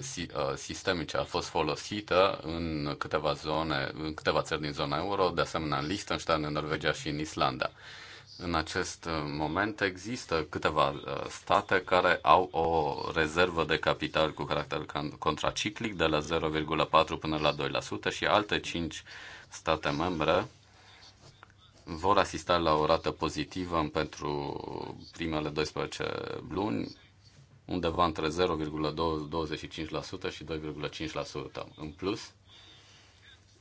sistemice a fost folosită în câteva zone, în câteva țări din zona euro, de asemenea în Liechtenstein, în Norvegia și în Islanda. În acest uh, moment există câteva uh, state care au o rezervă de capital cu caracter contraciclic de la 0,4 până la 2% și alte 5 state membre vor asista la o rată pozitivă pentru primele 12 luni, undeva între 0,25% și 2,5%. În plus,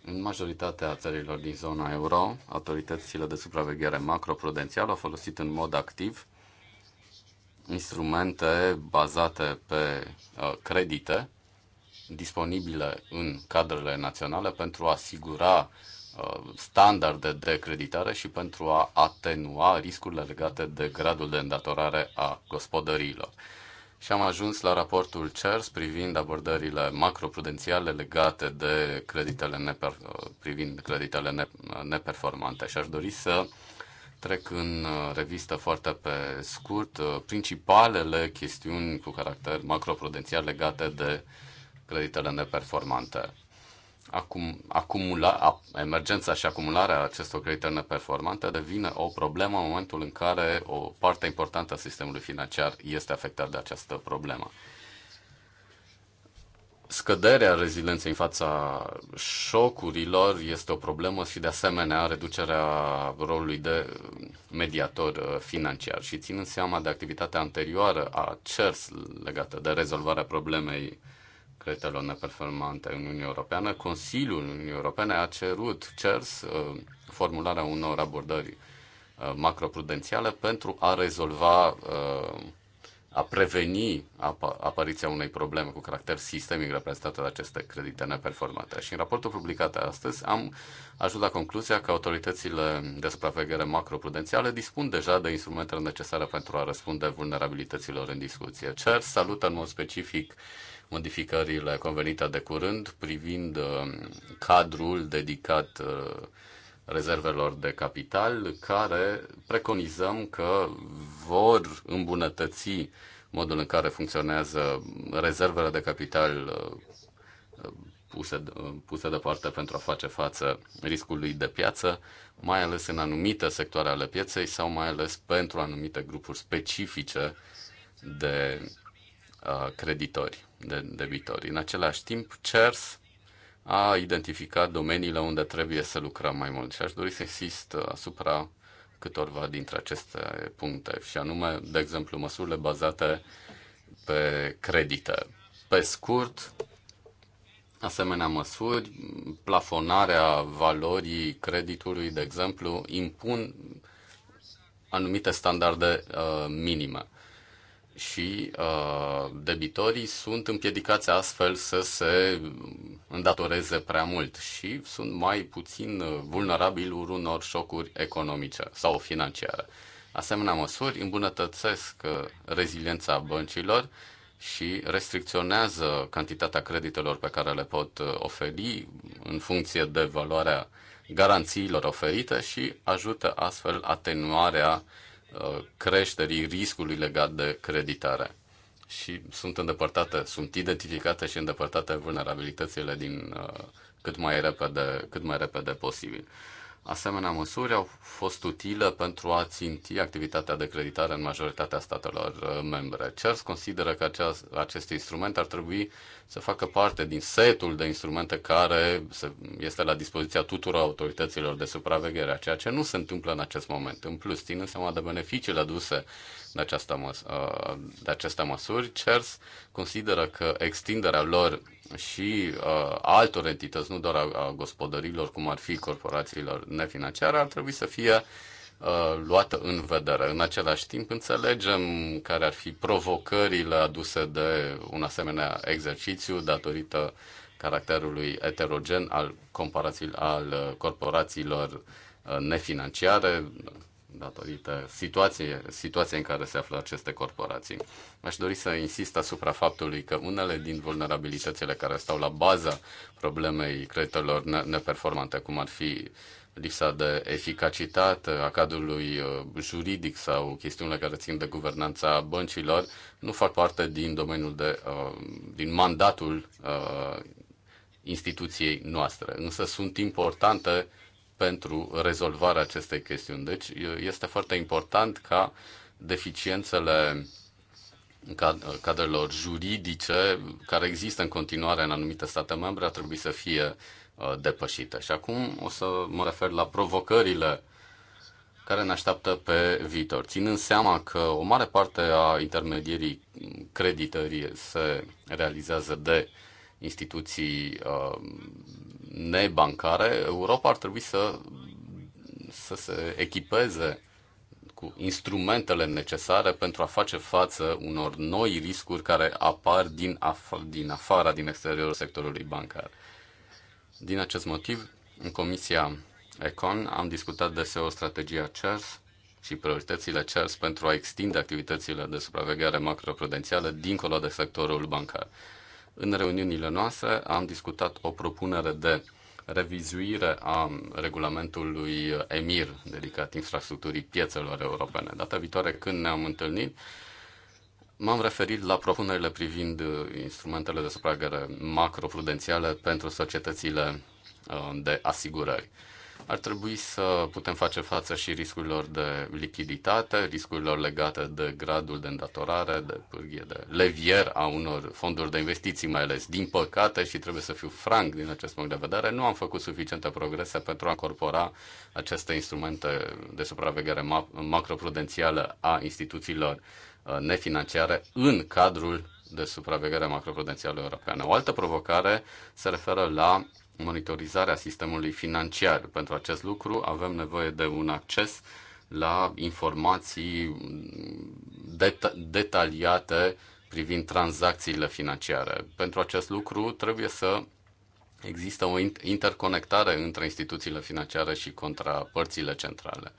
în majoritatea țărilor din zona euro, autoritățile de supraveghere macroprudențială au folosit în mod activ instrumente bazate pe uh, credite disponibile în cadrele naționale pentru a asigura uh, standarde de creditare și pentru a atenua riscurile legate de gradul de îndatorare a gospodăriilor și am ajuns la raportul CERS privind abordările macroprudențiale legate de creditele neper, uh, privind creditele ne, uh, neperformante și aș dori să trec în uh, revistă foarte pe scurt principalele chestiuni cu caracter macroprudențial legate de creditele neperformante acum, acumula, emergența și acumularea acestor credite neperformante devine o problemă în momentul în care o parte importantă a sistemului financiar este afectată de această problemă. Scăderea rezilienței în fața șocurilor este o problemă și, de asemenea, reducerea rolului de mediator uh, financiar. Și ținând seama de activitatea anterioară a CERS legată de rezolvarea problemei creditelor neperformante în Uniunea Europeană, Consiliul Uniunii Europene a cerut CERS uh, formularea unor abordări uh, macroprudențiale pentru a rezolva, uh, a preveni apariția unei probleme cu caracter sistemic reprezentată de aceste credite neperformante. Și în raportul publicat astăzi am ajuns la concluzia că autoritățile de supraveghere macroprudențiale dispun deja de instrumentele necesare pentru a răspunde vulnerabilităților în discuție. CER salută în mod specific uh, modificările convenite de curând privind uh, cadrul dedicat uh, rezervelor de capital, care preconizăm că vor îmbunătăți modul în care funcționează rezervele de capital uh, puse, puse deoparte pentru a face față riscului de piață, mai ales în anumite sectoare ale pieței sau mai ales pentru anumite grupuri specifice de uh, creditori de debitori. În același timp, CERS a identificat domeniile unde trebuie să lucrăm mai mult și aș dori să insist asupra câtorva dintre aceste puncte, și anume, de exemplu, măsurile bazate pe credite. Pe scurt, asemenea măsuri, plafonarea valorii creditului, de exemplu, impun anumite standarde uh, minime și uh, debitorii sunt împiedicați astfel să se îndatoreze prea mult și sunt mai puțin uh, vulnerabili unor șocuri economice sau financiare. Asemenea măsuri îmbunătățesc uh, reziliența băncilor și restricționează cantitatea creditelor pe care le pot uh, oferi în funcție de valoarea garanțiilor oferite și ajută astfel atenuarea uh, Uh, creșterii riscului legat de creditare și sunt îndepărtate, sunt identificate și îndepărtate vulnerabilitățile din uh, cât mai repede, cât mai repede posibil. Asemenea măsuri au fost utile pentru a ținti activitatea de creditare în majoritatea statelor uh, membre. CERS consideră că acest, acest instrument ar trebui să facă parte din setul de instrumente care se, este la dispoziția tuturor autorităților de supraveghere, ceea ce nu se întâmplă în acest moment. În plus, ținând seama de beneficiile aduse de, această măs- uh, de aceste măsuri, CERS consideră că extinderea lor și uh, altor entități, nu doar a, a gospodărilor, cum ar fi corporațiilor nefinanciare, ar trebui să fie uh, luată în vedere. În același timp, înțelegem care ar fi provocările aduse de un asemenea exercițiu datorită caracterului heterogen al, comparații, al uh, corporațiilor uh, nefinanciare, datorită situației, situației în care se află aceste corporații. Aș dori să insist asupra faptului că unele din vulnerabilitățile care stau la baza problemei creditelor neperformante, cum ar fi lipsa de eficacitate a cadrului uh, juridic sau chestiunile care țin de guvernanța băncilor, nu fac parte din domeniul de, uh, din mandatul uh, instituției noastre, însă sunt importante pentru rezolvarea acestei chestiuni. Deci este foarte important ca deficiențele cadrelor juridice care există în continuare în anumite state membre ar trebui să fie uh, depășite. Și acum o să mă refer la provocările care ne așteaptă pe viitor. Ținând seama că o mare parte a intermedierii creditării se realizează de uh, instituții uh, nebancare, Europa ar trebui să, să se echipeze cu instrumentele necesare pentru a face față unor noi riscuri care apar din, af- din afara, din exteriorul sectorului bancar. Din acest motiv, în Comisia Econ am discutat deseori strategia CERS și prioritățile CERS pentru a extinde activitățile de supraveghere macroprudențială dincolo de sectorul bancar. În reuniunile noastre am discutat o propunere de revizuire a regulamentului EMIR dedicat infrastructurii piețelor europene. Data viitoare când ne-am întâlnit, M-am referit la propunerile privind instrumentele de supraveghere macroprudențiale pentru societățile uh, de asigurări. Ar trebui să putem face față și riscurilor de lichiditate, riscurilor legate de gradul de îndatorare, de pârghie, de levier a unor fonduri de investiții, mai ales. Din păcate, și trebuie să fiu franc din acest punct de vedere, nu am făcut suficiente progrese pentru a incorpora aceste instrumente de supraveghere macroprudențială a instituțiilor uh, nefinanciare în cadrul de supraveghere macroprudențială europeană. O altă provocare se referă la monitorizarea sistemului financiar. Pentru acest lucru avem nevoie de un acces la informații deta- detaliate privind tranzacțiile financiare. Pentru acest lucru trebuie să există o interconectare între instituțiile financiare și contrapărțile centrale.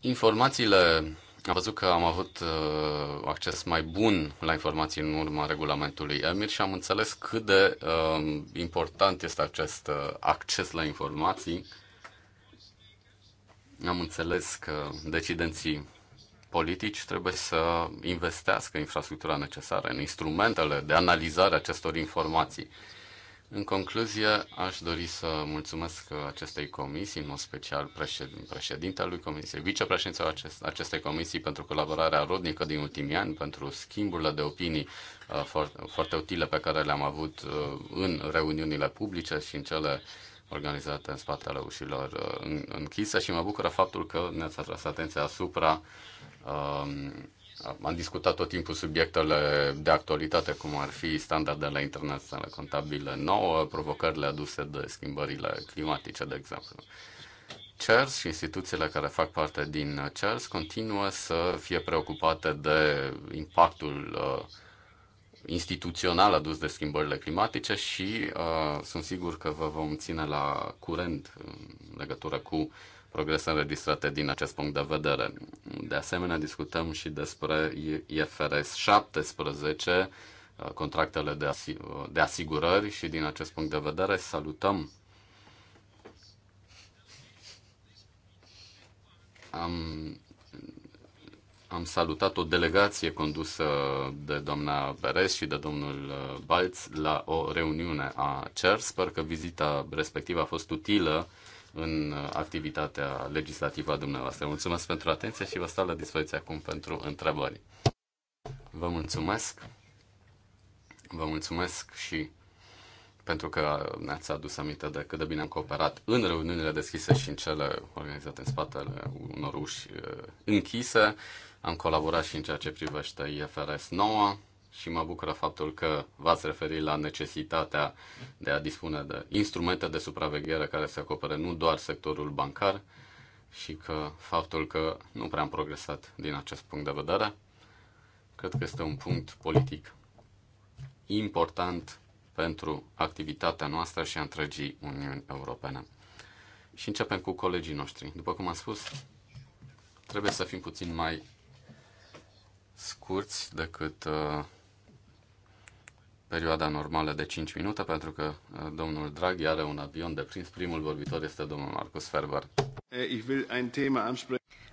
Informațiile am văzut că am avut uh, acces mai bun la informații în urma regulamentului EMIR și am înțeles cât de uh, important este acest uh, acces la informații. Am înțeles că decidenții politici trebuie să investească infrastructura necesară în instrumentele de analizare acestor informații. Uh, în concluzie, aș dori să mulțumesc acestei comisii, în mod special președintelui comisiei, vicepreședintelui acestei comisii pentru colaborarea rodnică din ultimii ani, pentru schimburile de opinii uh, foarte, foarte utile pe care le-am avut uh, în reuniunile publice și în cele organizate în spatele ușilor uh, închise și mă bucură faptul că ne-ați atras atenția asupra um, am discutat tot timpul subiectele de actualitate, cum ar fi standardele internaționale contabile nouă, provocările aduse de schimbările climatice, de exemplu. CERS și instituțiile care fac parte din CERS continuă să fie preocupate de impactul uh, instituțional adus de schimbările climatice și uh, sunt sigur că vă vom ține la curent în legătură cu uh, progrese înregistrate din acest punct de vedere. De asemenea, discutăm și despre IFRS 17, uh, contractele de, as- uh, de asigurări și din acest punct de vedere salutăm am, am salutat o delegație condusă de doamna Beres și de domnul uh, Balț la o reuniune a CER. Sper că vizita respectivă a fost utilă în activitatea legislativă a dumneavoastră. Mulțumesc pentru atenție și vă stau la dispoziție acum pentru întrebări. Vă mulțumesc. Vă mulțumesc și pentru că ne-ați adus aminte de cât de bine am cooperat în reuniunile deschise și în cele organizate în spatele unor uși uh, închise. Am colaborat și în ceea ce privește IFRS 9 și mă bucură faptul că v-ați referit la necesitatea de a dispune de instrumente de supraveghere care să acopere nu doar sectorul bancar și că faptul că nu prea am progresat din acest punct de vedere, cred că este un punct politic important pentru activitatea noastră și a întregii Uniuni Europene. Și începem cu colegii noștri. După cum am spus, trebuie să fim puțin mai scurți decât uh, perioada normală de 5 minute, pentru că uh, domnul Draghi are un avion de prins. Primul vorbitor este domnul Marcus Ferber. Eh,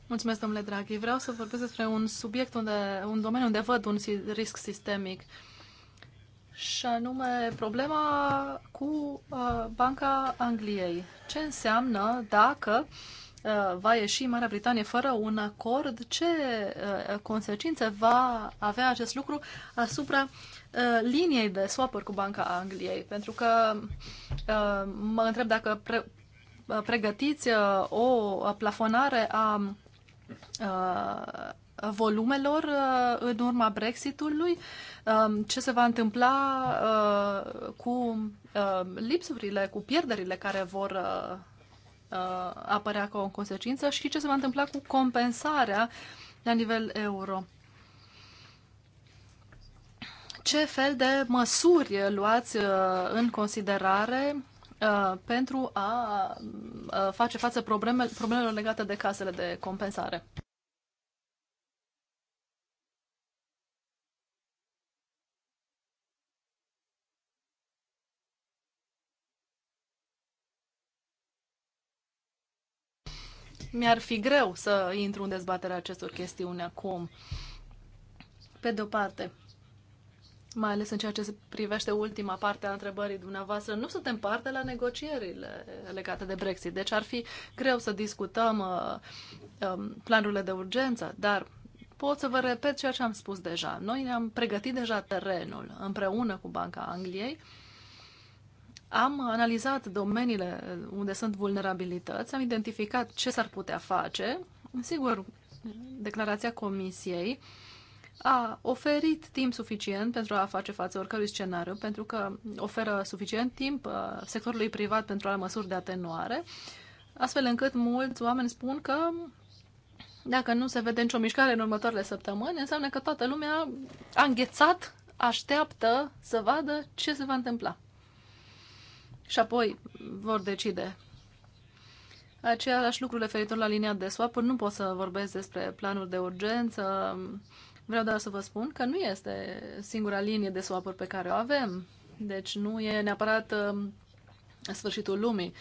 Mulțumesc, domnule Draghi. Vreau să vorbesc despre un subiect, unde, un domeniu unde văd un risc sistemic, și anume problema cu uh, Banca Angliei. Ce înseamnă dacă uh, Uh, va ieși Marea Britanie fără un acord, ce uh, consecințe va avea acest lucru asupra uh, liniei de swap cu Banca Angliei? Pentru că mă întreb dacă pre- pregătiți o plafonare a volumelor în urma Brexitului, um, ce se va întâmpla cu lipsurile, cu pierderile care vor Uh, apărea ca o consecință și ce se va întâmpla cu compensarea la nivel euro. Ce fel de măsuri luați uh, în considerare uh, pentru a face față problemelor legate de casele de compensare? mi-ar fi greu să intru în dezbaterea acestor chestiuni acum. Pe de o parte, mai ales în ceea ce privește ultima parte a întrebării dumneavoastră, nu suntem parte la negocierile legate de Brexit, deci ar fi greu să discutăm uh, um, planurile de urgență, dar pot să vă repet ceea ce am spus deja. Noi ne-am pregătit deja terenul împreună cu Banca Angliei uh, am analizat domeniile unde sunt vulnerabilități, am identificat ce s-ar putea face. Sigur, declarația Comisiei a oferit timp suficient pentru a face față oricărui scenariu, pentru că oferă suficient timp uh, sectorului privat pentru a măsuri de atenuare, astfel încât mulți oameni spun că dacă nu se vede nicio mișcare în următoarele săptămâni, înseamnă că toată lumea a înghețat, așteaptă să vadă ce se va întâmpla și apoi vor decide. Același lucru referitor la linia de swap nu pot să vorbesc despre planuri de urgență. Vreau doar să vă spun că nu este singura linie de swap pe care o avem. Deci nu e neapărat um, sfârșitul lumii.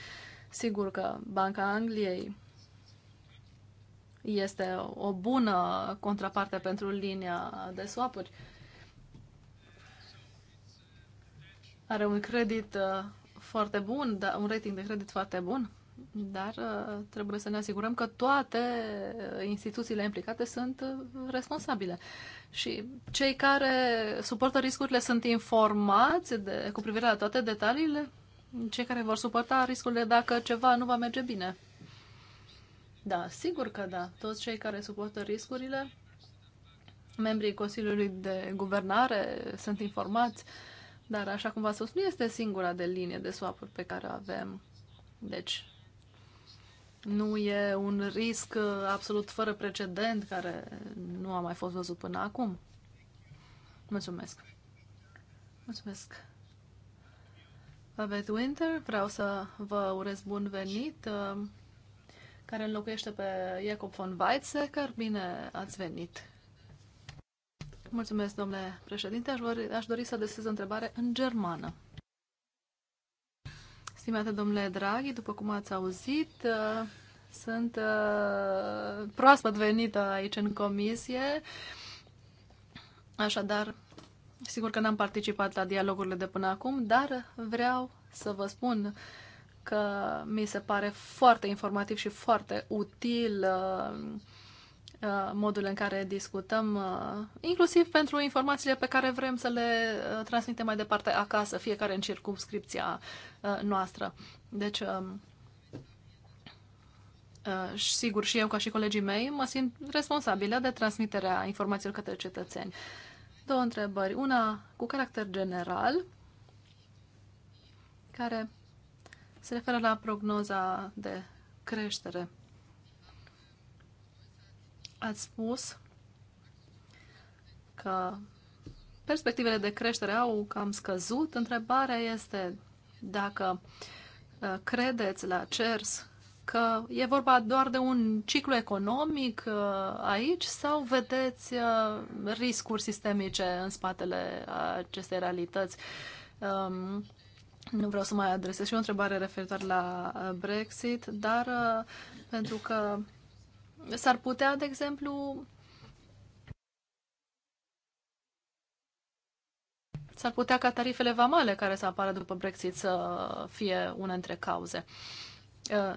Sigur că Banca Angliei este o bună contraparte pentru linia de swapuri. Are un credit uh, foarte bun, da, un rating de credit foarte bun, dar uh, trebuie să ne asigurăm că toate uh, instituțiile implicate sunt uh, responsabile. Și cei care suportă riscurile sunt informați de, cu privire la toate detaliile? Cei care vor suporta riscurile dacă ceva nu va merge bine? Da, sigur că da. Toți cei care suportă riscurile, membrii Consiliului de Guvernare sunt informați. Uh, dar, așa cum v-am spus, nu este singura de linie de swap pe care o avem. Deci, nu e un risc uh, absolut fără precedent care nu a mai fost văzut până acum. Mulțumesc. Mulțumesc. Babette Winter, vreau să vă urez bun venit, uh, care înlocuiește pe Jacob von Weizsäcker. Bine ați venit! Mulțumesc, domnule președinte. Aș, vor, aș dori să adresez o întrebare în germană. Stimate domnule Draghi, după cum ați auzit, uh, sunt uh, proaspăt venită aici în comisie. Așadar, sigur că n-am participat la dialogurile de până acum, dar vreau să vă spun că mi se pare foarte informativ și foarte util uh, Uh, modul în care discutăm, uh, inclusiv pentru informațiile pe care vrem să le uh, transmitem mai departe acasă, fiecare în circumscripția noastră. Deci, um, sigur, și eu, ca și colegii mei, mă simt responsabilă de transmiterea informațiilor către cetățeni. Două întrebări. Una cu caracter general, care se referă la prognoza de creștere Ați spus că perspectivele de creștere au cam scăzut. Întrebarea este dacă uh, credeți la CERS că e vorba doar de un ciclu economic uh, aici sau vedeți uh, riscuri sistemice în spatele acestei realități? Um, nu vreau să mai adresez și o întrebare referitoare la Brexit, dar pentru că S-ar putea, de exemplu, s-ar putea ca tarifele vamale care să apară după Brexit să fie una dintre cauze. Uh,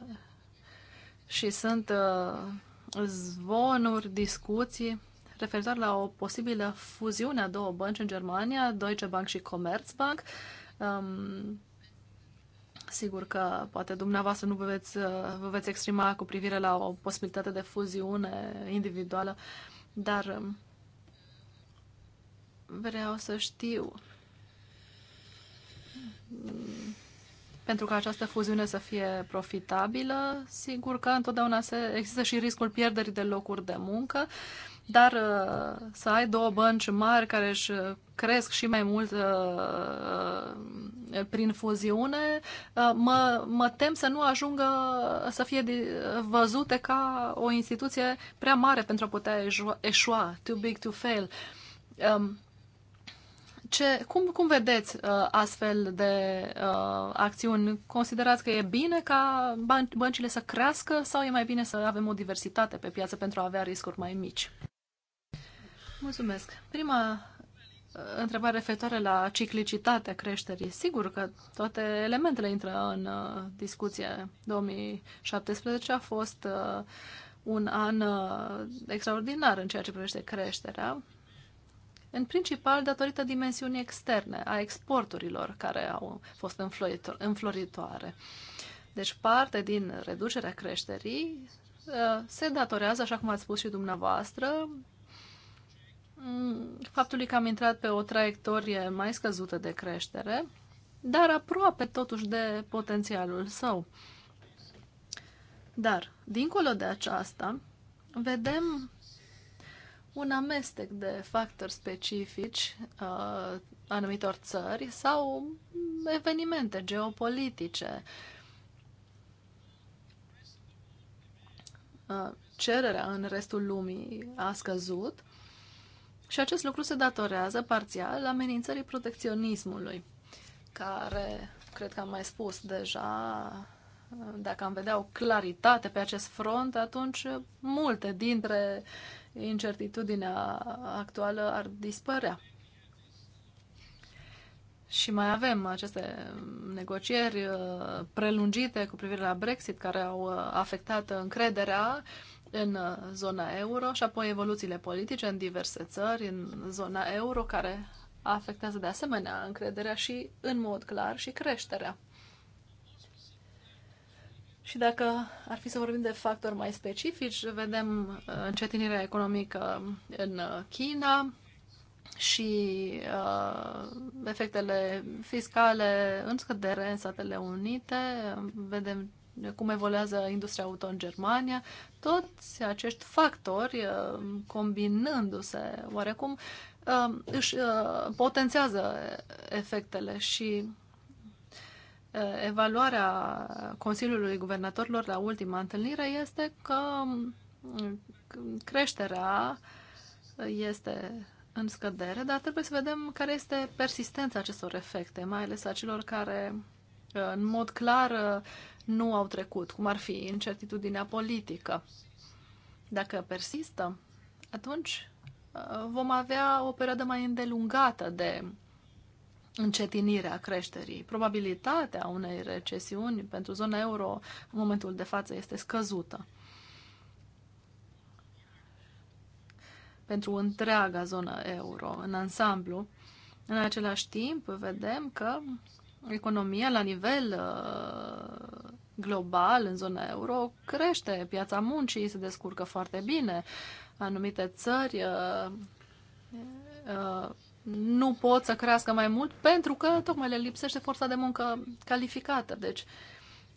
și sunt uh, zvonuri, discuții referitor la o posibilă fuziune a două bănci în Germania, Deutsche Bank și Commerzbank. Um, Sigur că poate dumneavoastră nu vă veți, uh, vă veți exprima cu privire la o posibilitate de fuziune individuală, dar um, vreau să știu pentru ca această fuziune să fie profitabilă, sigur că întotdeauna se, există și riscul pierderii de locuri de muncă, dar uh, să ai două bănci mari care își cresc și mai mult uh, prin fuziune, uh, mă, mă tem să nu ajungă să fie văzute ca o instituție prea mare pentru a putea eșua, too big to fail. Um, ce, cum, cum vedeți uh, astfel de uh, acțiuni? Considerați că e bine ca ban- băncile să crească sau e mai bine să avem o diversitate pe piață pentru a avea riscuri mai mici? Mulțumesc. Prima uh, întrebare referitoare la ciclicitatea creșterii. Sigur că toate elementele intră în uh, discuție. 2017 a fost uh, un an uh, extraordinar în ceea ce privește creșterea în principal datorită dimensiunii externe, a exporturilor care au fost înfloritoare. Deci parte din reducerea creșterii uh, se datorează, așa cum ați spus și dumneavoastră, mm, faptului că am intrat pe o traiectorie mai scăzută de creștere, dar aproape totuși de potențialul său. Dar, dincolo de aceasta, vedem un amestec de factori specifici uh, anumitor țări sau evenimente geopolitice. Uh, cererea în restul lumii a scăzut și acest lucru se datorează parțial amenințării protecționismului, care, cred că am mai spus deja, dacă am vedea o claritate pe acest front, atunci multe dintre uh, incertitudinea actuală ar dispărea. Și mai avem aceste negocieri uh, prelungite cu privire la Brexit, care au uh, afectat încrederea în uh, zona euro și apoi evoluțiile politice în diverse țări, în zona euro, care afectează de asemenea încrederea și, în mod clar, și creșterea. Și dacă ar fi să vorbim de factori mai specifici, vedem uh, încetinirea economică în uh, China și uh, efectele fiscale în scădere în Statele Unite, vedem cum evoluează industria auto în Germania, toți acești factori, uh, combinându-se oarecum, își potențează efectele și evaluarea Consiliului Guvernatorilor la ultima întâlnire este că mm, creșterea este în scădere, dar trebuie să vedem care este persistența acestor efecte, mai ales a celor care uh, în mod clar uh, nu au trecut, cum ar fi incertitudinea politică. Dacă persistă, atunci uh, vom avea o perioadă mai îndelungată de încetinirea creșterii. Probabilitatea unei recesiuni pentru zona euro în momentul de față este scăzută. Pentru întreaga zonă euro, în ansamblu, în același timp, vedem că economia la nivel uh, global în zona euro crește, piața muncii se descurcă foarte bine, anumite țări uh, uh, nu pot să crească mai mult pentru că tocmai le lipsește forța de muncă calificată. Deci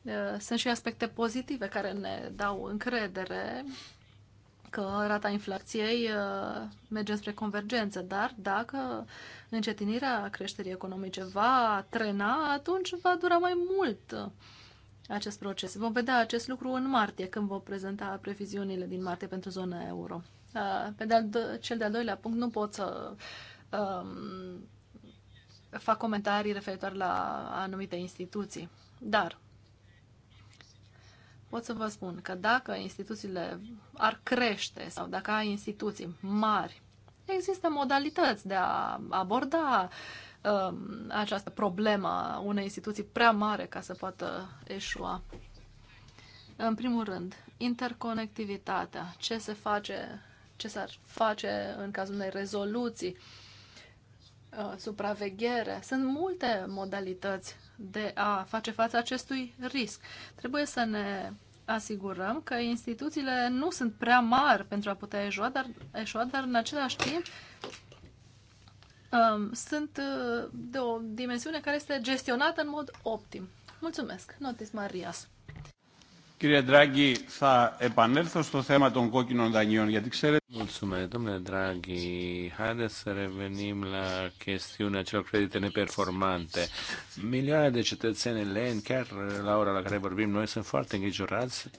uh, sunt și aspecte pozitive care ne dau încredere că rata inflației uh, merge spre convergență, dar dacă încetinirea creșterii economice va trena, atunci va dura mai mult uh, acest proces. Vom vedea acest lucru în martie, când vom prezenta previziunile din martie pentru zona euro. Pe de cel de-al doilea punct, nu pot să um, fac comentarii referitoare la anumite instituții. Dar pot să vă spun că dacă instituțiile ar crește sau dacă ai instituții mari, există modalități de a aborda um, această problemă a unei instituții prea mare ca să poată eșua. În primul rând, interconectivitatea, ce se face, ce s-ar face în cazul unei rezoluții uh, Uh, supraveghere. Sunt multe modalități de a face față acestui risc. Trebuie să ne asigurăm că instituțiile nu sunt prea mari pentru a putea eșua, dar, eșua, dar în același timp um, sunt uh, de o dimensiune care este gestionată în mod optim. Mulțumesc, Notis Marias. Κύριε Ντράγκη, θα επανέλθω στο θέμα των κόκκινων δανείων, γιατί ξέρετε... Mulțumesc, domnule Draghi. Haideți să revenim la chestiunea celor credite neperformante. Milioane de cetățeni eleni, chiar la ora la care vorbim noi, sunt foarte îngrijorați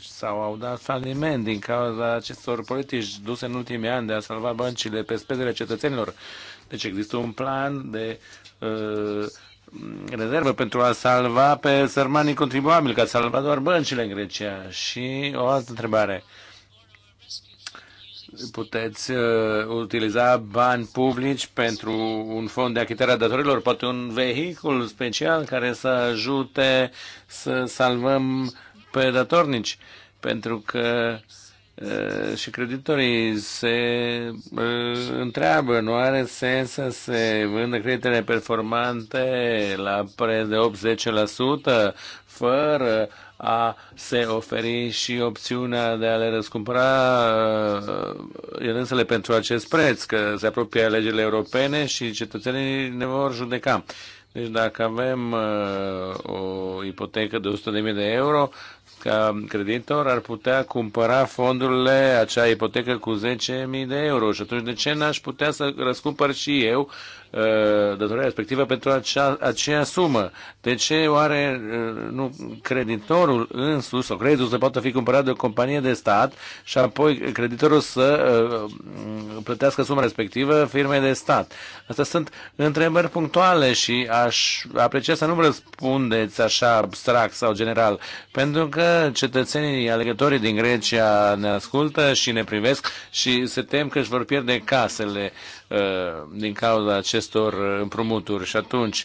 sau au dat faliment din cauza acestor politici duse în ultimii ani de a salva băncile pe spedele cetățenilor. Deci există un plan de uh, rezervă pentru a salva pe sărmanii contribuabili, că a salvat doar băncile în Grecia. Și o altă întrebare. Puteți uh, utiliza bani publici pentru un fond de achitare a datorilor, poate un vehicul special care să ajute să salvăm pe datornici, pentru că uh, Eh, și creditorii se eh, întreabă, nu are sens să se vândă creditele performante la preț de 80% fără a se oferi și opțiunea de a le răscumpăra eh, ele însele pentru acest preț, că se apropie alegerile europene și cetățenii ne vor judeca. Deci dacă avem uh, o ipotecă de 100.000 de euro, ca creditor ar putea cumpăra fondurile, acea ipotecă cu 10.000 de euro și atunci de ce n-aș putea să răscumpăr și eu Uh, datoria respectivă pentru acea, aceea sumă. De ce oare uh, nu, creditorul însuși sau creditul să poată fi cumpărat de o companie de stat și apoi creditorul să uh, plătească suma respectivă firmei de stat? Astea sunt întrebări punctuale și aș aprecia să nu răspundeți așa abstract sau general, pentru că cetățenii alegătorii din Grecia ne ascultă și ne privesc și se tem că își vor pierde casele. Uh, din cauza acestor împrumuturi și atunci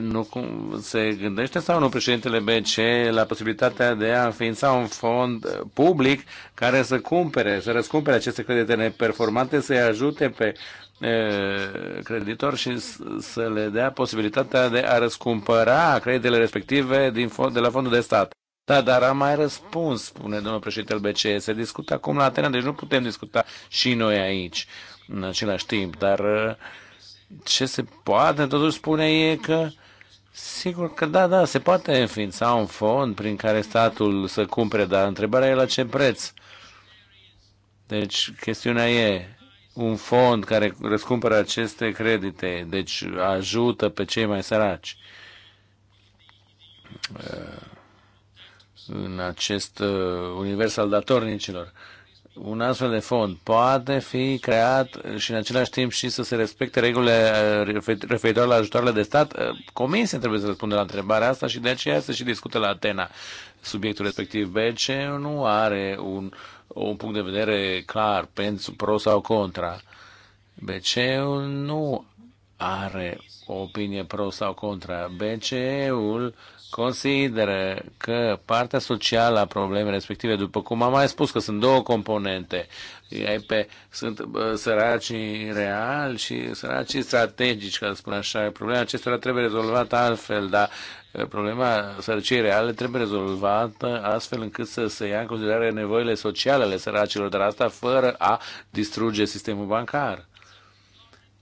nu cum se gândește sau nu președintele BC la posibilitatea de a înființa un fond public care să cumpere, să răscumpere aceste credite neperformante, să-i ajute pe uh, creditor și să le dea posibilitatea de a răscumpăra creditele respective din fond, de la fondul de stat. Da, dar am mai răspuns, spune domnul președinte al BCE. Se discută acum la Atena, deci nu putem discuta și noi aici. Uh, în același timp, dar uh, ce se poate totuși spune e că Sigur că da, da, se poate înființa un fond prin care statul să cumpere, dar întrebarea e la ce preț. Deci, chestiunea e un fond care răscumpără aceste credite, deci ajută pe cei mai săraci. Uh, în acest uh, univers al datornicilor un astfel de fond poate fi creat și în același timp și să se respecte regulile uh, referitoare la ajutoarele de stat? Uh, Comisia trebuie să răspundă la întrebarea asta și de aceea se și discută la Atena subiectul respectiv. BC nu are un, un punct de vedere clar pentru pro sau contra. bc nu are o opinie pro sau contra. BCE-ul consideră că partea socială a problemei respective, după cum am mai spus că sunt două componente, ai pe, sunt bă, săracii reali și săracii strategici, ca să spun așa. Problema acestora trebuie rezolvată altfel, dar problema sărăciei reale trebuie rezolvată astfel încât să se ia în considerare nevoile sociale ale săracilor, dar asta fără a distruge sistemul bancar.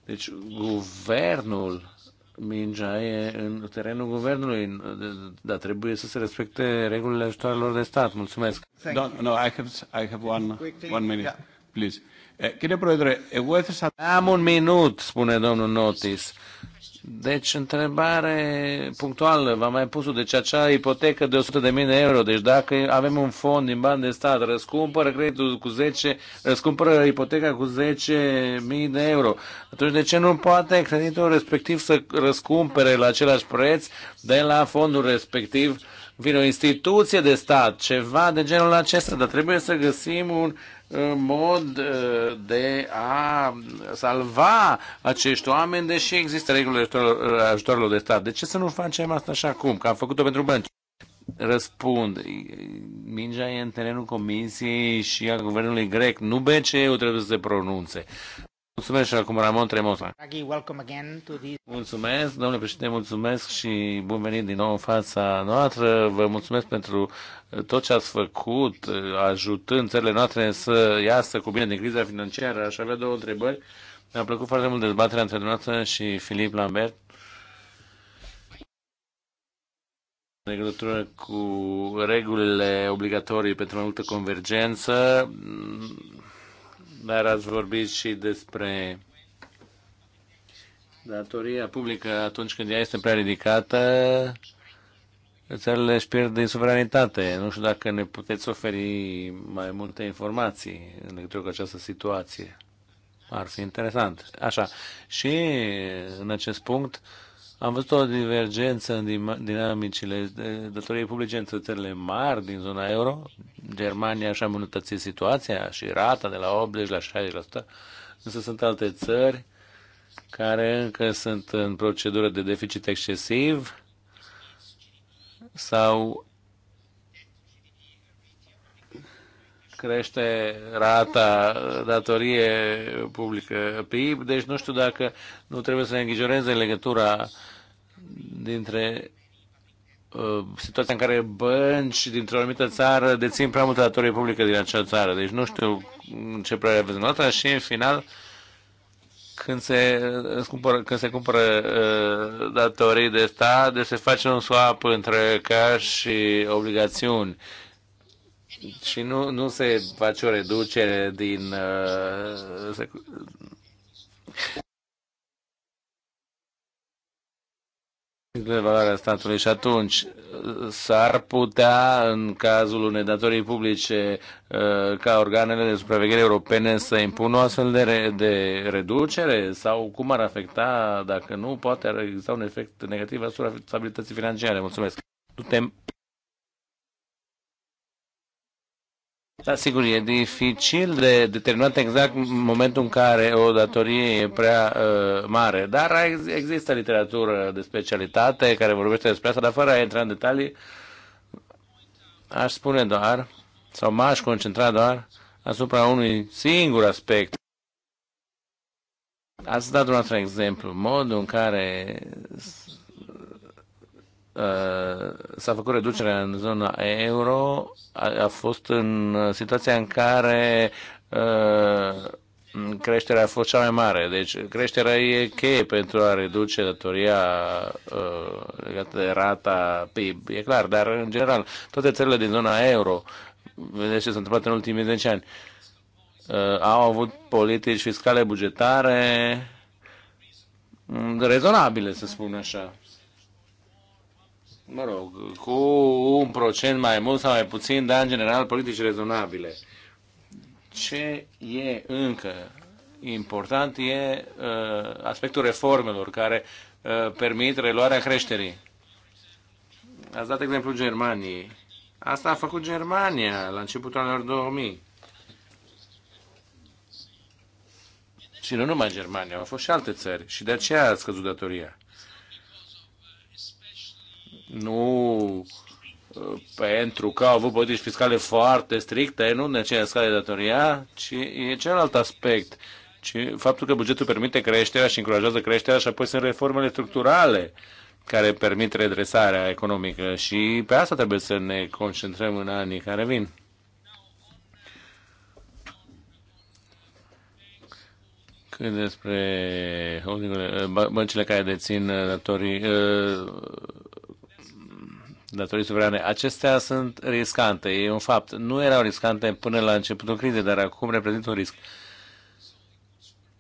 Deci, guvernul mingea e în terenul guvernului, dar trebuie să se respecte regulile ajutoarelor de stat. Mulțumesc. no, I have, I have one, one minute, yeah. please. Κύριε Πρόεδρε, εγώ Am un minut, spune domnul Notis. Deci, întrebare punctuală, v-am mai pus-o, deci acea ipotecă de 100.000 de euro, deci dacă avem un fond din bani de stat, răscumpără creditul cu 10, răscumpără ipoteca cu 10.000 de euro, atunci de ce nu poate creditul respectiv să răscumpere la același preț de la fondul respectiv? Vine o instituție de stat, ceva de genul acesta, dar trebuie să găsim un mod uh, de a salva acești oameni, deși există regulile ajutorilor de stat. De ce să nu facem asta așa acum, că am făcut-o pentru bănci? Răspund, mingea e în terenul Comisiei și a Guvernului grec, nu BCE-ul trebuie să se pronunțe. Mulțumesc și acum Ramon Tremosa. Mulțumesc, domnule președinte, mulțumesc și bun venit din nou în fața noastră. Vă mulțumesc pentru uh, tot ce ați făcut, uh, ajutând țările noastre să iasă cu bine din criza financiară. Aș avea două întrebări. Mi-a plăcut foarte mult dezbaterea între dumneavoastră și Filip Lambert. în legătură cu regulile obligatorii pentru mai multă convergență dar ați vorbit și despre datoria publică atunci când ea este prea ridicată, țările își pierd din suveranitate. Nu știu dacă ne puteți oferi mai multe informații în legătură cu această situație. Ar fi interesant. Așa. Și în acest punct, uh, am văzut o divergență în dinamicile datoriei publice între țările mari din zona euro. Germania și-a îmbunătățit situația și rata de la 80 la 60%, însă sunt alte țări care încă sunt în procedură de deficit excesiv sau crește rata datorie publică PIB, deci nu știu dacă nu trebuie să ne îngrijoreze legătura dintre uh, situația în care bănci dintr-o anumită țară dețin prea multă datorie publică din acea țară. Deci nu știu ce părere aveți dumneavoastră și în final când se cumpără, când se cumpără uh, datorii de stat, de se face un swap între cash și obligațiuni. Și nu, nu se face o reducere din uh, Valoarea statului și atunci s-ar putea, în cazul unei datorii publice, uh, ca organele de supraveghere europene să impună o astfel de, re- de reducere sau cum ar afecta, dacă nu, poate exista un efect negativ asupra stabilității financiare. Mulțumesc. Putem Da, sigur, e dificil de determinat exact momentul în care o datorie e prea uh, mare, dar există literatură de specialitate care vorbește despre asta, dar fără a intra în detalii, aș spune doar, sau m-aș concentra doar asupra unui singur aspect. Ați dat un exemplu, modul în care s-a făcut reducerea în zona euro, a, a fost în situația în care uh, creșterea a fost cea mai mare. Deci creșterea e cheie pentru a reduce datoria uh, legată de rata PIB, e clar, dar în general toate țările din zona euro, vedeți ce s-a întâmplat în ultimii 10 ani, uh, au avut politici fiscale bugetare rezonabile, să spun așa mă rog, cu un procent mai mult sau mai puțin, dar în general politici rezonabile. Ce e încă important e uh, aspectul reformelor care uh, permit reluarea creșterii. Ați dat exemplu Germaniei. Asta a făcut Germania la începutul anilor 2000. Și nu numai Germania, au fost și alte țări. Și de aceea a scăzut datoria nu uh, pentru că au avut politici fiscale foarte stricte, nu de aceea scade datoria, ci e celălalt aspect. Ci faptul că bugetul permite creșterea și încurajează creșterea și apoi sunt reformele structurale care permit redresarea economică și pe asta trebuie să ne concentrăm în anii care vin. Când despre băncile care dețin datorii, uh, datorii suverane. Acestea sunt riscante, e un fapt. Nu erau riscante până la începutul crizei, dar acum reprezintă un risc.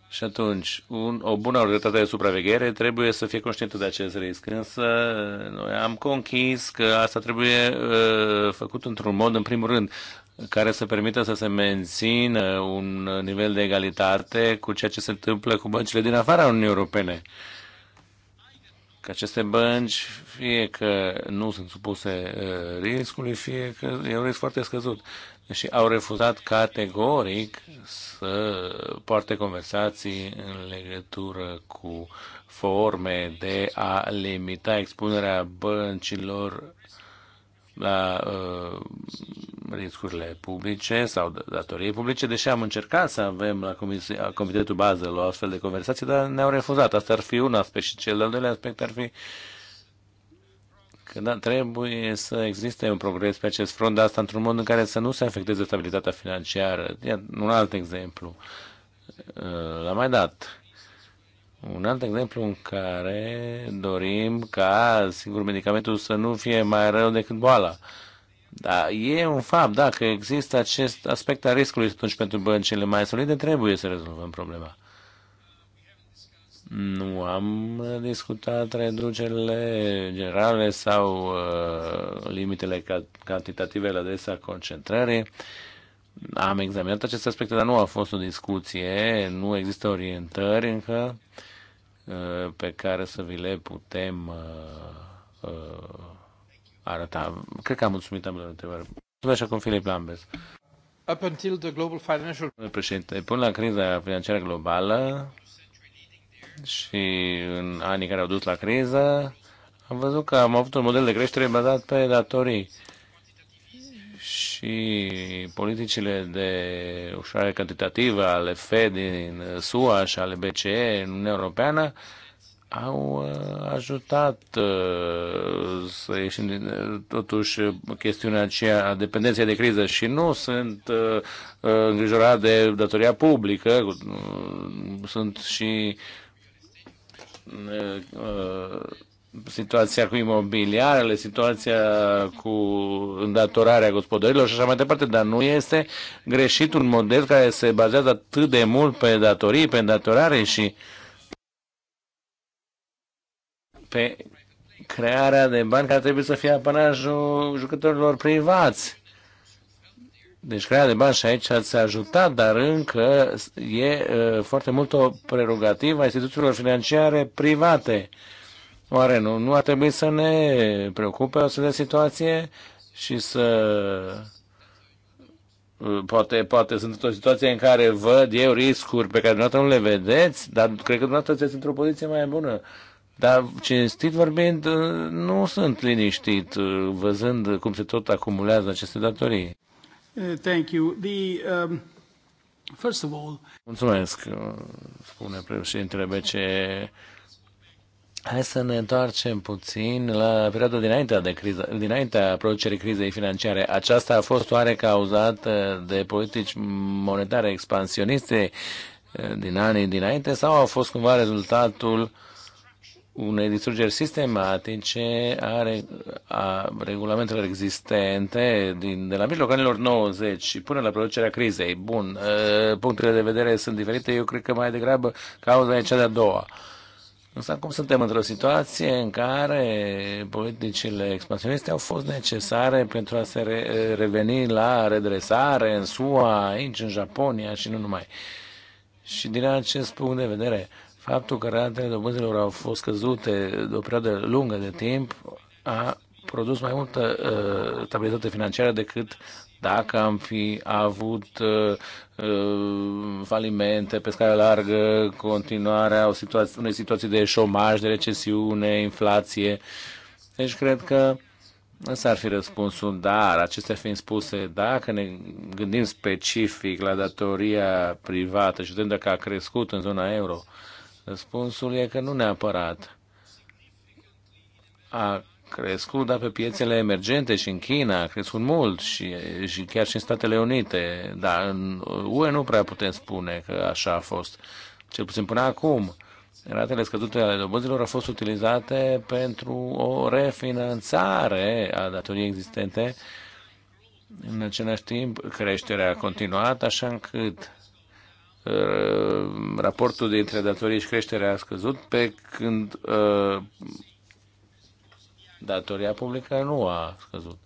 Și atunci, un, o bună autoritate de supraveghere trebuie să fie conștientă de acest risc. Însă, noi am conchis că asta trebuie uh, făcut într-un mod, în primul rând, care să permită să se mențină un nivel de egalitate cu ceea ce se întâmplă cu băncile din afara Uniunii Europene. Uh, că aceste bănci fie că nu sunt supuse uh, riscului, fie că e un risc foarte scăzut. Și au refuzat categoric să poarte conversații în legătură cu forme de a limita expunerea băncilor la uh, riscurile publice sau datoriei publice, deși am încercat să avem la Comitetul Bazel o astfel de conversație, dar ne-au refuzat. Asta ar fi un aspect și cel de-al doilea aspect ar fi că da, trebuie să existe un progres pe acest front, dar asta într-un mod în care să nu se afecteze stabilitatea financiară. Ia, un alt exemplu. Uh, L-am mai dat un alt exemplu în care dorim ca singur medicamentul să nu fie mai rău decât boala. Da, e un fapt, dacă există acest aspect al riscului atunci pentru băncile mai solide, trebuie să rezolvăm problema. Nu am discutat reducerile generale sau uh, limitele ca cantitative la adresa concentrării. Am examinat aceste aspecte, dar nu a fost o discuție, nu există orientări încă. Uh, Uh, pe care să vi le putem uh, uh, arăta. Cred că am mulțumit ambele întrebări. Mulțumesc cum Filip Lambes. Up until the global financial... Președinte, până la criza financiară globală și în anii care au dus la criză, am văzut că am avut un model de creștere bazat pe datorii și politicile de ușurare cantitativă ale Fed din SUA și ale BCE în Uniunea Europeană au uh, ajutat uh, să ieșim din, uh, totuși chestiunea aceea a dependenței de criză și nu sunt îngrijorat de datoria publică, sunt și situația cu imobiliarele, situația cu îndatorarea gospodărilor și așa mai departe, dar nu este greșit un model care se bazează atât de mult pe datorii, pe îndatorare și pe crearea de bani care trebuie să fie apanajul jucătorilor privați. Deci crearea de bani și aici ați ajutat, dar încă e foarte mult o prerogativă a instituțiilor financiare private. Oare nu, nu ar trebui să ne preocupe o astfel de situație și să uh, poate, poate sunt într-o situație în care văd eu riscuri pe care dumneavoastră nu le vedeți, dar cred că dumneavoastră sunteți într-o poziție mai bună. Dar, cinstit vorbind, uh, nu sunt liniștit uh, văzând cum se tot acumulează aceste datorii. Thank you. The, um, first of all... Mulțumesc, spune președintele BCE. Hai să ne întoarcem puțin la perioada dinaintea, de criză, dinaintea producerii crizei financiare. Aceasta a fost oare cauzată de politici monetare expansioniste eh, din anii dinainte sau a fost cumva rezultatul unei distrugeri sistematice a, a regulamentelor existente din, de la mijlocul anilor 90 și până la producerea crizei. Bun, eh, punctele de vedere sunt diferite. Eu cred că mai degrabă cauza e cea de-a doua. Uh, Însă acum suntem într-o situație în care politicile expansioniste au fost necesare pentru a se re- reveni la redresare în SUA, aici, în Japonia și nu numai. Și din acest punct de vedere, faptul că ratele dobânzilor au fost scăzute de o perioadă lungă de timp a produs mai multă uh, stabilitate financiară decât dacă am fi avut uh, uh, falimente pe scară largă, continuarea o situație, unei situații de șomaj, de recesiune, inflație. Deci cred că Ăsta ar fi răspunsul, dar acestea fiind spuse, dacă ne gândim specific la datoria privată și vedem dacă a crescut în zona euro, răspunsul e că nu neapărat a crescut, dar pe piețele emergente și în China a crescut mult și, și chiar și în Statele Unite. Dar în UE nu prea putem spune că așa a fost, cel puțin până acum. Ratele scăzute ale dobânzilor au fost utilizate pentru o refinanțare a datoriei existente. În același timp, creșterea a continuat, așa încât uh, raportul dintre datorii și creștere a scăzut, pe când uh, datoria publică nu a scăzut.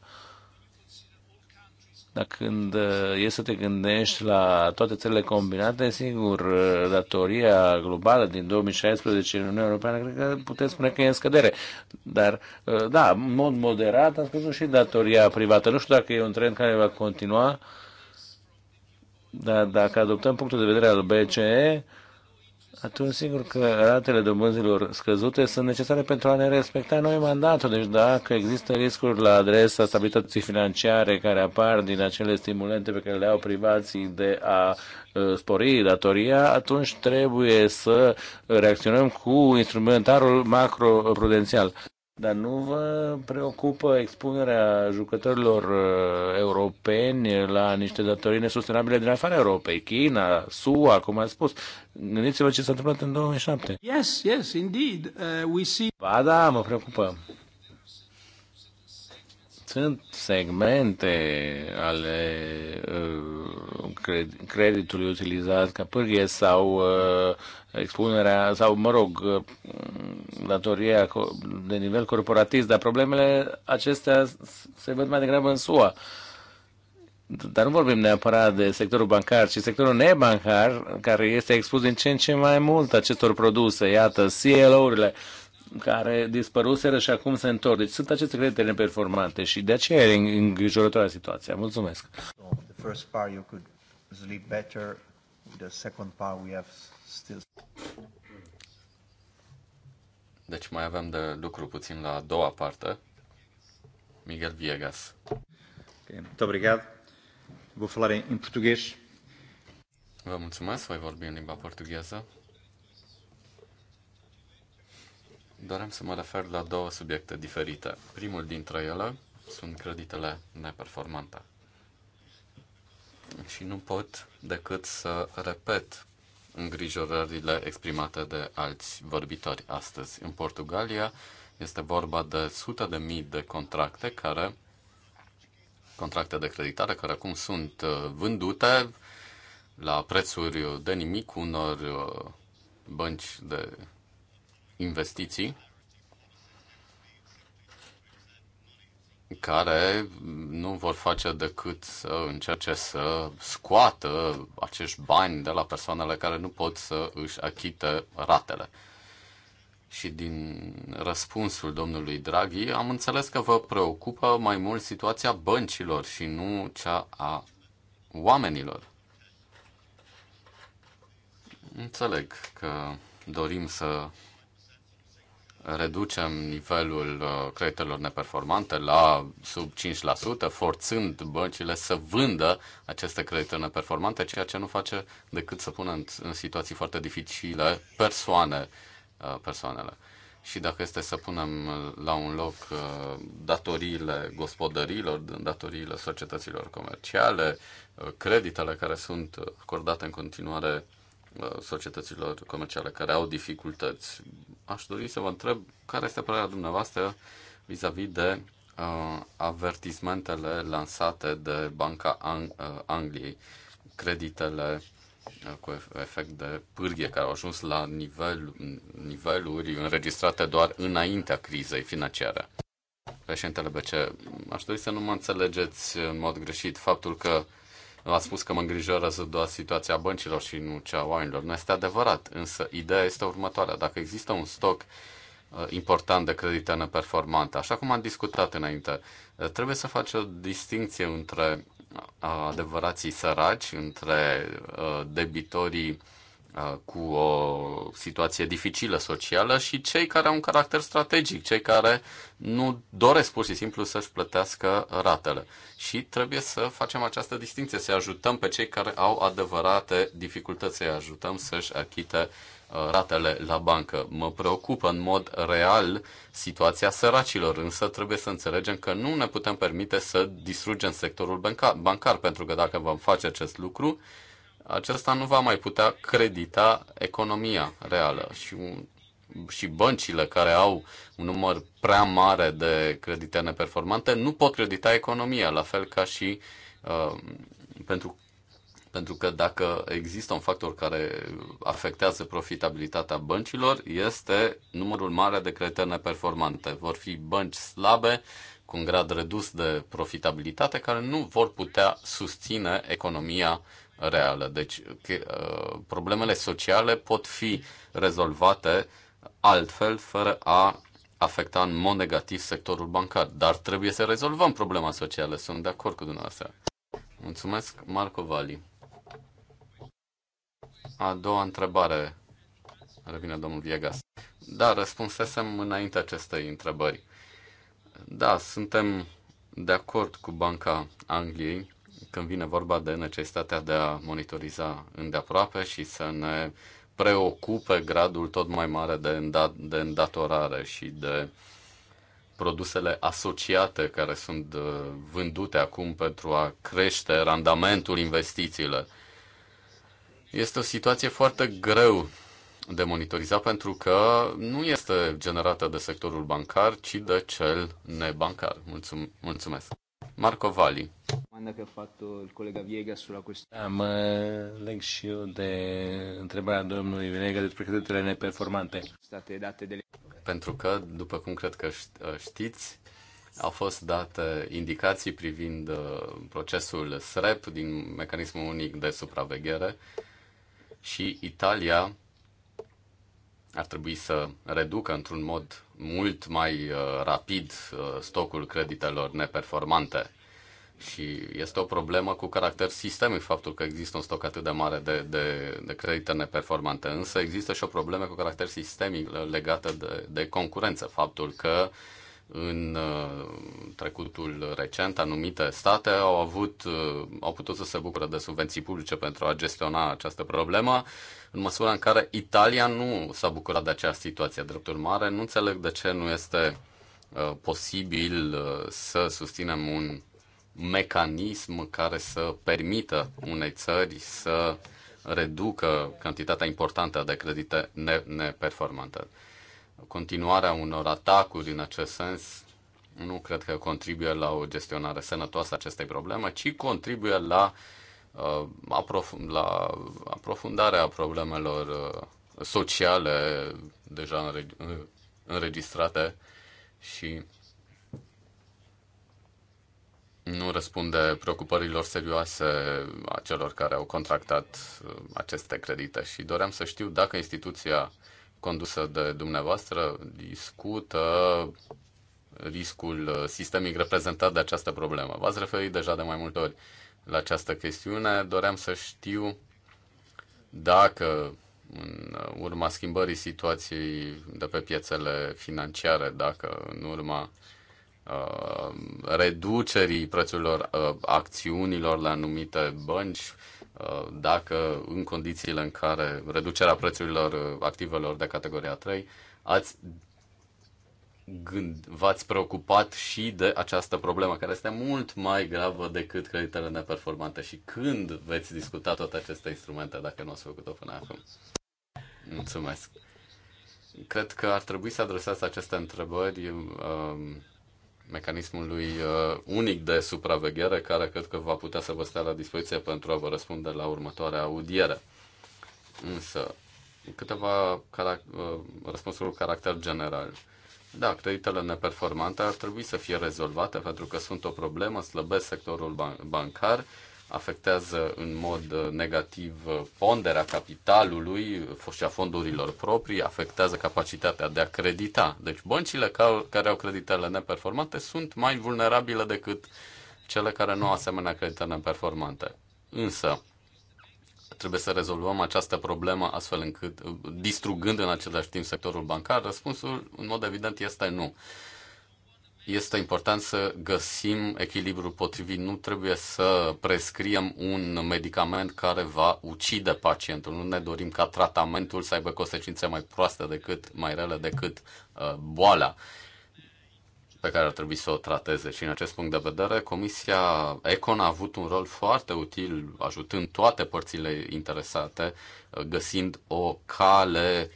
Dar când uh, e să te gândești la toate țările combinate, sigur, uh, datoria globală din 2016 în Uniunea Europeană, cred că putem spune că e în scădere. Dar, uh, da, în mod moderat a spus și datoria privată. Nu știu dacă e un trend care va continua, dar dacă adoptăm punctul de vedere al BCE, atunci sigur că ratele dobânzilor scăzute sunt necesare pentru a ne respecta noi mandatul. Deci dacă există riscuri la adresa stabilității financiare care apar din acele stimulente pe care le au privații de a uh, spori datoria, atunci trebuie să reacționăm cu instrumentarul macroprudențial. Dar nu vă preocupă expunerea jucătorilor uh, europeni la niște datorii nesustenabile din afara Europei? China, SUA, cum ați spus. Gândiți-vă ce s-a întâmplat în 2007. Yes, yes, indeed. Uh, we see... Ba da, mă preocupă. Sunt segmente ale uh, creditului utilizat ca pârghie sau uh, expunerea sau, mă rog, uh, datoria de nivel corporatist, dar problemele acestea se văd mai degrabă în SUA dar nu vorbim neapărat de sectorul bancar, ci sectorul nebancar, care este expus din ce în ce mai mult acestor produse. Iată, CLO-urile care dispăruseră și acum se întorc. Deci sunt aceste credite neperformante și de aceea e îngrijorătoarea situația. Mulțumesc. Deci mai avem de lucru puțin la a doua parte. Miguel Viegas. Okay. Muito obrigado. Vou falar em português. Vă mulțumesc, voi vorbi în limba portugheză. Doream să mă refer la două subiecte diferite. Primul dintre ele sunt creditele neperformante. Și nu pot decât să repet îngrijorările exprimate de alți vorbitori astăzi. În Portugalia este vorba de sute de mii de contracte care contracte de creditare care acum sunt uh, vândute la prețuri de nimic unor uh, bănci de investiții care nu vor face decât să încerce să scoată acești bani de la persoanele care nu pot să își achite ratele. Și din răspunsul domnului Draghi am înțeles că vă preocupă mai mult situația băncilor și nu cea a oamenilor. Înțeleg că dorim să reducem nivelul uh, creditelor neperformante la sub 5%, forțând băncile să vândă aceste credite neperformante, ceea ce nu face decât să pună în, în situații foarte dificile persoane, uh, persoanele. Și dacă este să punem la un loc uh, datoriile gospodărilor, datoriile societăților comerciale, creditele care sunt acordate în continuare societăților comerciale care au dificultăți, aș dori să vă întreb care este părerea dumneavoastră vis-a-vis -vis de uh, avertismentele lansate de Banca Ang- uh, Angliei, creditele uh, cu efect de pârghie care au ajuns la nivel, niveluri înregistrate doar înaintea crizei financiare. Președintele BC, aș dori să nu mă înțelegeți în mod greșit faptul că a spus că mă îngrijorează doar situația băncilor și nu cea oamenilor. Nu este adevărat, însă ideea este următoarea. Dacă există un stoc uh, important de credite neperformante, așa cum am discutat înainte, uh, trebuie să faci o distinție între uh, adevărații săraci, între debitorii Uh, cu o situație dificilă socială și cei care au un caracter strategic, cei care nu doresc pur și simplu să-și plătească ratele. Și trebuie să facem această distinție, să ajutăm pe cei care au adevărate dificultăți, să ajutăm să-și achite uh, ratele la bancă. Mă preocupă în mod real situația săracilor, însă trebuie să înțelegem că nu ne putem permite să distrugem sectorul bancar pentru că dacă vom face acest lucru, acesta nu va mai putea credita economia reală și, și băncile care au un număr prea mare de credite neperformante nu pot credita economia, la fel ca și uh, pentru, pentru că dacă există un factor care afectează profitabilitatea băncilor, este numărul mare de credite neperformante. Vor fi bănci slabe, cu un grad redus de profitabilitate, care nu vor putea susține economia uh, reală. Deci uh, problemele sociale pot fi rezolvate altfel, fără a afecta în mod negativ sectorul bancar. Dar trebuie să rezolvăm problema socială, sunt de acord cu dumneavoastră. Mulțumesc, Marco Vali. A doua întrebare revine domnul Viegas. Da, răspunsesem înainte acestei întrebări. Da, suntem de acord cu Banca Angliei când vine vorba de necesitatea de a monitoriza îndeaproape și să ne preocupe gradul tot mai mare de, îndat- de îndatorare și de produsele asociate care sunt uh, vândute acum pentru a crește randamentul investițiilor. Este o situație foarte greu de monitorizat pentru că nu este generată de sectorul bancar, ci de cel nebancar. Mulțum- mulțumesc. Marco Vali domanda che ha fatto il collega Viega sulla questione. Da, mă leg și eu de întrebarea domnului Viega despre creditele neperformante. State date delle... Pentru că, după cum cred că ă, știți, au fost date indicații privind ă, procesul SREP din mecanismul unic de supraveghere și Italia ar trebui să reducă într-un mod mult mai ă, rapid stocul creditelor neperformante. Și este o problemă cu caracter sistemic faptul că există un stoc atât de mare de, de, de credite neperformante, însă există și o problemă cu caracter sistemic legată de, de concurență. Faptul că în uh, trecutul recent anumite state au, avut, uh, au putut să se bucură de subvenții publice pentru a gestiona această problemă, în măsura în care Italia nu s-a bucurat de această situație. Drept urmare, nu înțeleg de ce nu este uh, posibil să susținem un mecanism care să permită unei țări să reducă cantitatea importantă de credite ne- neperformante. Continuarea unor atacuri în acest sens nu cred că contribuie la o gestionare sănătoasă a acestei probleme, ci contribuie la, uh, aprof- la aprofundarea problemelor uh, sociale deja uh, înregistrate și nu răspunde preocupărilor serioase a celor care au contractat uh, aceste credite și doream să știu dacă instituția condusă de dumneavoastră discută riscul uh, sistemic reprezentat de această problemă. V-ați referit deja de mai multe ori la această chestiune. Doream să știu dacă în urma schimbării situației de pe piețele financiare, dacă în urma Uh, reducerii prețurilor uh, acțiunilor la anumite bănci, uh, dacă în condițiile în care reducerea prețurilor activelor de categoria 3 ați gând, v-ați preocupat și de această problemă, care este mult mai gravă decât creditele neperformante și când veți discuta toate aceste instrumente, dacă nu ați făcut-o până acum. Mulțumesc. Cred că ar trebui să adresați aceste întrebări um, mecanismul lui uh, unic de supraveghere, care cred că va putea să vă stea la dispoziție pentru a vă răspunde la următoarea audiere. Însă, câteva carac- uh, răspunsuri cu caracter general. Da, creditele neperformante ar trebui să fie rezolvate pentru că sunt o problemă, slăbesc sectorul ban- bancar afectează în mod uh, negativ uh, ponderea capitalului uh, și a fondurilor proprii, afectează capacitatea de a credita. Deci băncile care au creditele neperformante sunt mai vulnerabile decât cele care nu au asemenea credite neperformante. Însă, trebuie să rezolvăm această problemă astfel încât, distrugând în același timp sectorul bancar, răspunsul, în mod evident, este nu este important să găsim echilibrul potrivit. Nu trebuie să prescriem un medicament care va ucide pacientul. Nu ne dorim ca tratamentul să aibă consecințe mai proaste decât, mai rele decât uh, boala pe care ar trebui să o trateze. Și în acest punct de vedere, Comisia Econ a avut un rol foarte util, ajutând toate părțile interesate, uh, găsind o cale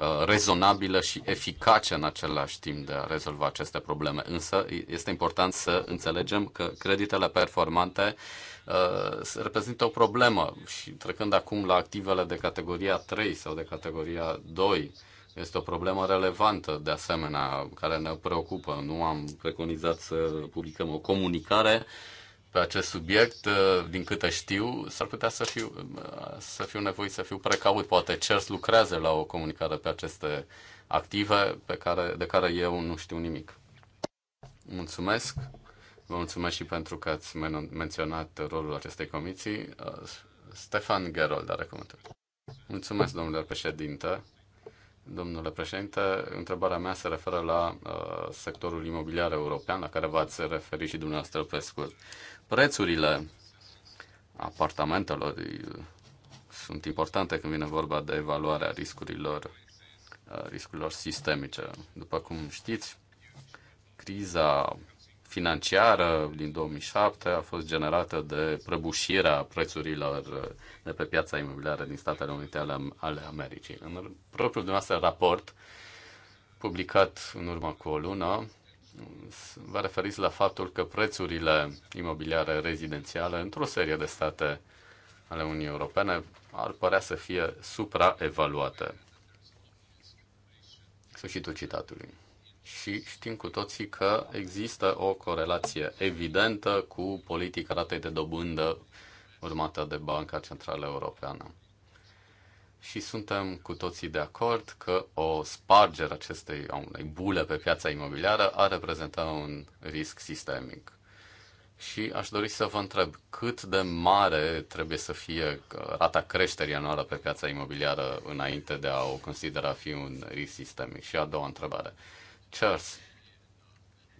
Uh, rezonabilă și eficace în același timp de a rezolva aceste probleme. Însă este important să înțelegem că creditele performante uh, reprezintă o problemă și trecând acum la activele de categoria 3 sau de categoria 2, este o problemă relevantă de asemenea care ne preocupă. Nu am preconizat să publicăm o comunicare uh, pe acest subiect, uh, din câte știu, s-ar putea să fiu, uh, să fiu nevoit să fiu precaut. Poate CERS lucrează la o comunicare pe aceste active pe care, de care eu nu știu nimic. Mulțumesc! Vă mulțumesc și pentru că ați men- menționat rolul acestei comisii. Uh, Stefan Gerold are cuvântul. Mulțumesc, domnule președinte. Domnule președinte, întrebarea mea se referă la uh, sectorul imobiliar european, la care v-ați referit și dumneavoastră pe scurt prețurile apartamentelor sunt importante când vine vorba de evaluarea riscurilor, riscurilor sistemice. După cum știți, criza financiară din 2007 a fost generată de prăbușirea prețurilor de pe piața imobiliară din Statele Unite ale, ale Americii. În propriul dumneavoastră raport, publicat în urmă cu o lună, vă referiți la faptul că prețurile imobiliare rezidențiale într-o serie de state ale Uniunii Europene ar părea să fie supraevaluate. Sfârșitul citatului. Și știm cu toții că există o corelație evidentă cu politica ratei de dobândă urmată de Banca Centrală Europeană și suntem cu toții de acord că o spargere acestei a unei bule pe piața imobiliară ar reprezenta un risc sistemic. Și aș dori să vă întreb cât de mare trebuie să fie uh, rata creșterii anuală pe piața imobiliară înainte de a o considera fi un risc sistemic. Și a doua întrebare. Ce ar,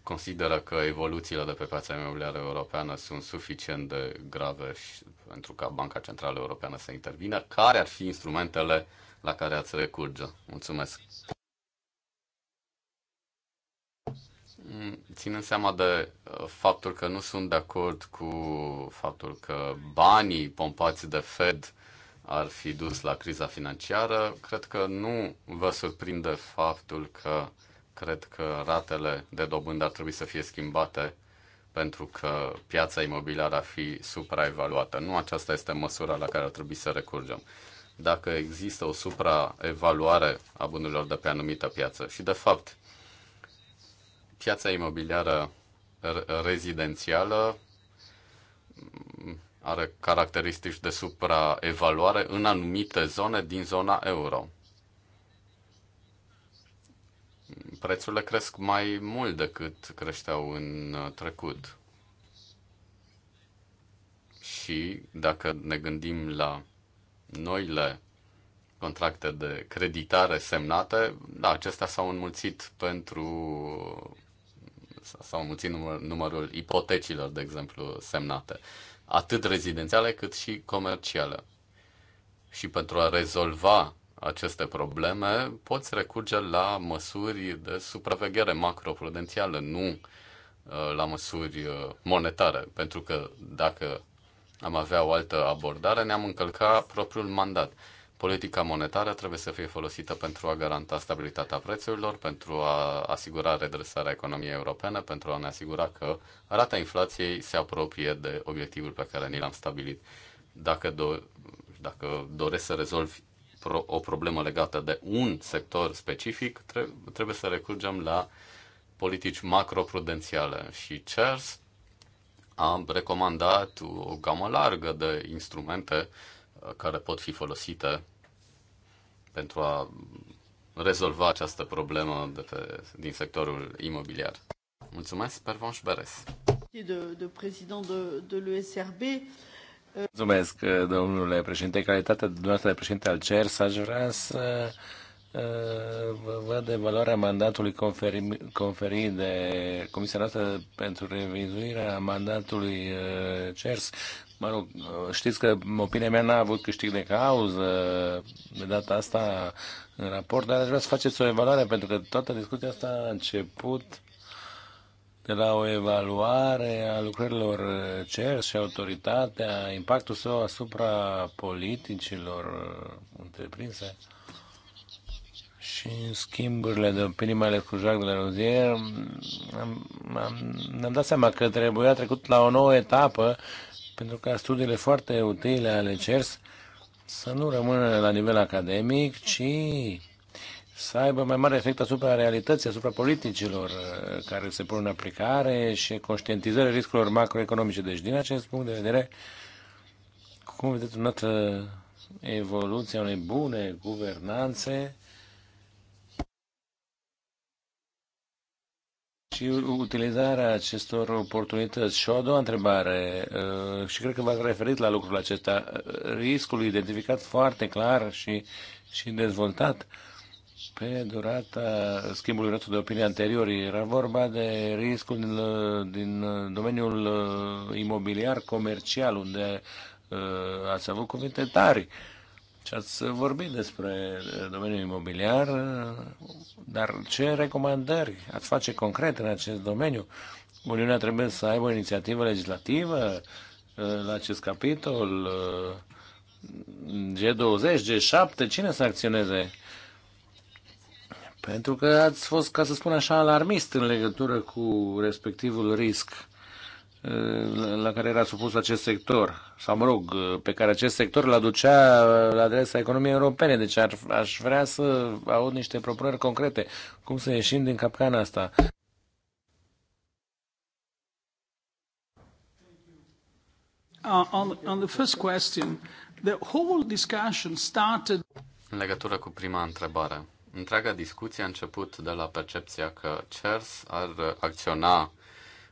consideră că evoluțiile de pe piața imobiliară europeană sunt suficient de grave și pentru ca Banca Centrală Europeană să intervină, care ar fi instrumentele la care ați recurge? Mulțumesc! Mm, ținând seama de uh, faptul că nu sunt de acord cu faptul că banii pompați de Fed ar fi dus la criza financiară, cred că nu vă surprinde faptul că Cred că ratele de dobândă ar trebui să fie schimbate pentru că piața imobiliară ar fi supraevaluată. Nu aceasta este măsura la care ar trebui să recurgem. Dacă există o supraevaluare a bunurilor de pe anumită piață și, de fapt, piața imobiliară rezidențială are caracteristici de supraevaluare în anumite zone din zona euro. prețurile cresc mai mult decât creșteau în uh, trecut. Și dacă ne gândim la noile contracte de creditare semnate, da, acestea s-au înmulțit pentru s-au înmulțit număr, numărul ipotecilor, de exemplu, semnate, atât rezidențiale cât și comerciale. Și pentru a rezolva aceste probleme, poți recurge la măsuri de supraveghere macroprudențială, nu uh, la măsuri uh, monetare, pentru că dacă am avea o altă abordare, ne-am încălca propriul mandat. Politica monetară trebuie să fie folosită pentru a garanta stabilitatea prețurilor, pentru a asigura redresarea economiei europene, pentru a ne asigura că rata inflației se apropie de obiectivul pe care ni l-am stabilit. Dacă, do- dacă doresc să rezolvi pro- o problemă legată de un sector specific, tre- trebuie să recurgem la politici macroprudențiale și CERS a recomandat o gamă largă de instrumente uh, care pot fi folosite pentru a rezolva această problemă de pe, din sectorul imobiliar. Mulțumesc, Pervanș Beres. De, de de, de l'ESRB, Mulțumesc, domnule președinte. Calitatea dumneavoastră de președinte al CERS, aș vrea să uh, vă văd valoarea mandatului conferit de Comisia noastră pentru revizuirea mandatului uh, CERS. Mă rog, uh, știți că opinia mea n-a avut câștig de cauză de data asta în raport, dar aș vrea să faceți o evaluare, pentru că toată discuția asta a început de la o evaluare a lucrărilor uh, CER și autoritatea, impactul său asupra politicilor uh, întreprinse și schimburile de opinii, mai ales cu Jacques de la Rozier, mm, am, am, ne-am dat seama că trebuia trecut la o nouă etapă pentru ca studiile foarte utile ale CERS să nu rămână la nivel academic, ci să aibă mai mare efect asupra realității, asupra politicilor uh, care se pun în aplicare și conștientizarea riscurilor macroeconomice. Deci, din acest punct de vedere, cum vedeți un dată evoluția unei bune guvernanțe și utilizarea acestor oportunități. Și o a doua întrebare, uh, și cred că v-ați referit la lucrul acesta, uh, riscul identificat foarte clar și, și dezvoltat pe durata schimbului nostru de opinie anterior era vorba de riscul uh, din, din uh, domeniul uh, imobiliar comercial, unde uh, ați avut cuvinte tari și ați vorbit despre domeniul imobiliar, dar ce recomandări ați face concret în acest domeniu? Uniunea trebuie să aibă o inițiativă legislativă la acest capitol, G20, G7, cine să acționeze? Pentru că ați fost, ca să spun așa, alarmist în legătură cu respectivul risc uh, la care era supus acest sector, sau mă rog, uh, pe care acest sector îl aducea la adresa economiei europene. Deci ar, aș vrea să aud niște propuneri concrete. Cum să ieșim din capcana asta? Uh, on, on the first question, the whole discussion started... În legătură cu prima întrebare, Întreaga discuție a început de la percepția că CERS ar acționa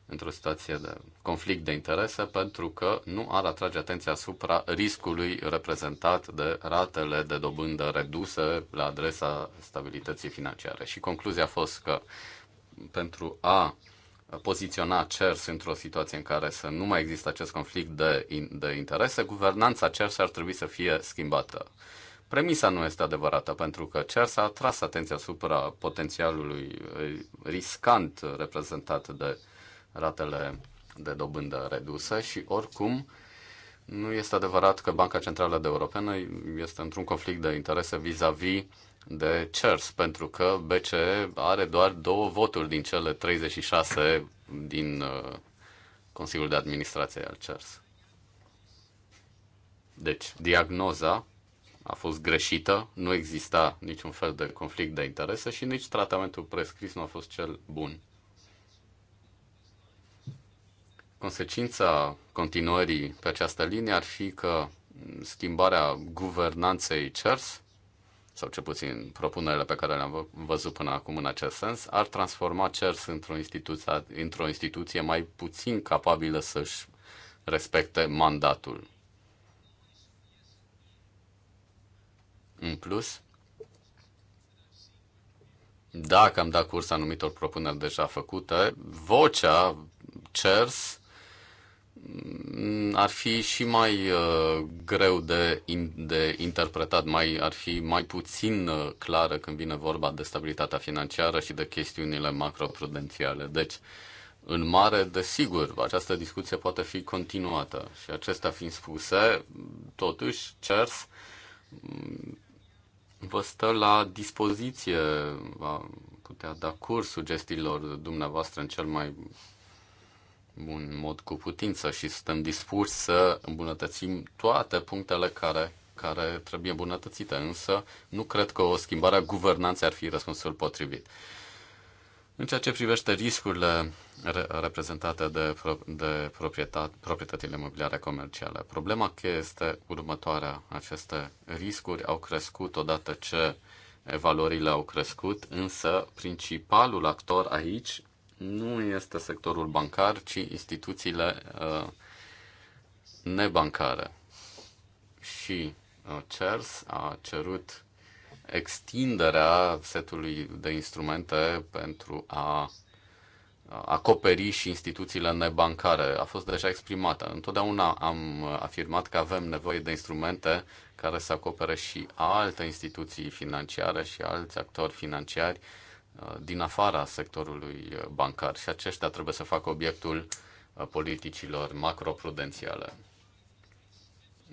într-o situație de conflict de interese pentru că nu ar atrage atenția asupra riscului reprezentat de ratele de dobândă reduse la adresa stabilității financiare. Și concluzia a fost că pentru a poziționa CERS într-o situație în care să nu mai există acest conflict de, de interese, guvernanța CERS ar trebui să fie schimbată. Premisa nu este adevărată, pentru că CERS a atras atenția asupra potențialului eh, riscant reprezentat de ratele de dobândă redusă și oricum nu este adevărat că Banca Centrală de Europeană este într-un conflict de interese vis-a-vis -vis de CERS, pentru că BCE are doar două voturi din cele 36 din eh, Consiliul de Administrație al CERS. Deci, diagnoza a fost greșită, nu exista niciun fel de conflict de interese și nici tratamentul prescris nu a fost cel bun. Consecința continuării pe această linie ar fi că schimbarea guvernanței CERS, sau cel puțin propunerile pe care le-am văzut până acum în acest sens, ar transforma CERS într-o instituție, într-o instituție mai puțin capabilă să-și respecte mandatul. În plus, dacă am dat curs anumitor propuneri deja făcute, vocea CERS mm, ar fi și mai uh, greu de, de interpretat, mai, ar fi mai puțin uh, clară când vine vorba de stabilitatea financiară și de chestiunile macroprudențiale. Deci, în mare, desigur, această discuție poate fi continuată și acestea fiind spuse, totuși, CERS vă stă la dispoziție, va putea da curs sugestiilor dumneavoastră în cel mai bun mod cu putință și suntem dispuși să îmbunătățim toate punctele care, care trebuie îmbunătățite, însă nu cred că o schimbare a guvernanței ar fi răspunsul potrivit. În ceea ce privește riscurile reprezentate de, pro- de proprietate, proprietățile imobiliare comerciale, problema cheie este următoarea. Aceste riscuri au crescut odată ce valorile au crescut, însă principalul actor aici nu este sectorul bancar, ci instituțiile uh, nebancare. Și uh, CERS a cerut extinderea setului de instrumente pentru a acoperi și instituțiile nebancare. A fost deja exprimată. Întotdeauna am afirmat că avem nevoie de instrumente care să acopere și alte instituții financiare și alți actori financiari uh, din afara sectorului bancar și aceștia trebuie să facă obiectul uh, politicilor macroprudențiale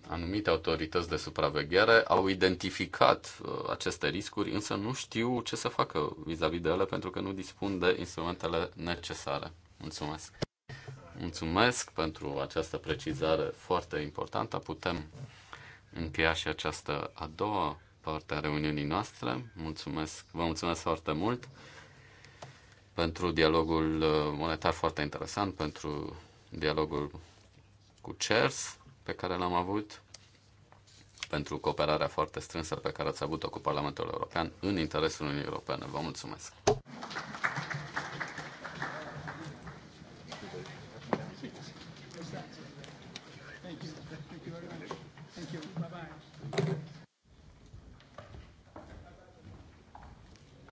anumite autorități de supraveghere au identificat uh, aceste riscuri, însă nu știu ce să facă vis-a-vis de ele pentru că nu dispun de instrumentele necesare. Mulțumesc! Mulțumesc pentru această precizare foarte importantă. Putem încheia și această a doua parte a reuniunii noastre. Mulțumesc, vă mulțumesc foarte mult pentru dialogul uh, monetar foarte interesant, pentru dialogul cu CERS pe care l-am avut pentru cooperarea foarte strânsă pe care ați avut-o cu Parlamentul European în interesul Uniunii Europene. Vă mulțumesc!